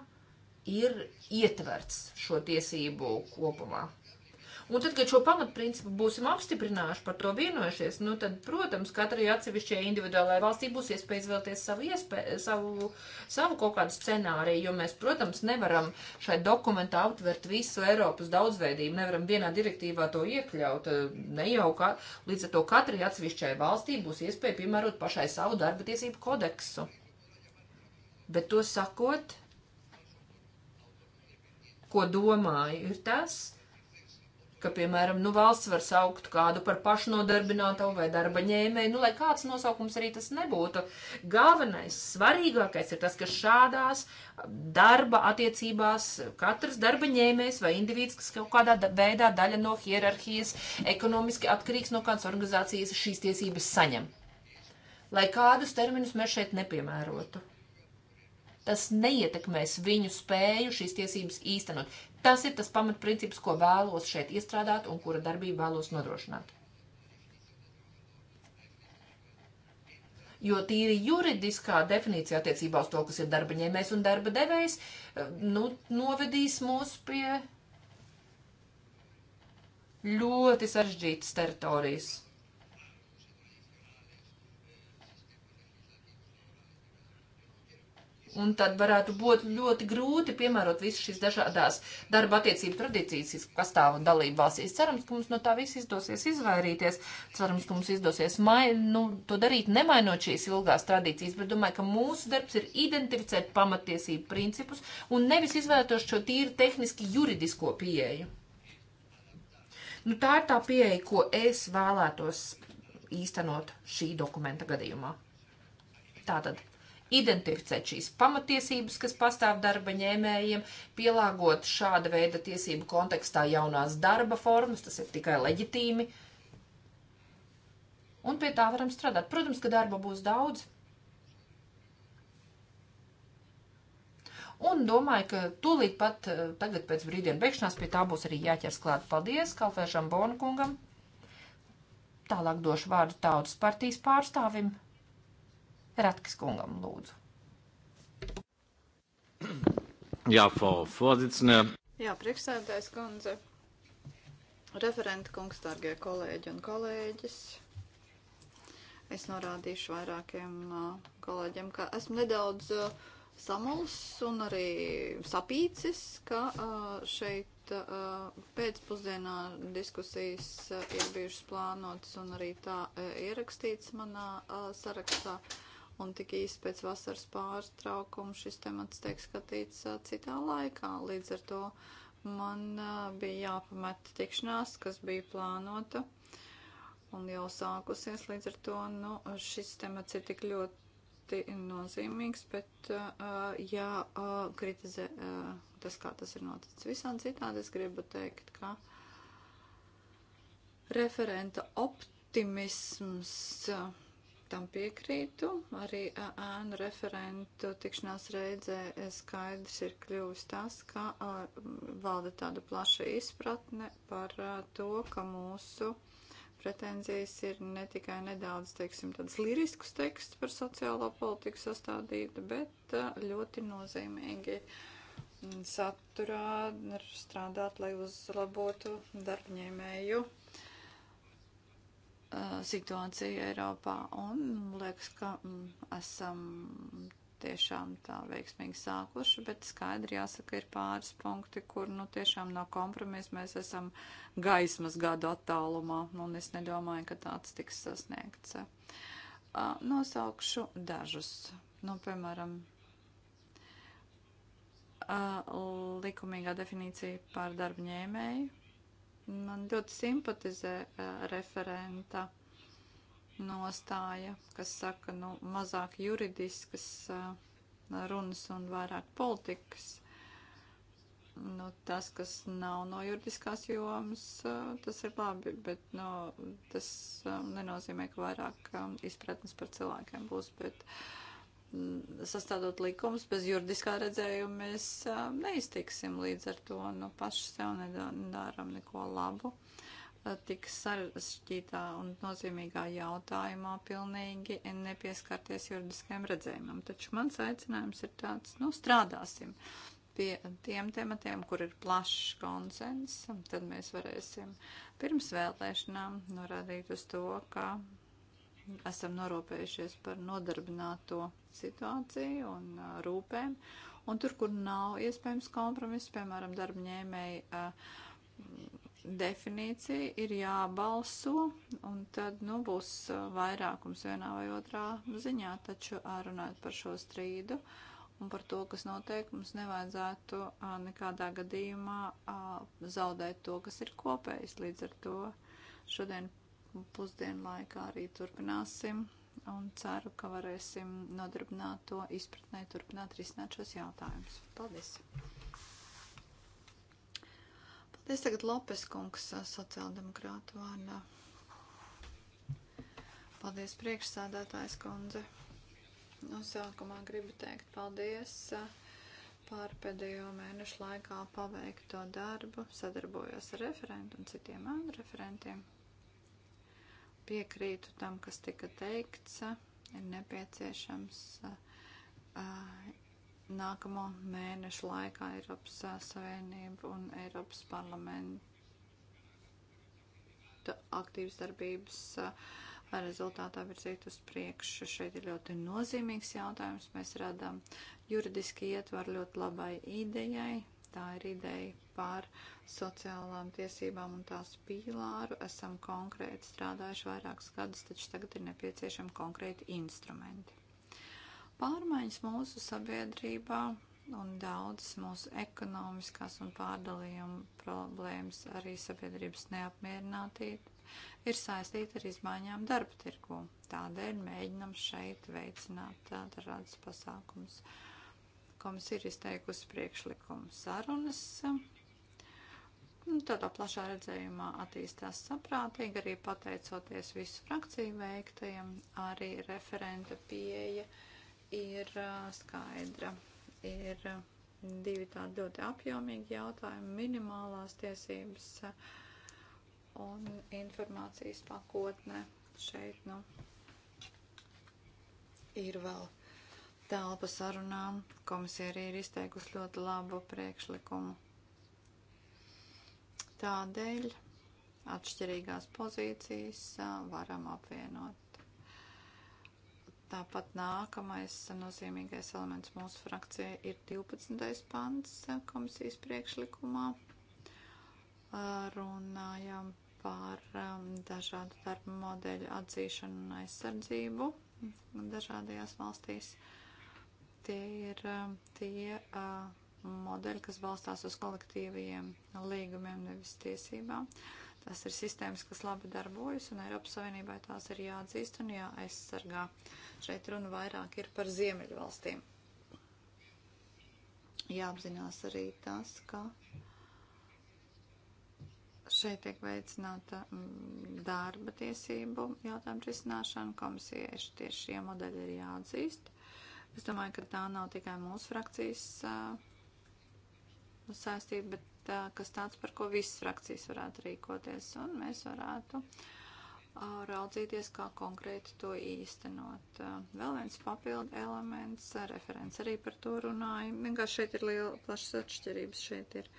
ir ietverts šo tiesību kopumā. Un tad, kad šo pamatprincipu būsim apstiprinājuši, par to vienojušies, nu tad, protams, katrai atsevišķajai individuālajai valstī būs iespēja izvēlēties savu, iespē, savu, savu kaut kādu scenāriju, jo mēs, protams, nevaram šai dokumentā aptvert visu Eiropas daudzveidību, nevaram vienā direktīvā to iekļaut, eh, nejaukā. Līdz ar to katrai atsevišķajai valstī būs iespēja piemērot pašai savu darba tiesību kodeksu. Bet to sakot, ko domāju, ir tas, ka, piemēram, nu, valsts var saukt kādu par pašnodarbinātavu vai darba ņēmēju, nu, lai kāds nosaukums arī tas nebūtu. Galvenais, svarīgākais ir tas, ka šādās darba attiecībās katrs darba ņēmējs vai individs, kas kaut kādā veidā daļa no hierarhijas, ekonomiski atkarīgs no kādas organizācijas, šīs tiesības saņem. Lai kādus terminus mēs šeit nepiemērotu tas neietekmēs viņu spēju šīs tiesības īstenot. Tas ir tas pamatprincips, ko vēlos šeit iestrādāt un kura darbību vēlos nodrošināt. Jo tīri juridiskā definīcija attiecībā uz to, kas ir darba ņēmējs un darba devējs, eh, nu, novedīs mūs pie ļoti sarežģītas teritorijas. Un tad varētu būt ļoti grūti piemērot visas šīs dažādās darba attiecību tradīcijas, kas stāv dalību valstīs. Cerams, ka mums no tā viss izdosies izvairīties. Cerams, ka mums izdosies mai, nu, to darīt, nemainot šīs ilgās tradīcijas, bet domāju, ka mūsu darbs ir identificēt pamatiesību principus un nevis izvēlētos šo tīri tehniski juridisko pieeju. Nu, tā ir tā pieeja, ko es vēlētos īstenot šī dokumenta gadījumā. Tātad identificēt šīs pamatiesības, kas pastāv darba ņēmējiem, pielāgot šāda veida tiesību kontekstā jaunās darba formas, tas ir tikai leģitīmi. Un pie tā varam strādāt. Protams, ka darba būs daudz. Un domāju, ka tūlīt pat eh, tagad pēc brīvdienu beigšanās pie tā būs arī jāķers klāt. Paldies Kalfēšam Bonakungam. Tālāk došu vārdu tautas partijas pārstāvim. Ratkis kungam lūdzu. Jā, Frau Vorsitzende. Jā, priekšsēdētājs kundze. Referenta kungs, dārgie kolēģi un kolēģis. Es norādīšu vairākiem uh, kolēģiem, ka esmu nedaudz uh, samals un arī sapīcis, ka uh, šeit pēcpusdienā diskusijas ir bijušas plānotas un arī tā ierakstīts manā sarakstā un tik īsti pēc vasaras pārtraukuma šis temats tiek skatīts citā laikā. Līdz ar to man bija jāpamet tikšanās, kas bija plānota un jau sākusies. Līdz ar to nu, šis temats ir tik ļoti nozīmīgs, bet uh, jā, uh, kritizē uh, tas, kā tas ir noticis. Visām citādi es gribu teikt, ka referenta optimisms. Uh, tam piekrītu. Arī ēnu referentu tikšanās reizē skaidrs ir kļuvis tas, ka valda tāda plaša izpratne par to, ka mūsu pretenzijas ir ne tikai nedaudz, teiksim, tāds lirisks teksts par sociālo politiku sastādīta, bet ļoti nozīmīgi saturā strādāt, lai uzlabotu darbņēmēju Uh, situāciju Eiropā un liekas, ka mm, esam tiešām tā veiksmīgi sākuši, bet skaidri jāsaka, ir pāris punkti, kur nu tiešām no kompromisa mēs esam gaismas gadu attālumā, un es nedomāju, ka tāds tiks sasniegts. Uh, nosaukšu dažus, nu, piemēram, uh, likumīgā definīcija par darba ņēmēju Man ļoti simpatizē referenta nostāja, kas saka, nu, mazāk juridiskas runas un vairāk politikas. Nu, tas, kas nav no juridiskās jomas, tas ir labi, bet nu, tas nenozīmē, ka vairāk izpratnes par cilvēkiem būs. Bet, uh, Mm, sastādot likumus, bez juridiskā redzējuma mēs uh, neiztiksim līdz ar to, nu, paši sev nedaram neko labu. Uh, tik sarežģītā un nozīmīgā jautājumā pilnīgi nepieskarties juridiskajam redzējumam. Taču mans aicinājums ir tāds, nu, strādāsim pie tiem tematiem, kur ir plašs konsens, tad mēs varēsim pirms vēlēšanām norādīt uz to, ka esam norūpējušies par nodarbināto situāciju un uh, rūpēm. Un tur, kur nav iespējams kompromiss, piemēram, darbņēmēji uh, definīcija, ir jābalso, un tad, nu, būs vairākums vienā vai otrā ziņā, taču runājot par šo strīdu un par to, kas notiek, mums nevajadzētu a, nekādā gadījumā a, zaudēt to, kas ir kopējis. Līdz ar to šodien pusdienu laikā arī turpināsim un ceru, ka varēsim nodarbināt to izpratnē, turpināt risināt šos jautājumus. Paldies! Paldies tagad Lopes kungs sociāldemokrātu vārdā. Paldies priekšsādātājs kundze. No nu, sākumā gribu teikt paldies uh, par pēdējo mēnešu laikā paveikto darbu, sadarbojos ar referentu un citiem ēnu referentiem piekrītu tam, kas tika teikts, ir nepieciešams uh, uh, nākamo mēnešu laikā Eiropas uh, Savienība un Eiropas parlamenta aktīvas darbības rezultātā virzīt uz priekšu. Šeit ir ļoti nozīmīgs jautājums. Mēs radām juridiski ietvaru ļoti labai idejai, Tā ir ideja par sociālām tiesībām un tās pīlāru. Esam konkrēti strādājuši vairākus gadus, taču tagad ir nepieciešami konkrēti instrumenti. Pārmaiņas mūsu sabiedrībā un daudzas mūsu ekonomiskās un pārdalījuma problēmas arī sabiedrības neapmierinātība ir saistīta ar izmaiņām darba tirgu. Tādēļ mēģinam šeit veicināt dažādas pasākumus. Uh, Komisija ir izteikusi priekšlikumu sarunas. Nu, tādā plašā redzējumā attīstās saprātīgi, arī pateicoties visu frakciju veiktajiem, arī referenta pieeja ir skaidra. Ir divi tādi ļoti apjomīgi jautājumi - minimālās tiesības un informācijas pakotne šeit, nu, ir vēl telpa sarunām. Komisija arī ir izteikusi ļoti labu priekšlikumu. Tādēļ atšķirīgās pozīcijas varam apvienot. Tāpat nākamais nozīmīgais elements mūsu frakcijai ir 12. pants komisijas priekšlikumā. Runājam par dažādu darba modeļu atzīšanu un aizsardzību dažādajās valstīs. Uh, Tie ir um, tie uh, modeļi, kas balstās uz kolektīvajiem līgumiem, nevis tiesībām. Tas ir sistēmas, kas labi darbojas, un Eiropas Savienībai tās ir jāatzīst un jāaizsargā. Šeit runa vairāk ir par ziemeļu valstīm jāapzinās arī tas, ka šeit tiek veicināta mm, darba tiesību jautājumu risināšana. Komisijai tieši šie modeļi ir jāatzīst. Es domāju, ka tā nav tikai mūsu frakcijas uh, saistība, bet uh, kas tāds, par ko visas frakcijas varētu rīkoties, un mēs varētu uh, raudzīties, kā konkrēti to īstenot. Vēl viens papildu elements, referents arī par to runāja. Vienkārši šeit ir liela plašas atšķirības. Šeit ir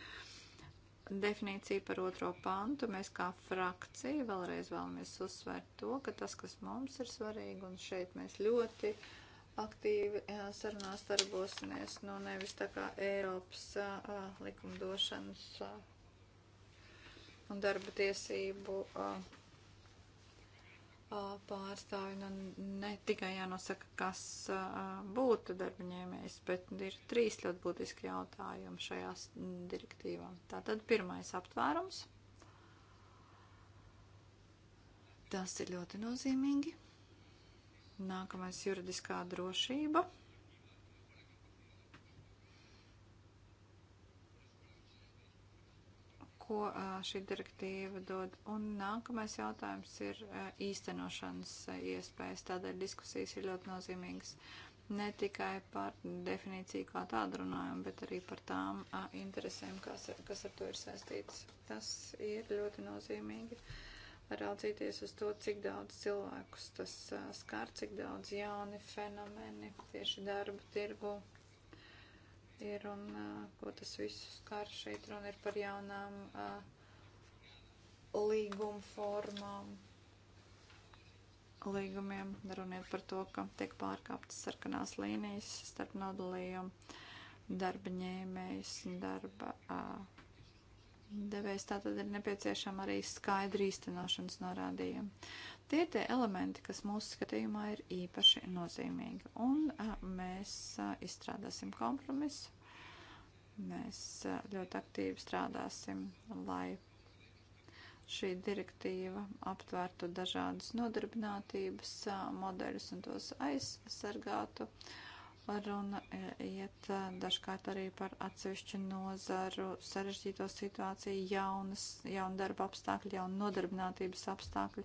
definīcija par otro pantu. Mēs kā frakcija vēlreiz vēlamies uzsvērt to, ka tas, kas mums ir svarīgi, un šeit mēs ļoti uh, aktīvi sarunās darbosimies, nu nevis tā kā Eiropas a, likumdošanas a, un darba tiesību a, pārstāvi, nu ne tikai jānosaka, kas būtu darbaņēmējs, bet ir trīs ļoti būtiski jautājumi šajās direktīvām. Tātad pirmais aptvērums. Tas ir ļoti nozīmīgi. Nākamais juridiskā drošība. ko šī direktīva dod. Un nākamais jautājums ir īstenošanas iespējas. Tādēļ diskusijas ir ļoti nozīmīgas ne tikai par definīciju kā tādu runājumu, bet arī par tām interesēm, kas, kas ar to ir saistītas. Tas ir ļoti nozīmīgi. Uh, raudzīties uz to, cik daudz cilvēkus tas skar, cik daudz jauni fenomeni tieši darba tirgu ir un ko tas visu skar. Šeit runa ir par jaunām līguma formām, līgumiem. Runiet par to, ka tiek pārkāptas sarkanās līnijas starp nodalījumu darba ņēmējs un darba. Uh, devējs, tātad ir nepieciešama arī skaidra īstenošanas norādījuma. Tie tie elementi, kas mūsu skatījumā ir īpaši nozīmīgi, un a, mēs a, izstrādāsim kompromisu. Mēs a, ļoti aktīvi strādāsim, lai šī direktīva aptvērtu dažādus nodarbinātības modeļus un tos aizsargātu. Uh, Runa e, iet e, dažkārt arī par atsevišķu nozaru sarežģīto situāciju, jaunas, jaunu darba apstākļu, jaunu nodarbinātības apstākļu,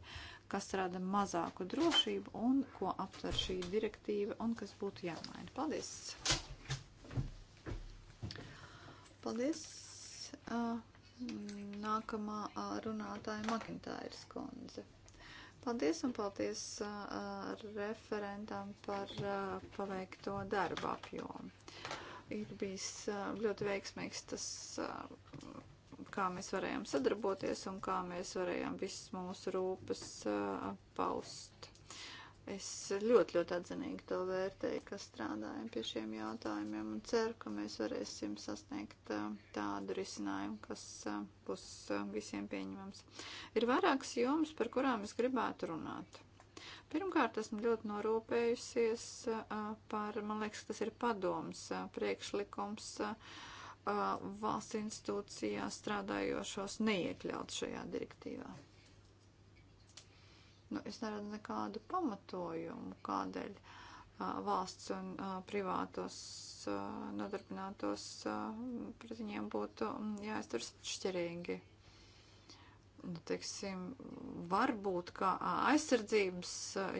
kas rada mazāku drošību un ko aptver šī direktīva un kas būtu jāmaina. Paldies! Paldies! E, nākamā runātāja Makintājas kundze. Paldies un paldies uh, referentam par uh, paveikto darbu apjomu. Ir bijis uh, ļoti veiksmīgs tas, uh, kā mēs varējām sadarboties un kā mēs varējām visas mūsu rūpes uh, paust. Es ļoti, ļoti atzinīgi to vērtēju, kas strādājam pie šiem jautājumiem un ceru, ka mēs varēsim sasniegt uh, tādu risinājumu, kas uh, būs uh, visiem pieņemams. Ir vairākas jomas, par kurām es gribētu runāt. Pirmkārt, esmu ļoti norūpējusies par, man liekas, tas ir padoms, priekšlikums valsts institūcijā strādājošos neiekļaut šajā direktīvā. Nu, es neredzu nekādu pamatojumu, kādēļ uh, valsts un uh, privātos uh, nodarbinātos uh, pret viņiem būtu jāizturas šķirīgi. Nu, teiksim, varbūt kā aizsardzības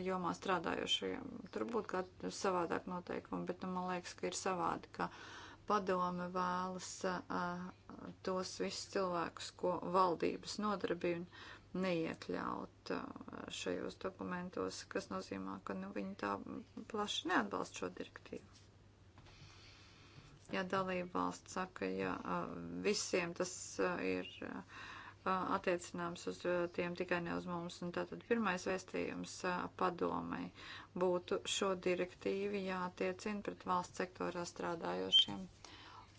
jomā strādājošajiem, tur būtu kāda savādāk noteikuma, bet nu, man liekas, ka ir savādi, ka padome vēlas uh, tos visus cilvēkus, ko valdības nodarbina neiekļaut uh, šajos dokumentos, kas nozīmē, ka nu, viņi tā plaši neatbalsta šo direktīvu. Ja dalība valsts saka, ja uh, visiem tas uh, ir attiecināms uz tiem tikai ne uz mums, un tātad pirmais vēstījums padomai būtu šo direktīvu jātiecina pret valsts sektorā strādājošiem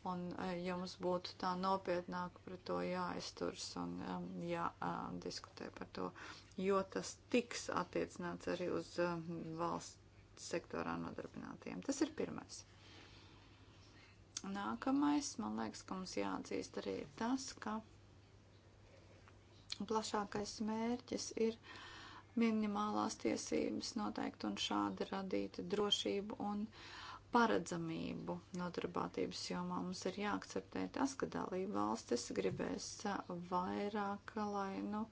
Un e, jums būtu tā nopietnāk pret to jāizturs un um, jādiskutē par to, jo tas tiks attiecināts arī uz um, valsts sektorā nodarbinātiem. Tas ir pirmais. Nākamais, man liekas, ka mums jāatzīst arī tas, ka plašākais mērķis ir minimālās tiesības noteikti un šādi radīt drošību un uh, paredzamību nodarbātības jomā. Mums ir jāakceptē tas, ka dalība valstis gribēs vairāk, lai, nu,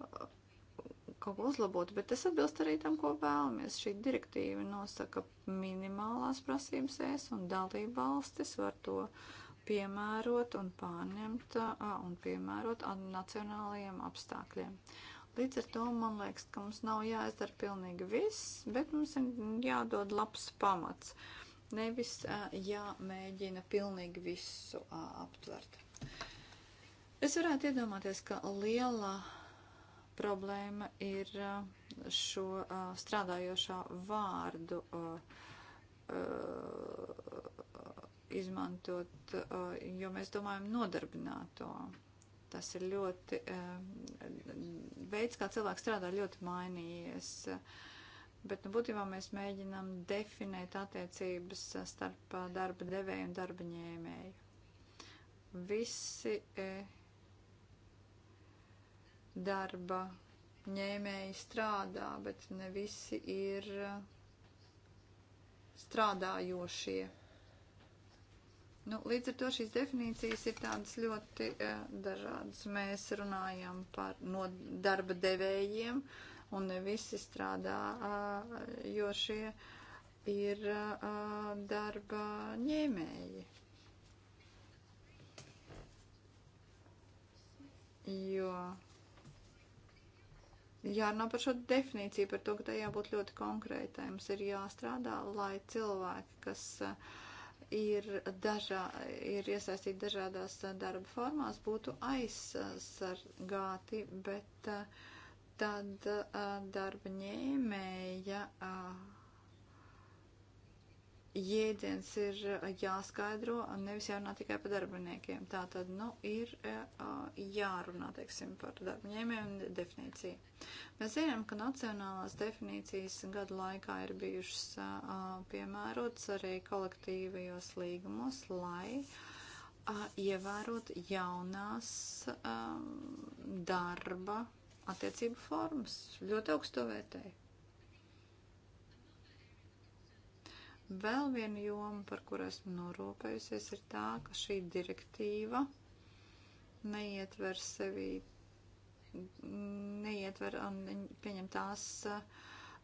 kaut ko uzlabotu, bet tas atbilst arī tam, ko vēlamies. Šī direktīva nosaka minimālās prasības ēs, un dalība valstis var to piemērot un pārņemt un piemērot nacionālajiem apstākļiem. Līdz ar to man liekas, ka mums nav jāizdara pilnīgi viss, bet mums ir jādod labs pamats. Uh, Nevis jāmēģina pilnīgi visu aptvert. Es varētu iedomāties, ka liela problēma ir šo strādājošā vārdu izmantot, jo mēs domājam nodarbināto. Tas ir ļoti, veids, kā cilvēks strādā, ļoti mainījies. Uh, Bet, nu, būtībā mēs mēģinām definēt attiecības starp darba devēju un darba ņēmēju. Visi e, darba ņēmēji strādā, bet ne visi ir strādājošie. Nu, līdz ar to šīs definīcijas ir tādas ļoti uh, dažādas. Mēs runājam par no darba devējiem, uh, un ne visi strādā, jo šie ir darba ņēmēji. Jo jārunā par šo definīciju, par to, ka tai jābūt ļoti konkrētai. Mums ir jāstrādā, lai cilvēki, kas ir, dažā, ir iesaistīti dažādās darba formās, būtu aizsargāti, bet uh, tad darba ņēmēja jēdziens ir jāskaidro, nevis jārunā tikai par darbiniekiem. Tā tad, nu, ir jārunā, teiksim, par darba ņēmēju un definīciju. Mēs zinām, ka nacionālās definīcijas gadu laikā ir bijušas piemērotas arī kolektīvajos līgumos, lai ievērot jaunās darba attiecību formas. Ļoti augstu vērtēju. Vēl viena joma, par kuru esmu norūpējusies, ir tā, ka šī direktīva neietver sevi, neietver un pieņem tās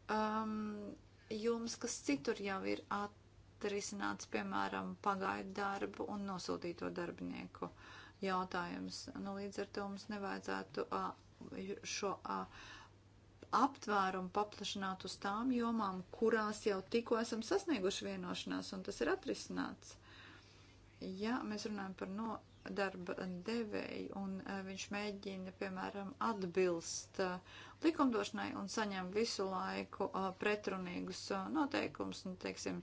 um, jomas, kas citur jau ir atrisināts, piemēram, pagaidu darbu un nosūtīto darbinieku jautājums. Nu, līdz ar to mums nevajadzētu uh, šo aptvērumu paplašināt uz tām jomām, kurās jau tikko esam sasnieguši vienošanās, un tas ir atrisināts. Ja mēs runājam par nodarba devēju, un viņš mēģina, piemēram, atbilst likumdošanai un saņem visu laiku pretrunīgus noteikumus, un, nu, teiksim,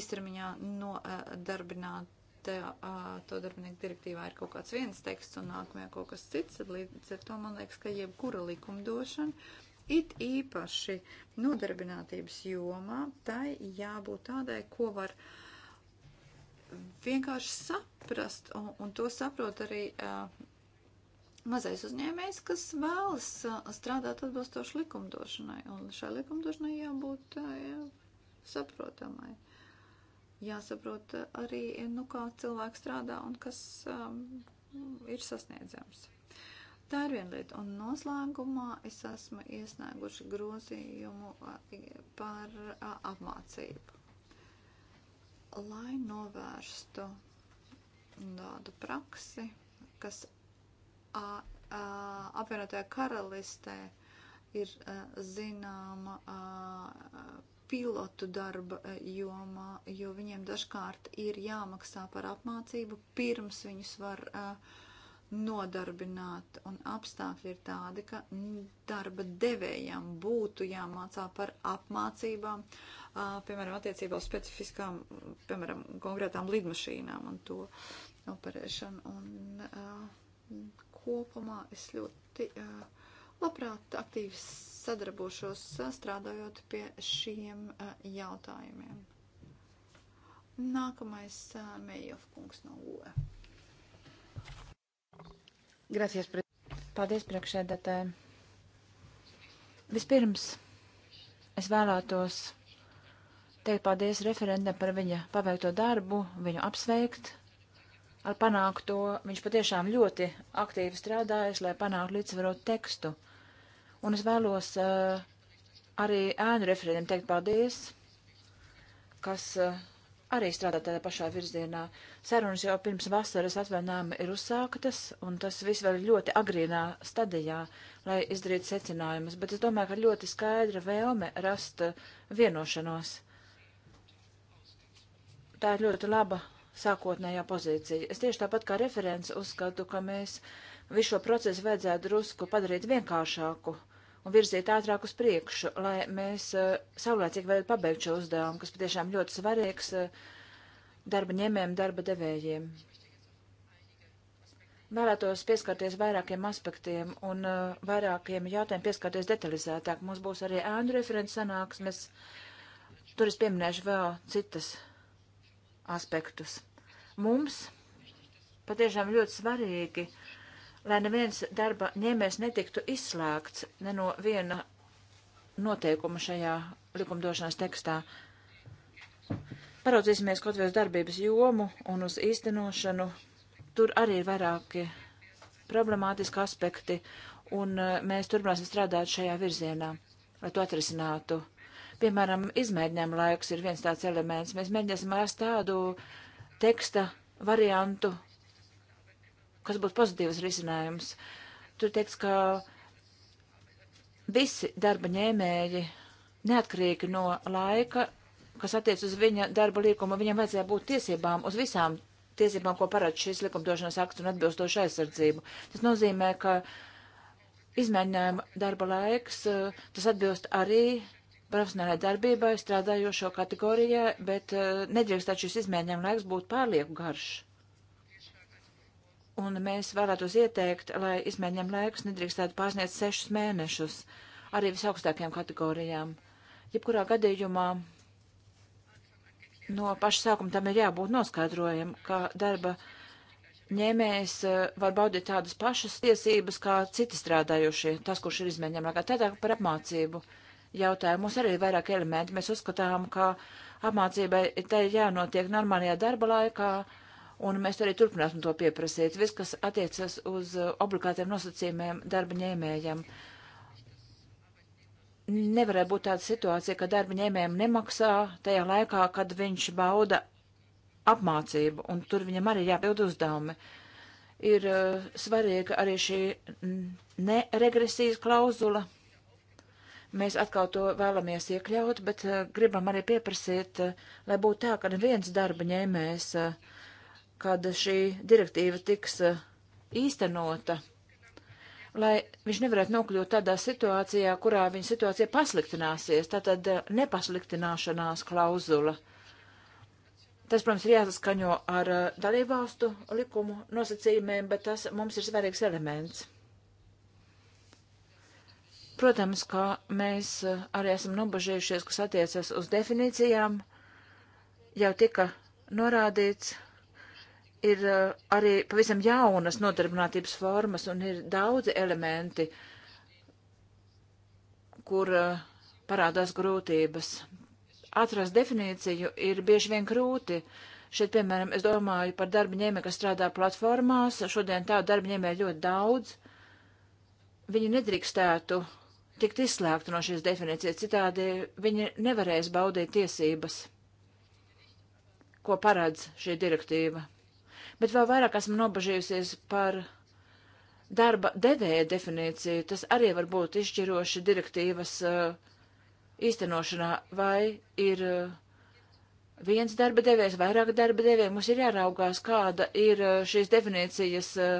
īstermiņā nodarbināt to darbinieku direktīvā ir kaut kāds viens teksts un nākamajā kaut kas cits, tad līdz ar to man liekas, ka jebkura likumdošana, it īpaši nodarbinātības jomā, tai jābūt tādai, ko var vienkārši saprast, un, un to saprot arī uh, mazais uzņēmējs, kas vēlas uh, strādāt atbilstoši likumdošanai, un šai likumdošanai jābūt uh, jā, saprotamai jāsaprot arī, nu, kā cilvēks strādā un kas um, ir sasniedzams. Tā ir viena lieta. Un noslēgumā es esmu iesnieguši grozījumu uh, par a, uh, apmācību. Lai novērstu tādu praksi, kas a, a, apvienotajā karalistē ir a, uh, zināma. A, a, pilotu darba e, jomā, jo viņiem dažkārt ir jāmaksā par apmācību pirms viņus var uh, nodarbināt, un apstākļi ir tādi, ka darba devējām būtu jāmācā par apmācībām, piemēram, attiecībā uz specifiskām, piemēram, konkrētām lidmašīnām un to operēšanu. Un kopumā es ļoti labprāt aktīvi sadarbošos strādājot pie šiem jautājumiem. Nākamais Mejov kungs no UE. Gracias, pre... Paldies, priekšēdētāji. Vispirms es vēlētos teikt paldies referendam par viņa paveikto darbu, viņu apsveikt ar panākto. Viņš patiešām ļoti aktīvi strādājas, lai panāktu līdzsvarot tekstu. Un es vēlos uh, arī ēnu referentiem teikt paldies, kas uh, arī strādā tādā pašā virzienā. Sarunas jau pirms vasaras atvainājuma ir uzsāktas, un tas viss vēl ļoti agrīnā stadijā, lai izdarītu secinājumus, bet es domāju, ka ļoti skaidra vēlme rast eh, vienošanos. Tā ir ļoti laba sākotnējā pozīcija. Es tieši tāpat kā referents uzskatu, ka mēs visu šo procesu vajadzētu drusku padarīt vienkāršāku un virzīt ātrāk uz priekšu, lai mēs uh, saulēcīgi varētu pabeigt šo uzdevumu, kas patiešām ļoti svarīgs uh, darba ņēmējiem, darba devējiem. Vēlētos pieskarties vairākiem aspektiem un uh, vairākiem jautājumiem pieskarties detalizētāk. Mums būs arī ēnu referents sanāksmes. Tur es pieminēšu vēl citas aspektus. Mums patiešām ļoti svarīgi uh, lai neviens darba ņēmējs netiktu izslēgts ne no viena noteikuma šajā likumdošanas tekstā. Paraudzīsimies kaut vai uz darbības jomu un uz īstenošanu. Tur arī ir vairāki problemātiski aspekti, un eh, mēs turpināsim strādāt šajā virzienā, lai to atrisinātu. Piemēram, izmēģinājuma laiks ir viens tāds elements. Mēs mēģināsim rast tādu teksta variantu, kas būtu pozitīvs risinājums. Tur teiks, ka visi darba ņēmēji, neatkarīgi no laika, kas attiec uz viņa darba līkumu, viņam vajadzēja būt tiesībām uz visām tiesībām, ko parāda šis likumdošanas akts un atbilstoša aizsardzību. Tas nozīmē, ka izmēģinājuma darba laiks, eh, tas atbilst arī profesionālajai darbībai strādājošo kategorijai, bet eh, nedrīkst taču šis izmēģinājuma laiks būt pārlieku garš un mēs vēlētos ieteikt, lai izmēģinām laikus nedrīkstētu pārsniegt sešus mēnešus arī visaugstākajām kategorijām. Jebkurā gadījumā no paša sākuma tam ir jābūt noskaidrojumam, ka darba ņēmējs eh, var baudīt tādas pašas tiesības kā citi strādājušie, tas, kurš ir izmēģinājumā. Tādā par apmācību jautājumu mums arī ir vairāk elementi. Mēs uzskatām, ka apmācībai tai jānotiek normālajā darba laikā un mēs arī turpināsim to pieprasīt. Viss, kas attiecas uz uh, obligātiem nosacījumiem darba ņēmējiem. Nevarēja būt tāda situācija, ka darba ņēmējiem nemaksā tajā laikā, kad viņš bauda apmācību, un tur viņam arī jāpild uzdevumi. Ir uh, svarīga arī šī neregresijas klauzula. Mēs atkal to vēlamies iekļaut, bet uh, gribam arī pieprasīt, uh, lai būtu tā, ka neviens darba ņēmējs uh, kad šī direktīva tiks eh, īstenota, lai viņš nevarētu nokļūt tādā situācijā, kurā viņa situācija pasliktināsies, tātad eh, nepasliktināšanās klauzula. Tas, protams, ir jāsaskaņo ar eh, dalībvalstu likumu nosacījumiem, bet tas mums ir svarīgs elements. Protams, ka mēs arī esam nobažījušies, kas attiecas uz definīcijām. Jau tika norādīts, ir eh, arī pavisam jaunas nodarbinātības formas un ir daudzi elementi, kur eh, parādās grūtības. Atrast definīciju ir bieži vien grūti. Šeit, piemēram, es domāju par darba ņēmē, kas strādā platformās. Šodien tādu darba ņēmē ļoti daudz. Viņi nedrīkstētu tikt izslēgti no šīs definīcijas, citādi viņi nevarēs baudīt tiesības, ko paredz šī direktīva bet vēl vairāk esmu nobažījusies par darba devēja definīciju. Tas arī var būt izšķiroši direktīvas uh, īstenošanā, vai ir uh, viens darba devējs, vairāk darba devēja. Mums ir jāraugās, kāda ir uh, šīs definīcijas uh,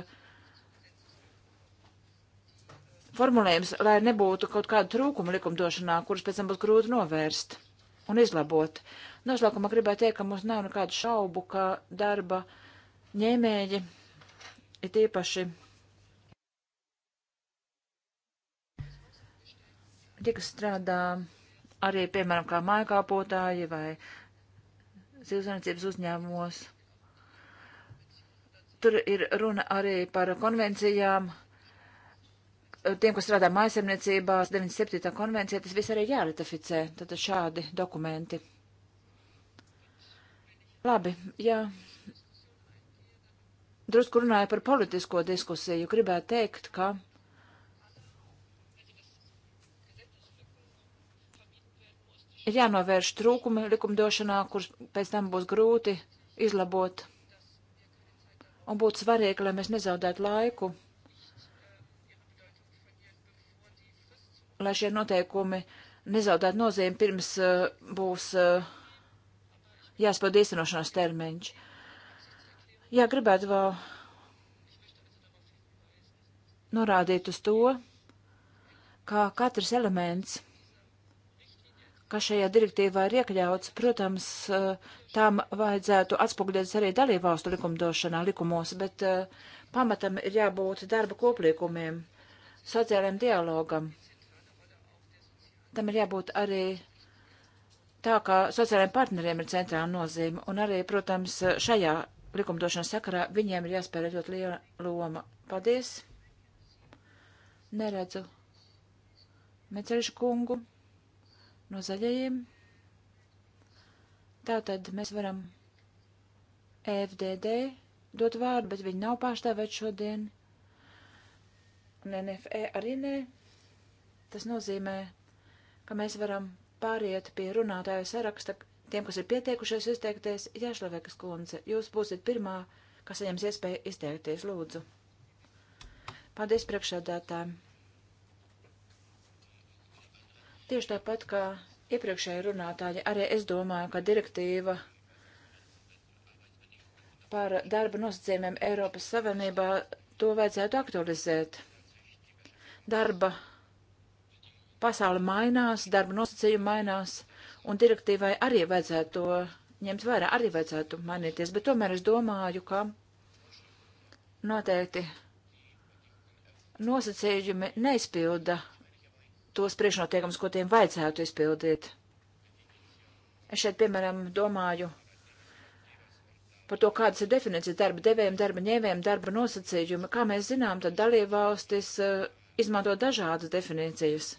formulējums, lai nebūtu kaut kāda trūkuma likumdošanā, kurus pēc tam būs grūti novērst un izlabot. Noslēgumā gribētu teikt, ka mums nav nekādu šaubu, ka darba uh, ņēmēji, ir īpaši tie, kas strādā arī, piemēram, kā mājkāpotāji vai zivsainiecības uzņēmumos. Tur ir runa arī par konvencijām, tiem, kas strādā mājasemniecībās, 97. konvencija, tas viss arī jāratificē, tad šādi dokumenti. Labi, jā. Ja drusku runāju par politisko diskusiju. Gribētu teikt, ka ir jānovērš trūkumi likumdošanā, kurus pēc tam būs grūti izlabot. Un būtu svarīgi, lai mēs nezaudētu laiku, lai šie noteikumi nezaudētu nozīmi pirms uh, būs uh, eh, jāspēd īstenošanās termiņš. Uh, Jā, gribētu vēl norādīt uz to, ka katrs elements, kas šajā direktīvā ir iekļauts, protams, eh, tam vajadzētu atspoguļoties arī dalībvalstu likumdošanā likumos, bet eh, pamatam ir jābūt darba koplīkumiem, sociālajiem dialogam. Tam ir jābūt arī tā, ka sociālajiem partneriem ir centrāla nozīme, un arī, protams, šajā likumdošanas sakarā, viņiem ir jāspēlē ļoti liela loma. Paldies! Neredzu Meceļšu kungu no zaļajiem. Tātad mēs varam EFDD dot vārdu, bet viņi nav pārstāvēt šodien. Un NFE arī nē. Tas nozīmē, ka mēs varam pāriet pie runātāja saraksta, Tiem, kas ir pieteikušies izteikties, Jāšlavekas kundze, jūs būsiet pirmā, kas saņems iespēju izteikties, lūdzu. Paldies priekšsēdētājiem. Tieši tāpat kā iepriekšēji runātāji, arī es domāju, ka direktīva par darba nosacījumiem Eiropas Savienībā to vajadzētu aktualizēt. Darba pasaule mainās, darba nosacījumi mainās un direktīvai arī vajadzētu to ņemt vērā, arī vajadzētu mainīties, bet tomēr es domāju, ka noteikti nosacījumi neizpilda tos priekšnotiekums, ko tiem vajadzētu izpildīt. Es šeit, piemēram, domāju par to, kādas ir definīcijas darba devējiem, darba ņēmējiem, darba nosacījumi. Kā mēs zinām, tad dalībvalstis uh, izmanto dažādas definīcijas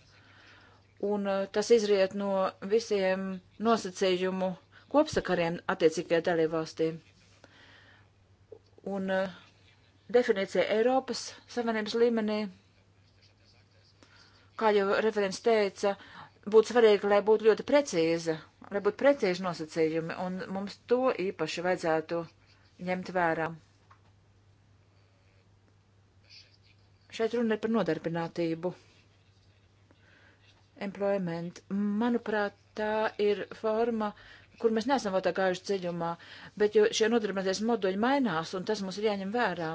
un eh, tas izriet no visiem nosacījumu kopsakariem attiecīgajā dalībvalstī. Un uh, definīcija Eiropas Savienības līmenī, kā jau referents teica, būtu svarīgi, lai būtu ļoti precīza, lai būtu precīzi nosacījumi, un mums to īpaši vajadzētu ņemt vērā. Šeit runa ir par nodarbinātību employment. Manuprāt, tā ir forma, kur mēs neesam vēl tā gājuši ceļumā, bet jo šie nodarbināties moduļi mainās, un tas mums ir jāņem vērā.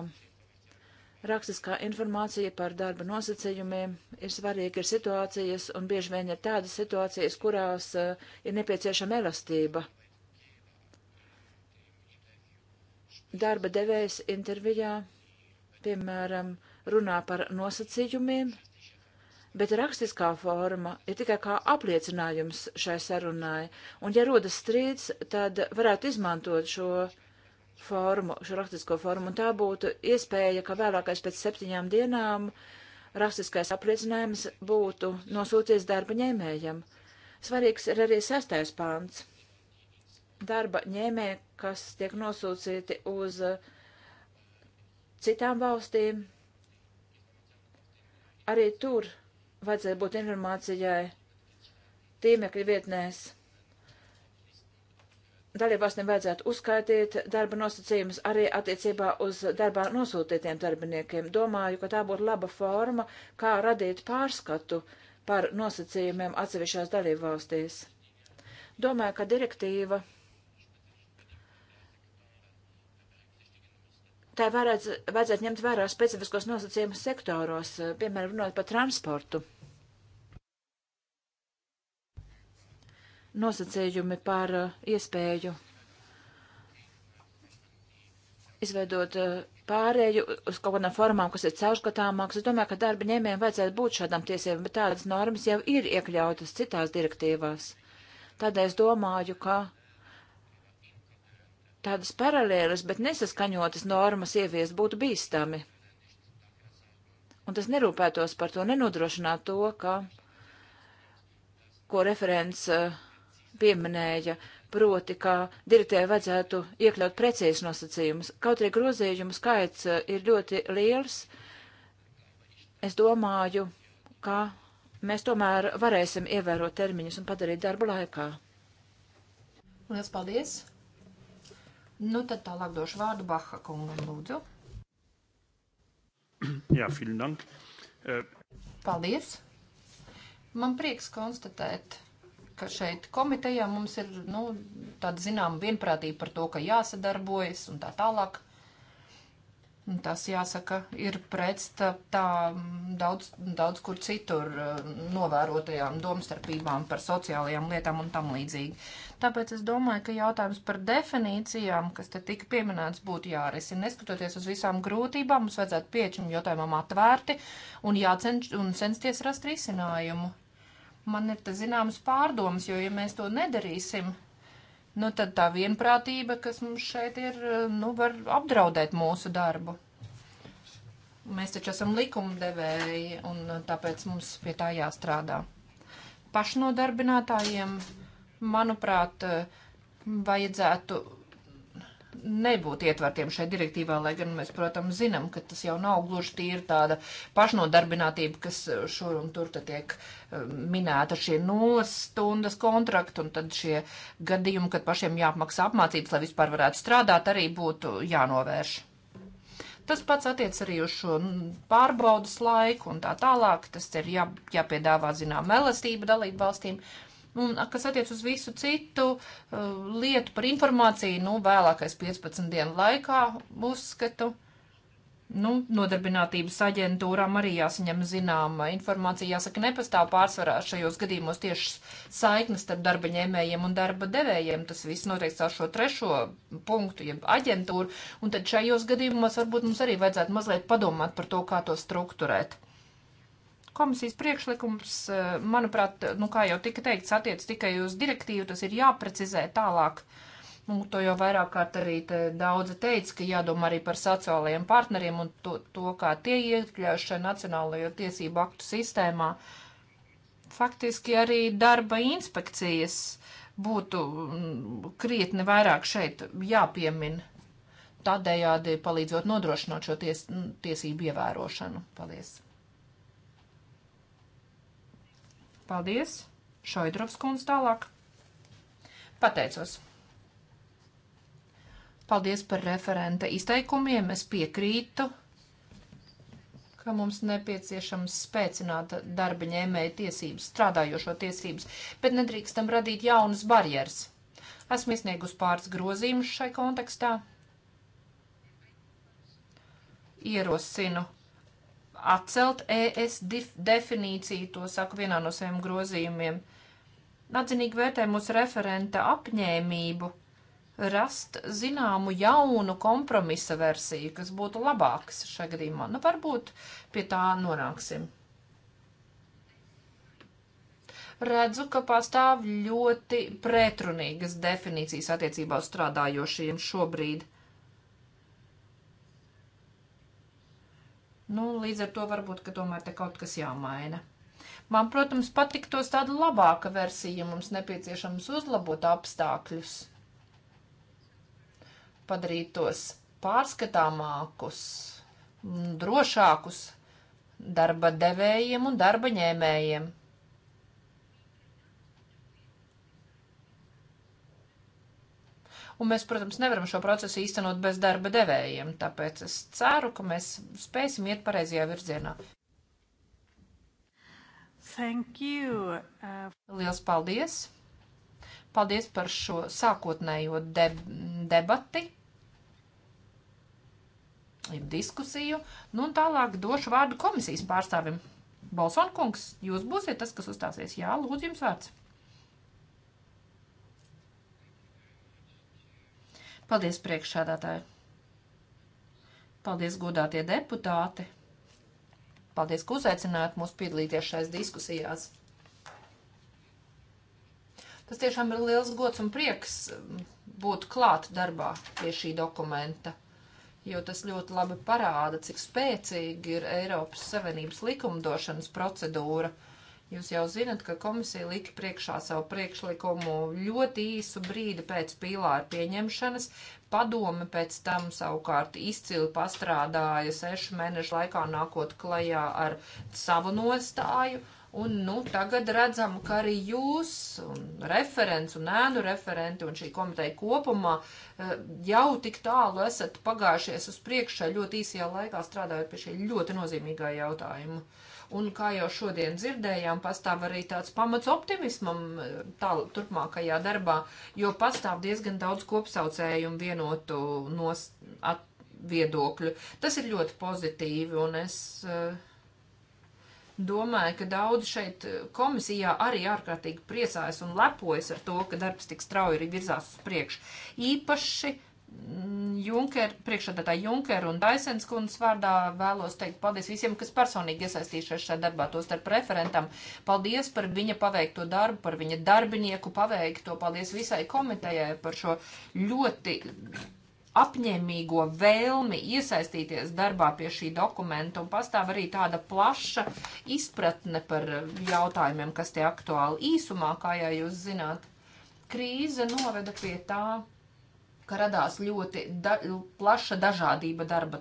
Rakstiskā informācija par darba nosacījumiem ir svarīga, ir situācijas, un bieži vien ir tādas situācijas, kurās uh, ir nepieciešama elastība. Darba devējs intervijā, piemēram, runā par nosacījumiem, bet rakstiskā forma ir tikai kā apliecinājums šai sarunai, un ja rodas strīds, tad varētu izmantot šo formu, šo rakstisko formu, un tā būtu iespēja, ka vēlākais pēc septiņām dienām rakstiskais apliecinājums būtu nosūties darba ņēmējam. Svarīgs ir arī sestais pāns. Darba ņēmē, kas tiek nosūcīti uz eh, citām valstīm, arī tur vajadzētu būt informācijai tīmekļa vietnēs. Dalībvalstīm vajadzētu uzskaitīt darba nosacījumus arī attiecībā uz darbā nosūtītiem darbiniekiem. Domāju, ka tā būtu laba forma, kā radīt pārskatu par nosacījumiem atsevišķās dalībvalstīs. Domāju, ka direktīva tā varētu, vajadzētu ņemt vērā specifiskos nosacījumus sektoros, eh, piemēram, runāt par transportu. Nosacījumi par eh, iespēju izveidot eh, pārēju uz kaut kādām formām, kas ir caurskatāmākas. Es domāju, ka darba ņēmējiem vajadzētu būt šādām tiesībām, bet tādas normas jau ir iekļautas citās direktīvās. Tādēļ es domāju, ka tādas paralēlas, bet nesaskaņotas normas ieviest būtu bīstami. Un tas nerūpētos par to, nenodrošināt to, ka, ko referents eh, pieminēja, proti, ka direktīvai vajadzētu iekļaut precīzi nosacījumus. Kaut arī grozījumu skaits eh, ir ļoti liels, es domāju, ka mēs tomēr varēsim ievērot termiņus un padarīt darbu laikā. Lielas paldies! Nu, tad tālāk došu vārdu Baha kungam, lūdzu. Jā, vielen dank. Eh, Paldies. Man prieks konstatēt, ka šeit komitejā mums ir, nu, tāda zinām vienprātība par to, ka jāsadarbojas un tā tālāk. Uh, Tas jāsaka, ir pretstatā mm, daudz, daudz kur citur mm, novērotajām domstarpībām par sociālajām lietām un tam līdzīgi. Tāpēc es domāju, ka jautājums par definīcijām, kas te tika pieminēts, būtu jārisina. Neskatoties uz visām grūtībām, mums vajadzētu piečam jautājumam atvērti un, jācenš, un censties rast risinājumu. Man ir te zināmas pārdomas, jo ja mēs to nedarīsim, nu tad tā vienprātība, kas mums šeit ir, eh, nu var apdraudēt mūsu darbu. Mēs taču esam likumdevēji, un eh, tāpēc mums pie tā jāstrādā. Pašnodarbinātājiem, manuprāt, eh, vajadzētu nebūtu ietvertiem šai direktīvā, lai gan mēs, protams, zinām, ka tas jau nav gluži tīri tāda pašnodarbinātība, kas šur un tur tiek um, minēta šie nulles stundas kontrakti un tad šie gadījumi, kad pašiem jāapmaksā apmācības, lai vispār varētu strādāt, arī būtu jānovērš. Tas pats attiec arī uz šo mm, pārbaudas laiku un tā tālāk. Tas ir jā, jāpiedāvā zinām elastība dalību valstīm. Uh, un kas attiec uz visu citu uh, lietu par informāciju, nu, vēlākais 15 dienu laikā uzskatu. Nu, nodarbinātības aģentūrām arī jāsaņem zināma informācija. Jāsaka, nepastāv pārsvarā šajos gadījumos tieši saiknes starp darba ņēmējiem un darba devējiem. Tas viss noteikti ar šo trešo punktu, jeb aģentūru. Un tad šajos gadījumos varbūt mums arī vajadzētu mazliet padomāt par to, kā to strukturēt. Komisijas priekšlikums, eh, manuprāt, nu, kā jau tika teikts, attiec tikai uz direktīvu, tas ir jāprecizē tālāk. Nu, to jau vairāk kārt arī te daudzi teica, ka jādomā arī par sociālajiem partneriem un to, to kā tie iekļaujas šajā nacionālajā tiesību aktu sistēmā. Faktiski arī darba inspekcijas būtu mm, krietni vairāk šeit jāpiemina. Tādējādi palīdzot nodrošināt šo ties, tiesību ievērošanu. Paldies! Paldies! Šoidrovs kundz tālāk. Pateicos! Paldies par referenta izteikumiem. Es piekrītu, ka mums nepieciešams spēcināt darba ņēmēja tiesības, strādājošo tiesības, bet nedrīkstam radīt jaunas barjeras. Esmu iesniegus pāris grozījumus šai kontekstā. Ierosinu atcelt ES definīciju, to saku vienā no saviem grozījumiem. Atzinīgi vērtē mūsu referenta apņēmību rast zināmu jaunu kompromisa versiju, kas būtu labāks šajā gadījumā. Nu, varbūt pie tā nonāksim. Redzu, ka pastāv ļoti pretrunīgas definīcijas attiecībā uz strādājošiem šobrīd. Nu, līdz ar to varbūt, ka tomēr te kaut kas jāmaina. Man, protams, patiktos tāda labāka versija, mums nepieciešams uzlabot apstākļus, padarīt tos pārskatāmākus, drošākus darba devējiem un darba ņēmējiem. un mēs, protams, nevaram šo procesu īstenot bez darba devējiem, tāpēc es ceru, ka mēs spēsim iet pareizajā virzienā. Thank you. Uh... Liels paldies! Paldies par šo sākotnējo deb debati jeb diskusiju. Nu, un tālāk došu vārdu komisijas pārstāvim. Bolsonkungs, jūs būsiet tas, kas uzstāsies. Jā, lūdzu, jums vārds. Paldies, priekšsādātāji! Paldies, godātie deputāti! Paldies, ka uzaicinājāt mūs piedalīties šais diskusijās! Tas tiešām ir liels gods un prieks um, būt klāt darbā pie šī dokumenta, jo tas ļoti labi parāda, cik spēcīgi ir Eiropas Savienības likumdošanas procedūra – Jūs jau zinat, ka komisija lika priekšā savu priekšlikumu ļoti īsu brīdi pēc pīlāra pieņemšanas. Padome pēc tam savukārt izcili pastrādāja sešu mēnešu laikā nākot klajā ar savu nostāju Un, nu, tagad redzam, ka arī jūs, un referents, un ēnu referenti, un šī komiteja kopumā eh, jau tik tālu esat pagājušies uz priekšā ļoti īsajā laikā strādājot pie šī ļoti nozīmīgā jautājuma. Un, kā jau šodien dzirdējām, pastāv arī tāds pamats optimismam eh, tāl, turpmākajā darbā, jo pastāv diezgan daudz kopsaucēju un vienotu nos, at, viedokļu. Tas ir ļoti pozitīvi, un es uh, Domāju, ka daudzi šeit eh, komisijā arī ārkārtīgi priecājas un lepojas ar to, ka darbs tik strauji arī virzās uz priekšu. Īpaši mm, Junker, priekšādātāja Junkera un Daisens kundas vārdā vēlos teikt paldies visiem, kas personīgi iesaistījušies šajā darbā, to starp referentam. Paldies par viņa paveikto darbu, par viņa darbinieku paveikto. Paldies visai komitejai par šo ļoti apņēmīgo vēlmi iesaistīties darbā pie šī dokumenta, un pastāv arī tāda plaša izpratne par jautājumiem, kas tie aktuāli īsumā, kā jau jūs zināt. Krīze noveda pie tā, ka radās ļoti da plaša dažādība darba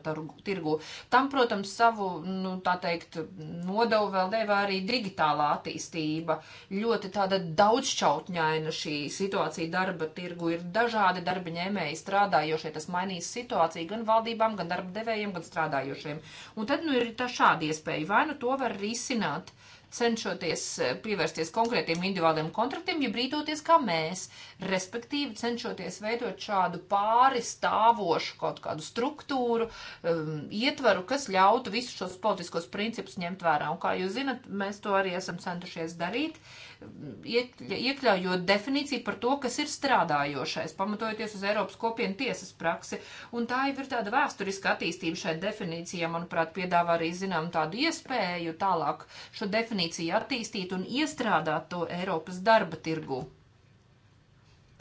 tirgu. Tam, protams, savu, nu, tā teikt, nodevu vēl deva arī digitālā attīstība. Ļoti tāda daudzšķautņaina šī situācija darba tirgu ir dažādi darba ņēmēji strādājošie. Tas mainīs situāciju gan valdībām, gan darba devējiem, gan strādājošiem. Un tad, nu, ir tā šāda iespēja. Vai nu to var risināt? cenšoties eh, pievērsties konkrētiem individuāliem kontraktiem, ja brīdoties kā mēs, respektīvi cenšoties veidot šādu pāri stāvošu kaut kādu struktūru, um, ietvaru, kas ļautu visus šos politiskos principus ņemt vērā. Un kā jūs zinat, mēs to arī esam centušies darīt. Uh, iekļaujot definīciju par to, kas ir strādājošais, pamatojoties uz Eiropas kopienu tiesas praksi. Un tā jau ir tāda vēsturiska attīstība šai definīcijai, manuprāt, piedāvā arī, zinām, tādu iespēju tālāk šo definīciju attīstīt un iestrādāt to Eiropas darba tirgu.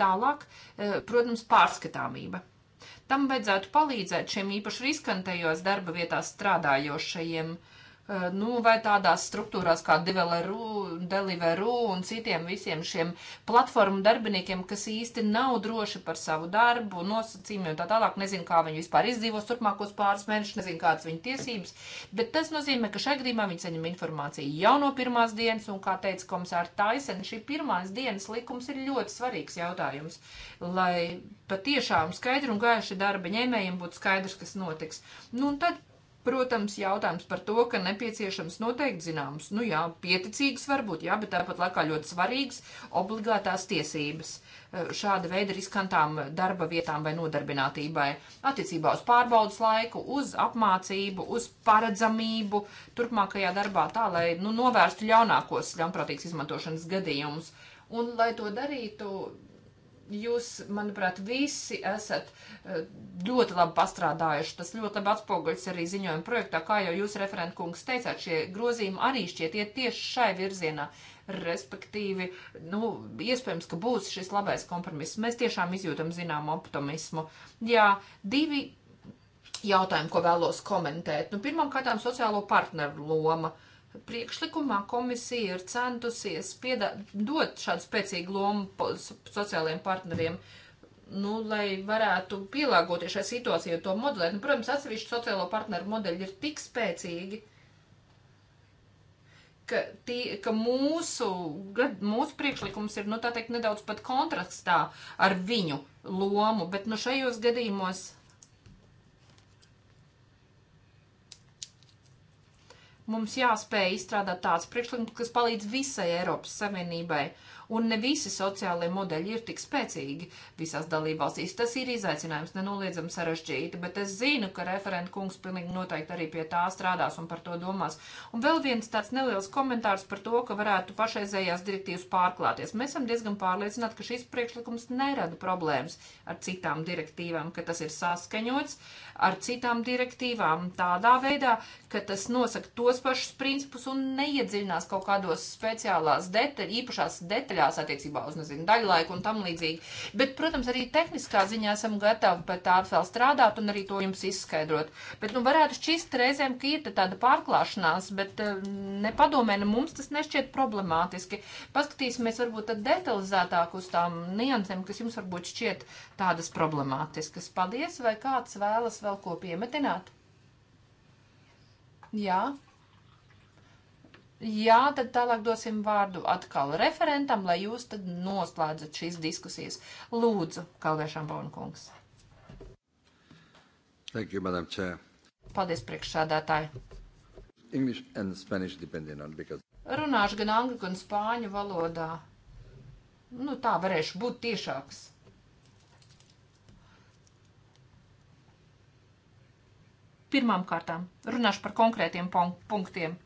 Tālāk, e, protams, pārskatāmība. Tam vajadzētu palīdzēt šiem īpaši riskantajos darba vietās strādājošajiem uh, Eh, nu, vai tādās struktūrās kā Develoru, Deliveru un citiem visiem šiem platformu darbiniekiem, kas īsti nav droši par savu darbu, nosacījumiem un tā tālāk, nezinu, kā viņi vispār izdzīvos turpmākos pāris mēnešus, nezinu, kādas viņu tiesības, bet tas nozīmē, ka šajā gadījumā viņi saņem informāciju jau no pirmās dienas, un, kā teica komisāra Taisen, šī pirmās dienas likums ir ļoti svarīgs jautājums, lai patiešām skaidri un gaiši darba ņēmējiem būtu skaidrs, kas notiks. Nu, un tad Protams, jautājums par to, ka nepieciešams noteikti zināms, nu jā, pieticīgs varbūt, jā, bet tāpat laikā ļoti svarīgs obligātās tiesības eh, šāda veida riskantām darba vietām vai nodarbinātībai. Attiecībā uz pārbaudas laiku, uz apmācību, uz paredzamību turpmākajā darbā, tā lai nu, novērstu ļaunākos ļaunprātīgas izmantošanas gadījumus. Un, lai to darītu, jūs, manuprāt, visi esat eh, ļoti labi pastrādājuši. Tas ļoti labi atspoguļas arī ziņojuma projektā, kā jau jūs, referentkungs, teicāt, šie grozījumi arī šķiet iet tieši šai virzienā. Respektīvi, nu, iespējams, ka būs šis labais kompromiss. Mēs tiešām izjūtam zinām optimismu. Jā, divi jautājumi, ko vēlos komentēt. Nu, pirmkārt, sociālo partneru loma priekšlikumā komisija ir centusies piedā, dot šādu spēcīgu lomu sociālajiem partneriem, nu, lai varētu pielāgoties šai situācijai, to modelēt. Nu, protams, atsevišķi sociālo partneru modeļi ir tik spēcīgi, ka, tie, ka mūsu, mūsu priekšlikums ir, nu, tā teikt, nedaudz pat kontrastā ar viņu lomu, bet, nu, šajos gadījumos Mums jāspēj izstrādāt tāds priekšlikums, kas palīdz visai Eiropas Savienībai. Un ne visi sociālai modeļi ir tik spēcīgi visās dalībvalstīs. Tas ir izaicinājums, nenoliedzami sarežģīti, bet es zinu, ka referenta kungs pilnīgi noteikti arī pie tā strādās un par to domās. Un vēl viens tāds neliels komentārs par to, ka varētu pašreizējās direktīvas pārklāties. Mēs esam diezgan pārliecināti, ka šis priekšlikums nerada problēmas ar citām direktīvām, ka tas ir saskaņots ar citām direktīvām tādā veidā, ka tas nosaka tos pašus principus un neiedziļinās kaut kādos speciālās detaļ, īpašās detaļās attiecībā uz, nezinu, daļlaiku un tam līdzīgi. Bet, protams, arī tehniskā ziņā esam gatavi par tā vēl strādāt un arī to jums izskaidrot. Bet, nu, varētu šķist reizēm, ka ir tāda pārklāšanās, bet eh, nepadomē, ne mums tas nešķiet problemātiski. Paskatīsimies varbūt tad detalizētāk uz tām niansēm, kas jums varbūt šķiet tādas problemātiskas. Paldies, vai kāds vēlas vēl ko piemetināt? Jā. Jā, tad tālāk dosim vārdu atkal referentam, lai jūs tad noslēdzat šīs diskusijas. Lūdzu, Kalvēšām Paunkungs. Thank you, Madam Chair. Paldies, priekšsādātāji. English and Spanish depending on because. Runāšu gan angļu, gan spāņu valodā. Nu, tā varēšu būt tiešāks. Pirmām kārtām runāšu par konkrētiem punktiem.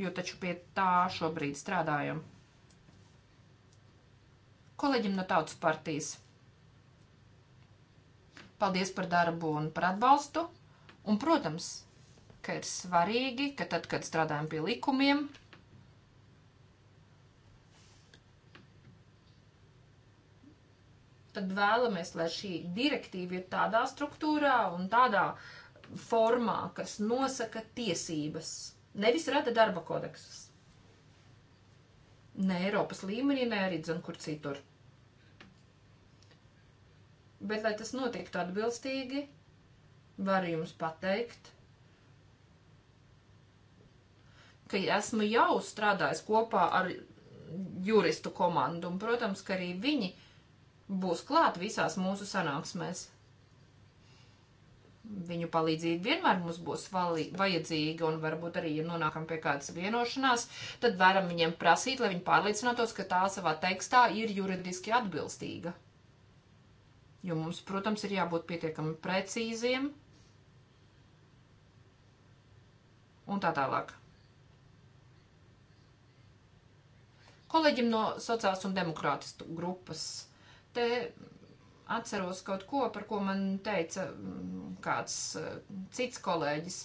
Jo taču pie tā šobrīd strādājam. Kolēģim no tautas partijas. Paldies par darbu un par atbalstu. Un, protams, ka ir svarīgi, ka tad, kad strādājam pie likumiem, tad vēlamies, lai šī direktīva ir tādā struktūrā un tādā formā, kas nosaka tiesības, nevis rada darba kodeksus. Ne Eiropas līmenī, ne arī dzun kur citur. Bet, lai tas notiktu atbilstīgi, varu jums pateikt, ka esmu jau strādājis kopā ar juristu komandu, un, protams, ka arī viņi uh, būs klāt visās mūsu sanāksmēs. Viņu palīdzība vienmēr mums būs vajadzīga, un varbūt arī, ja nonākam pie kādas vienošanās, tad varam viņiem prasīt, lai viņi pārliecinātos, ka tā savā tekstā ir juridiski atbilstīga. Jo mums, protams, ir jābūt pietiekami precīziem un tā tālāk. Kolēģim no sociālas un demokrātistu grupas te atceros kaut ko, par ko man teica mm, kāds eh, cits kolēģis.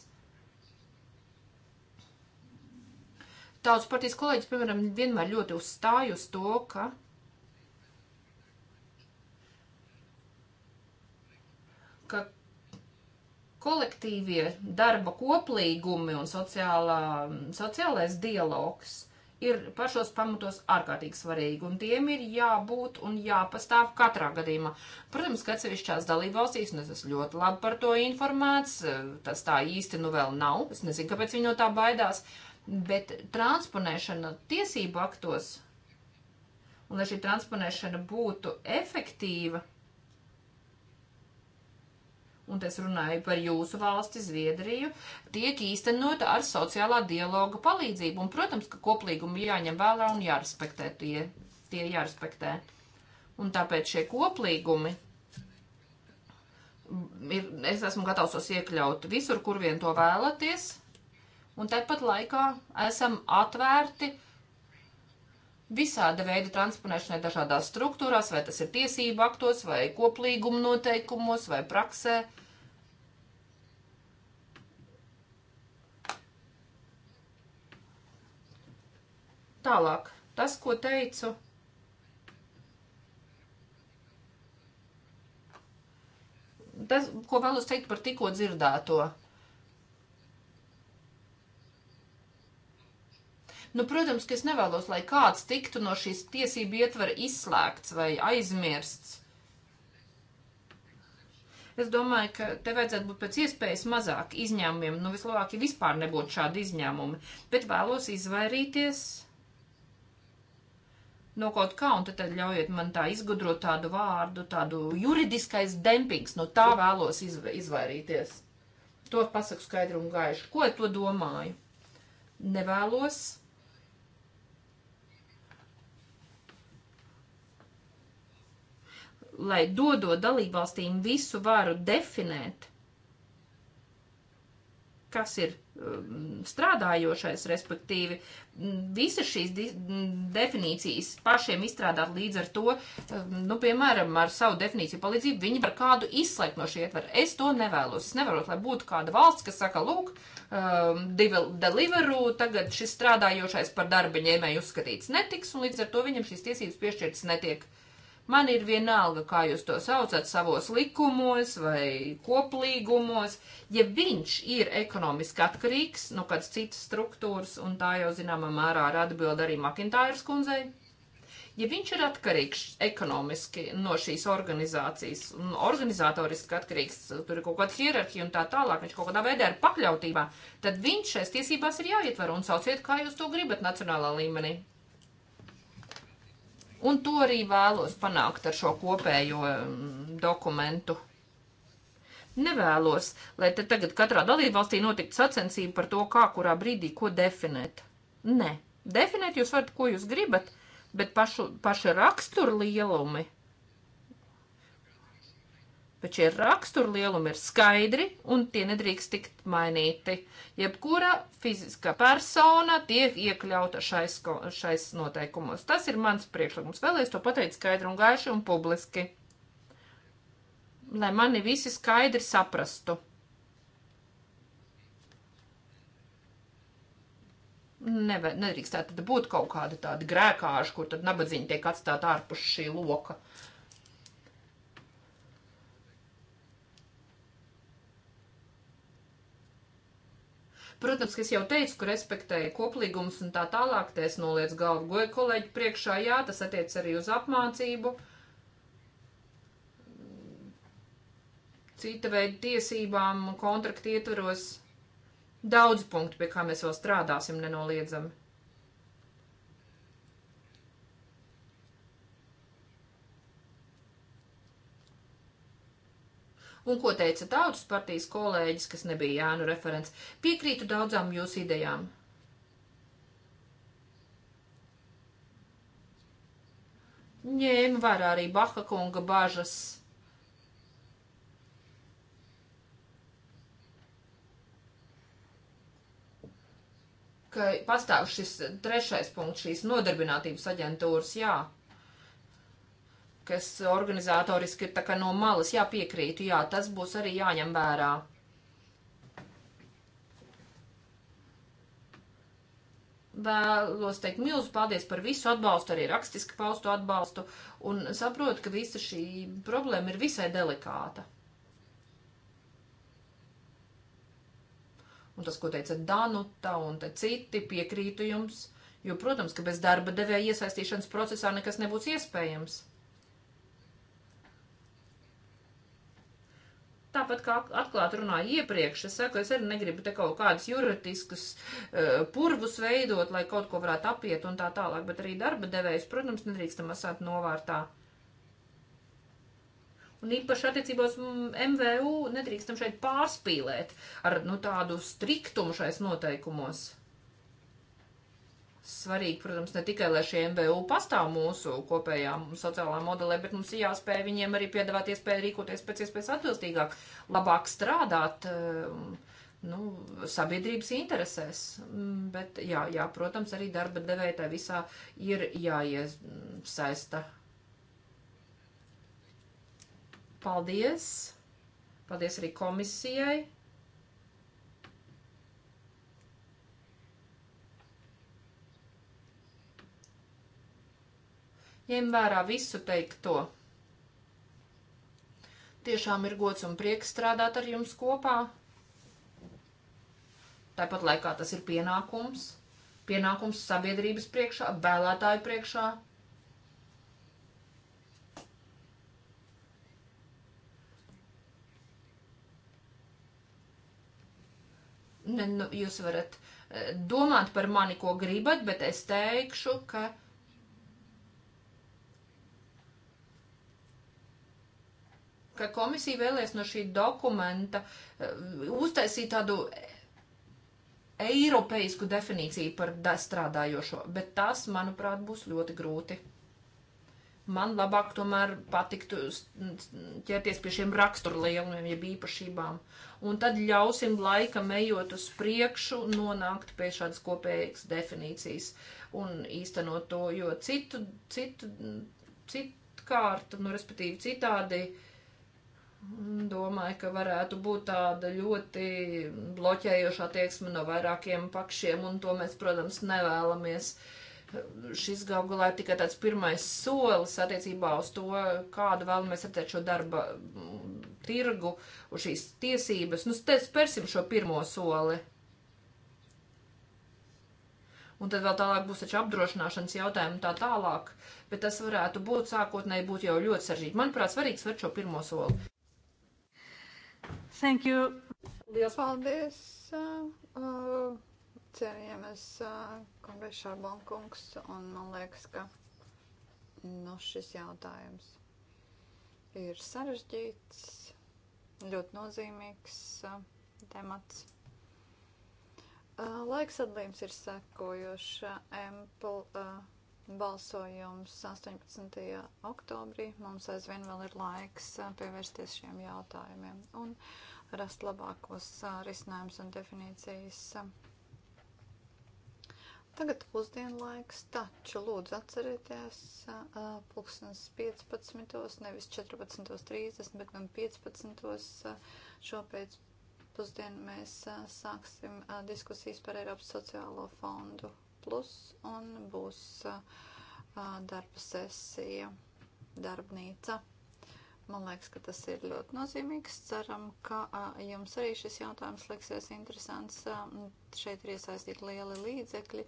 Tautas partijas kolēģis, piemēram, vienmēr ļoti uzstāj uz to, ka ka kolektīvie darba koplīgumi un sociālā, sociālais dialogs – ir pašos pamatos ārkārtīgi svarīgi, un tiem ir jābūt un jāpastāv katrā gadījumā. Protams, ka atsevišķās dalībvalstīs, un es esmu ļoti labi par to informēts, tas tā īsti nu vēl nav, es nezinu, kāpēc viņi no tā baidās, bet transponēšana tiesību aktos, un lai šī transponēšana būtu efektīva, un es runāju par jūsu valsti, Zviedriju, tiek īstenota ar sociālā dialoga palīdzību. Un, protams, ka koplīgumi jāņem vērā un jārespektē tie, tie jārespektē. Un tāpēc šie koplīgumi ir, es esmu gatavs tos iekļaut visur, kur vien to vēlaties. Un tāpat laikā esam atvērti uh, visāda veida transponēšanai dažādās struktūrās, vai tas ir tiesību aktos, vai koplīguma noteikumos, vai praksē. Tālāk, tas, ko teicu, tas, ko vēlos teikt par tikko dzirdēto. Nu, protams, ka es nevēlos, lai kāds tiktu no šīs tiesību ietvara izslēgts vai aizmirsts. Es domāju, ka te vajadzētu būt pēc iespējas mazāk izņēmumiem. Nu, vislabāk ir vispār nebūt šādi izņēmumi, bet vēlos izvairīties no kaut kā, un tad ļaujiet man tā izgudrot tādu vārdu, tādu juridiskais dempings, no tā vēlos izv izvairīties. To pasaku skaidru un gaišu. Ko es to domāju? Nevēlos lai dodot dalībvalstīm visu varu definēt, kas ir um, strādājošais, respektīvi, visas šīs definīcijas pašiem izstrādāt līdz ar to, um, nu, piemēram, ar savu definīciju palīdzību, viņi var kādu izslēgt no šī ietvara. Es to nevēlos. Es nevēlos, lai būtu kāda valsts, kas saka, lūk, um, deliveru, tagad šis strādājošais par darba ņēmēju uzskatīts netiks, un līdz ar to viņam šīs tiesības piešķirtas netiek. Uh, Man ir vienalga, kā jūs to saucat savos likumos vai koplīgumos, ja viņš ir ekonomiski atkarīgs no nu, kādas citas struktūras, un tā jau zināmā mērā ir atbilde arī Makintājas kundzei. Ja viņš ir atkarīgs ekonomiski no šīs organizācijas, un organizatoriski atkarīgs, tur ir kaut kāda hierarhija un tā tālāk, viņš kaut kādā veidā ir pakļautībā, tad viņš šais tiesībās ir jāietver un sauciet, kā jūs to gribat nacionālā līmenī. Un to arī vēlos panākt ar šo kopējo mm, dokumentu. Nevēlos, lai te tagad katrā dalībvalstī notiktu sacensība par to, kā kurā brīdī ko definēt. Nē, definēt jūs varat, ko jūs gribat, bet pašu, paši raksturlielumi bet šie rakstura lielumi ir skaidri un tie nedrīkst tikt mainīti. Jebkura fiziska persona tiek iekļauta šais, šais noteikumos. Tas ir mans priekšlikums. Vēlreiz to pateicu skaidri un gaiši un publiski, lai mani visi skaidri saprastu. Neve, nedrīkst tā tad būt kaut kāda tāda grēkāža, kur tad nabadzīņa tiek atstāta ārpus šī loka. Uh, Protams, ka es jau teicu, ka respektēju koplīgumus un tā tālāk, te es noliec galvu goju kolēģi priekšā, jā, tas attiec arī uz apmācību. Cita veida tiesībām, kontraktu ietvaros daudz punktu, pie kā mēs vēl strādāsim nenoliedzami. Un ko teica tautas partijas kolēģis, kas nebija Jānu referents? Piekrītu daudzām jūsu idejām. Ņēma vērā arī Baha kunga bažas. ka pastāv šis trešais punkts, šīs nodarbinātības aģentūras, jā kas organizatoriski ir tā kā no malas. Jā, piekrītu, jā, tas būs arī jāņem vērā. Vēlos teikt milzu paldies par visu atbalstu, arī rakstiski paustu atbalstu, un saprotu, ka visa šī problēma ir visai delikāta. Un tas, ko teica Danuta un te citi, piekrītu jums, jo, protams, ka bez darba devēja iesaistīšanas procesā nekas nebūs iespējams. Tāpat kā atklāt runāju iepriekš, es saku, es arī negribu te kaut kādus juridiskus uh, eh, purvus veidot, lai kaut ko varētu apiet un tā tālāk, bet arī darba devējs, protams, nedrīkstam asāt novārtā. Un īpaši attiecībos MVU mm, nedrīkstam šeit pārspīlēt ar nu, tādu striktumu šais noteikumos svarīgi, protams, ne tikai, lai šie MBU pastāv mūsu kopējā sociālā modelē, bet mums jāspēj viņiem arī piedāvāt iespēju rīkoties pēc iespējas atbilstīgāk, labāk strādāt. Eh, nu, sabiedrības interesēs, mm, bet, jā, jā, protams, arī darba devētai visā ir jāiesaista. Paldies! Paldies arī komisijai! ņem vērā visu teikto. Tiešām ir gods un prieks strādāt ar jums kopā. Tāpat laikā tas ir pienākums. Pienākums sabiedrības priekšā, vēlētāju priekšā. Ne, nu, jūs varat eh, domāt par mani, ko gribat, bet es teikšu, ka ka komisija vēlēs no šī dokumenta eh, uztaisīt tādu eiropeisku definīciju par strādājošo, bet tas, manuprāt, būs ļoti grūti. Man labāk tomēr patiktu ķerties pie šiem raksturlielumiem, jeb īpašībām. Un tad ļausim laikam ejot uz priekšu nonākt pie šādas kopējas definīcijas un īstenot to, jo citu, citu, citu kārt, nu, respektīvi citādi uh, Mm, domāju, ka varētu būt tāda ļoti bloķējoša attieksme no vairākiem pakšiem, un to mēs, protams, nevēlamies. Šis galu galā ir tikai tāds pirmais solis attiecībā uz to, kādu vēlamies redzēt šo darba mm, tirgu un šīs tiesības. Nu, te spērsim šo pirmo soli. Un tad vēl tālāk būs taču apdrošināšanas jautājumi tā tālāk, bet tas varētu būt sākotnēji būt jau ļoti saržģīti. Manuprāt, svarīgs var šo pirmo soli. Thank you. Lielas paldies, uh, uh, cienījamies uh, kongres Šārbonkungs, un man liekas, ka nu, šis jautājums ir sarežģīts, ļoti nozīmīgs uh, temats. Uh, laiks atlīms ir sekojoša. Ample, uh, balsojums 18. oktobrī. Mums aizvien vēl ir laiks eh, pievērsties šiem jautājumiem un rast labākos eh, risinājumus un definīcijas. Tagad pusdienlaiks, taču lūdzu atcerieties, eh, pulkstens 15. nevis 14.30, bet gan 15. šopēc pusdienu mēs sāksim diskusijas par Eiropas sociālo fondu plus un būs darba sesija darbnīca. Man liekas, ka tas ir ļoti nozīmīgs. Ceram, ka jums arī šis jautājums liksies interesants. Šeit ir iesaistīti lieli līdzekļi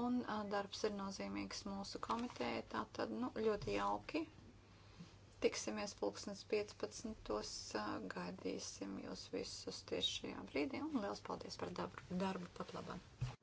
un darbs ir nozīmīgs mūsu komitejai. Tā tad nu, ļoti jauki. Tiksimies pulksnes 15. gaidīsim jūs visus tieši šajā brīdī un liels paldies par darbu, darbu pat labam.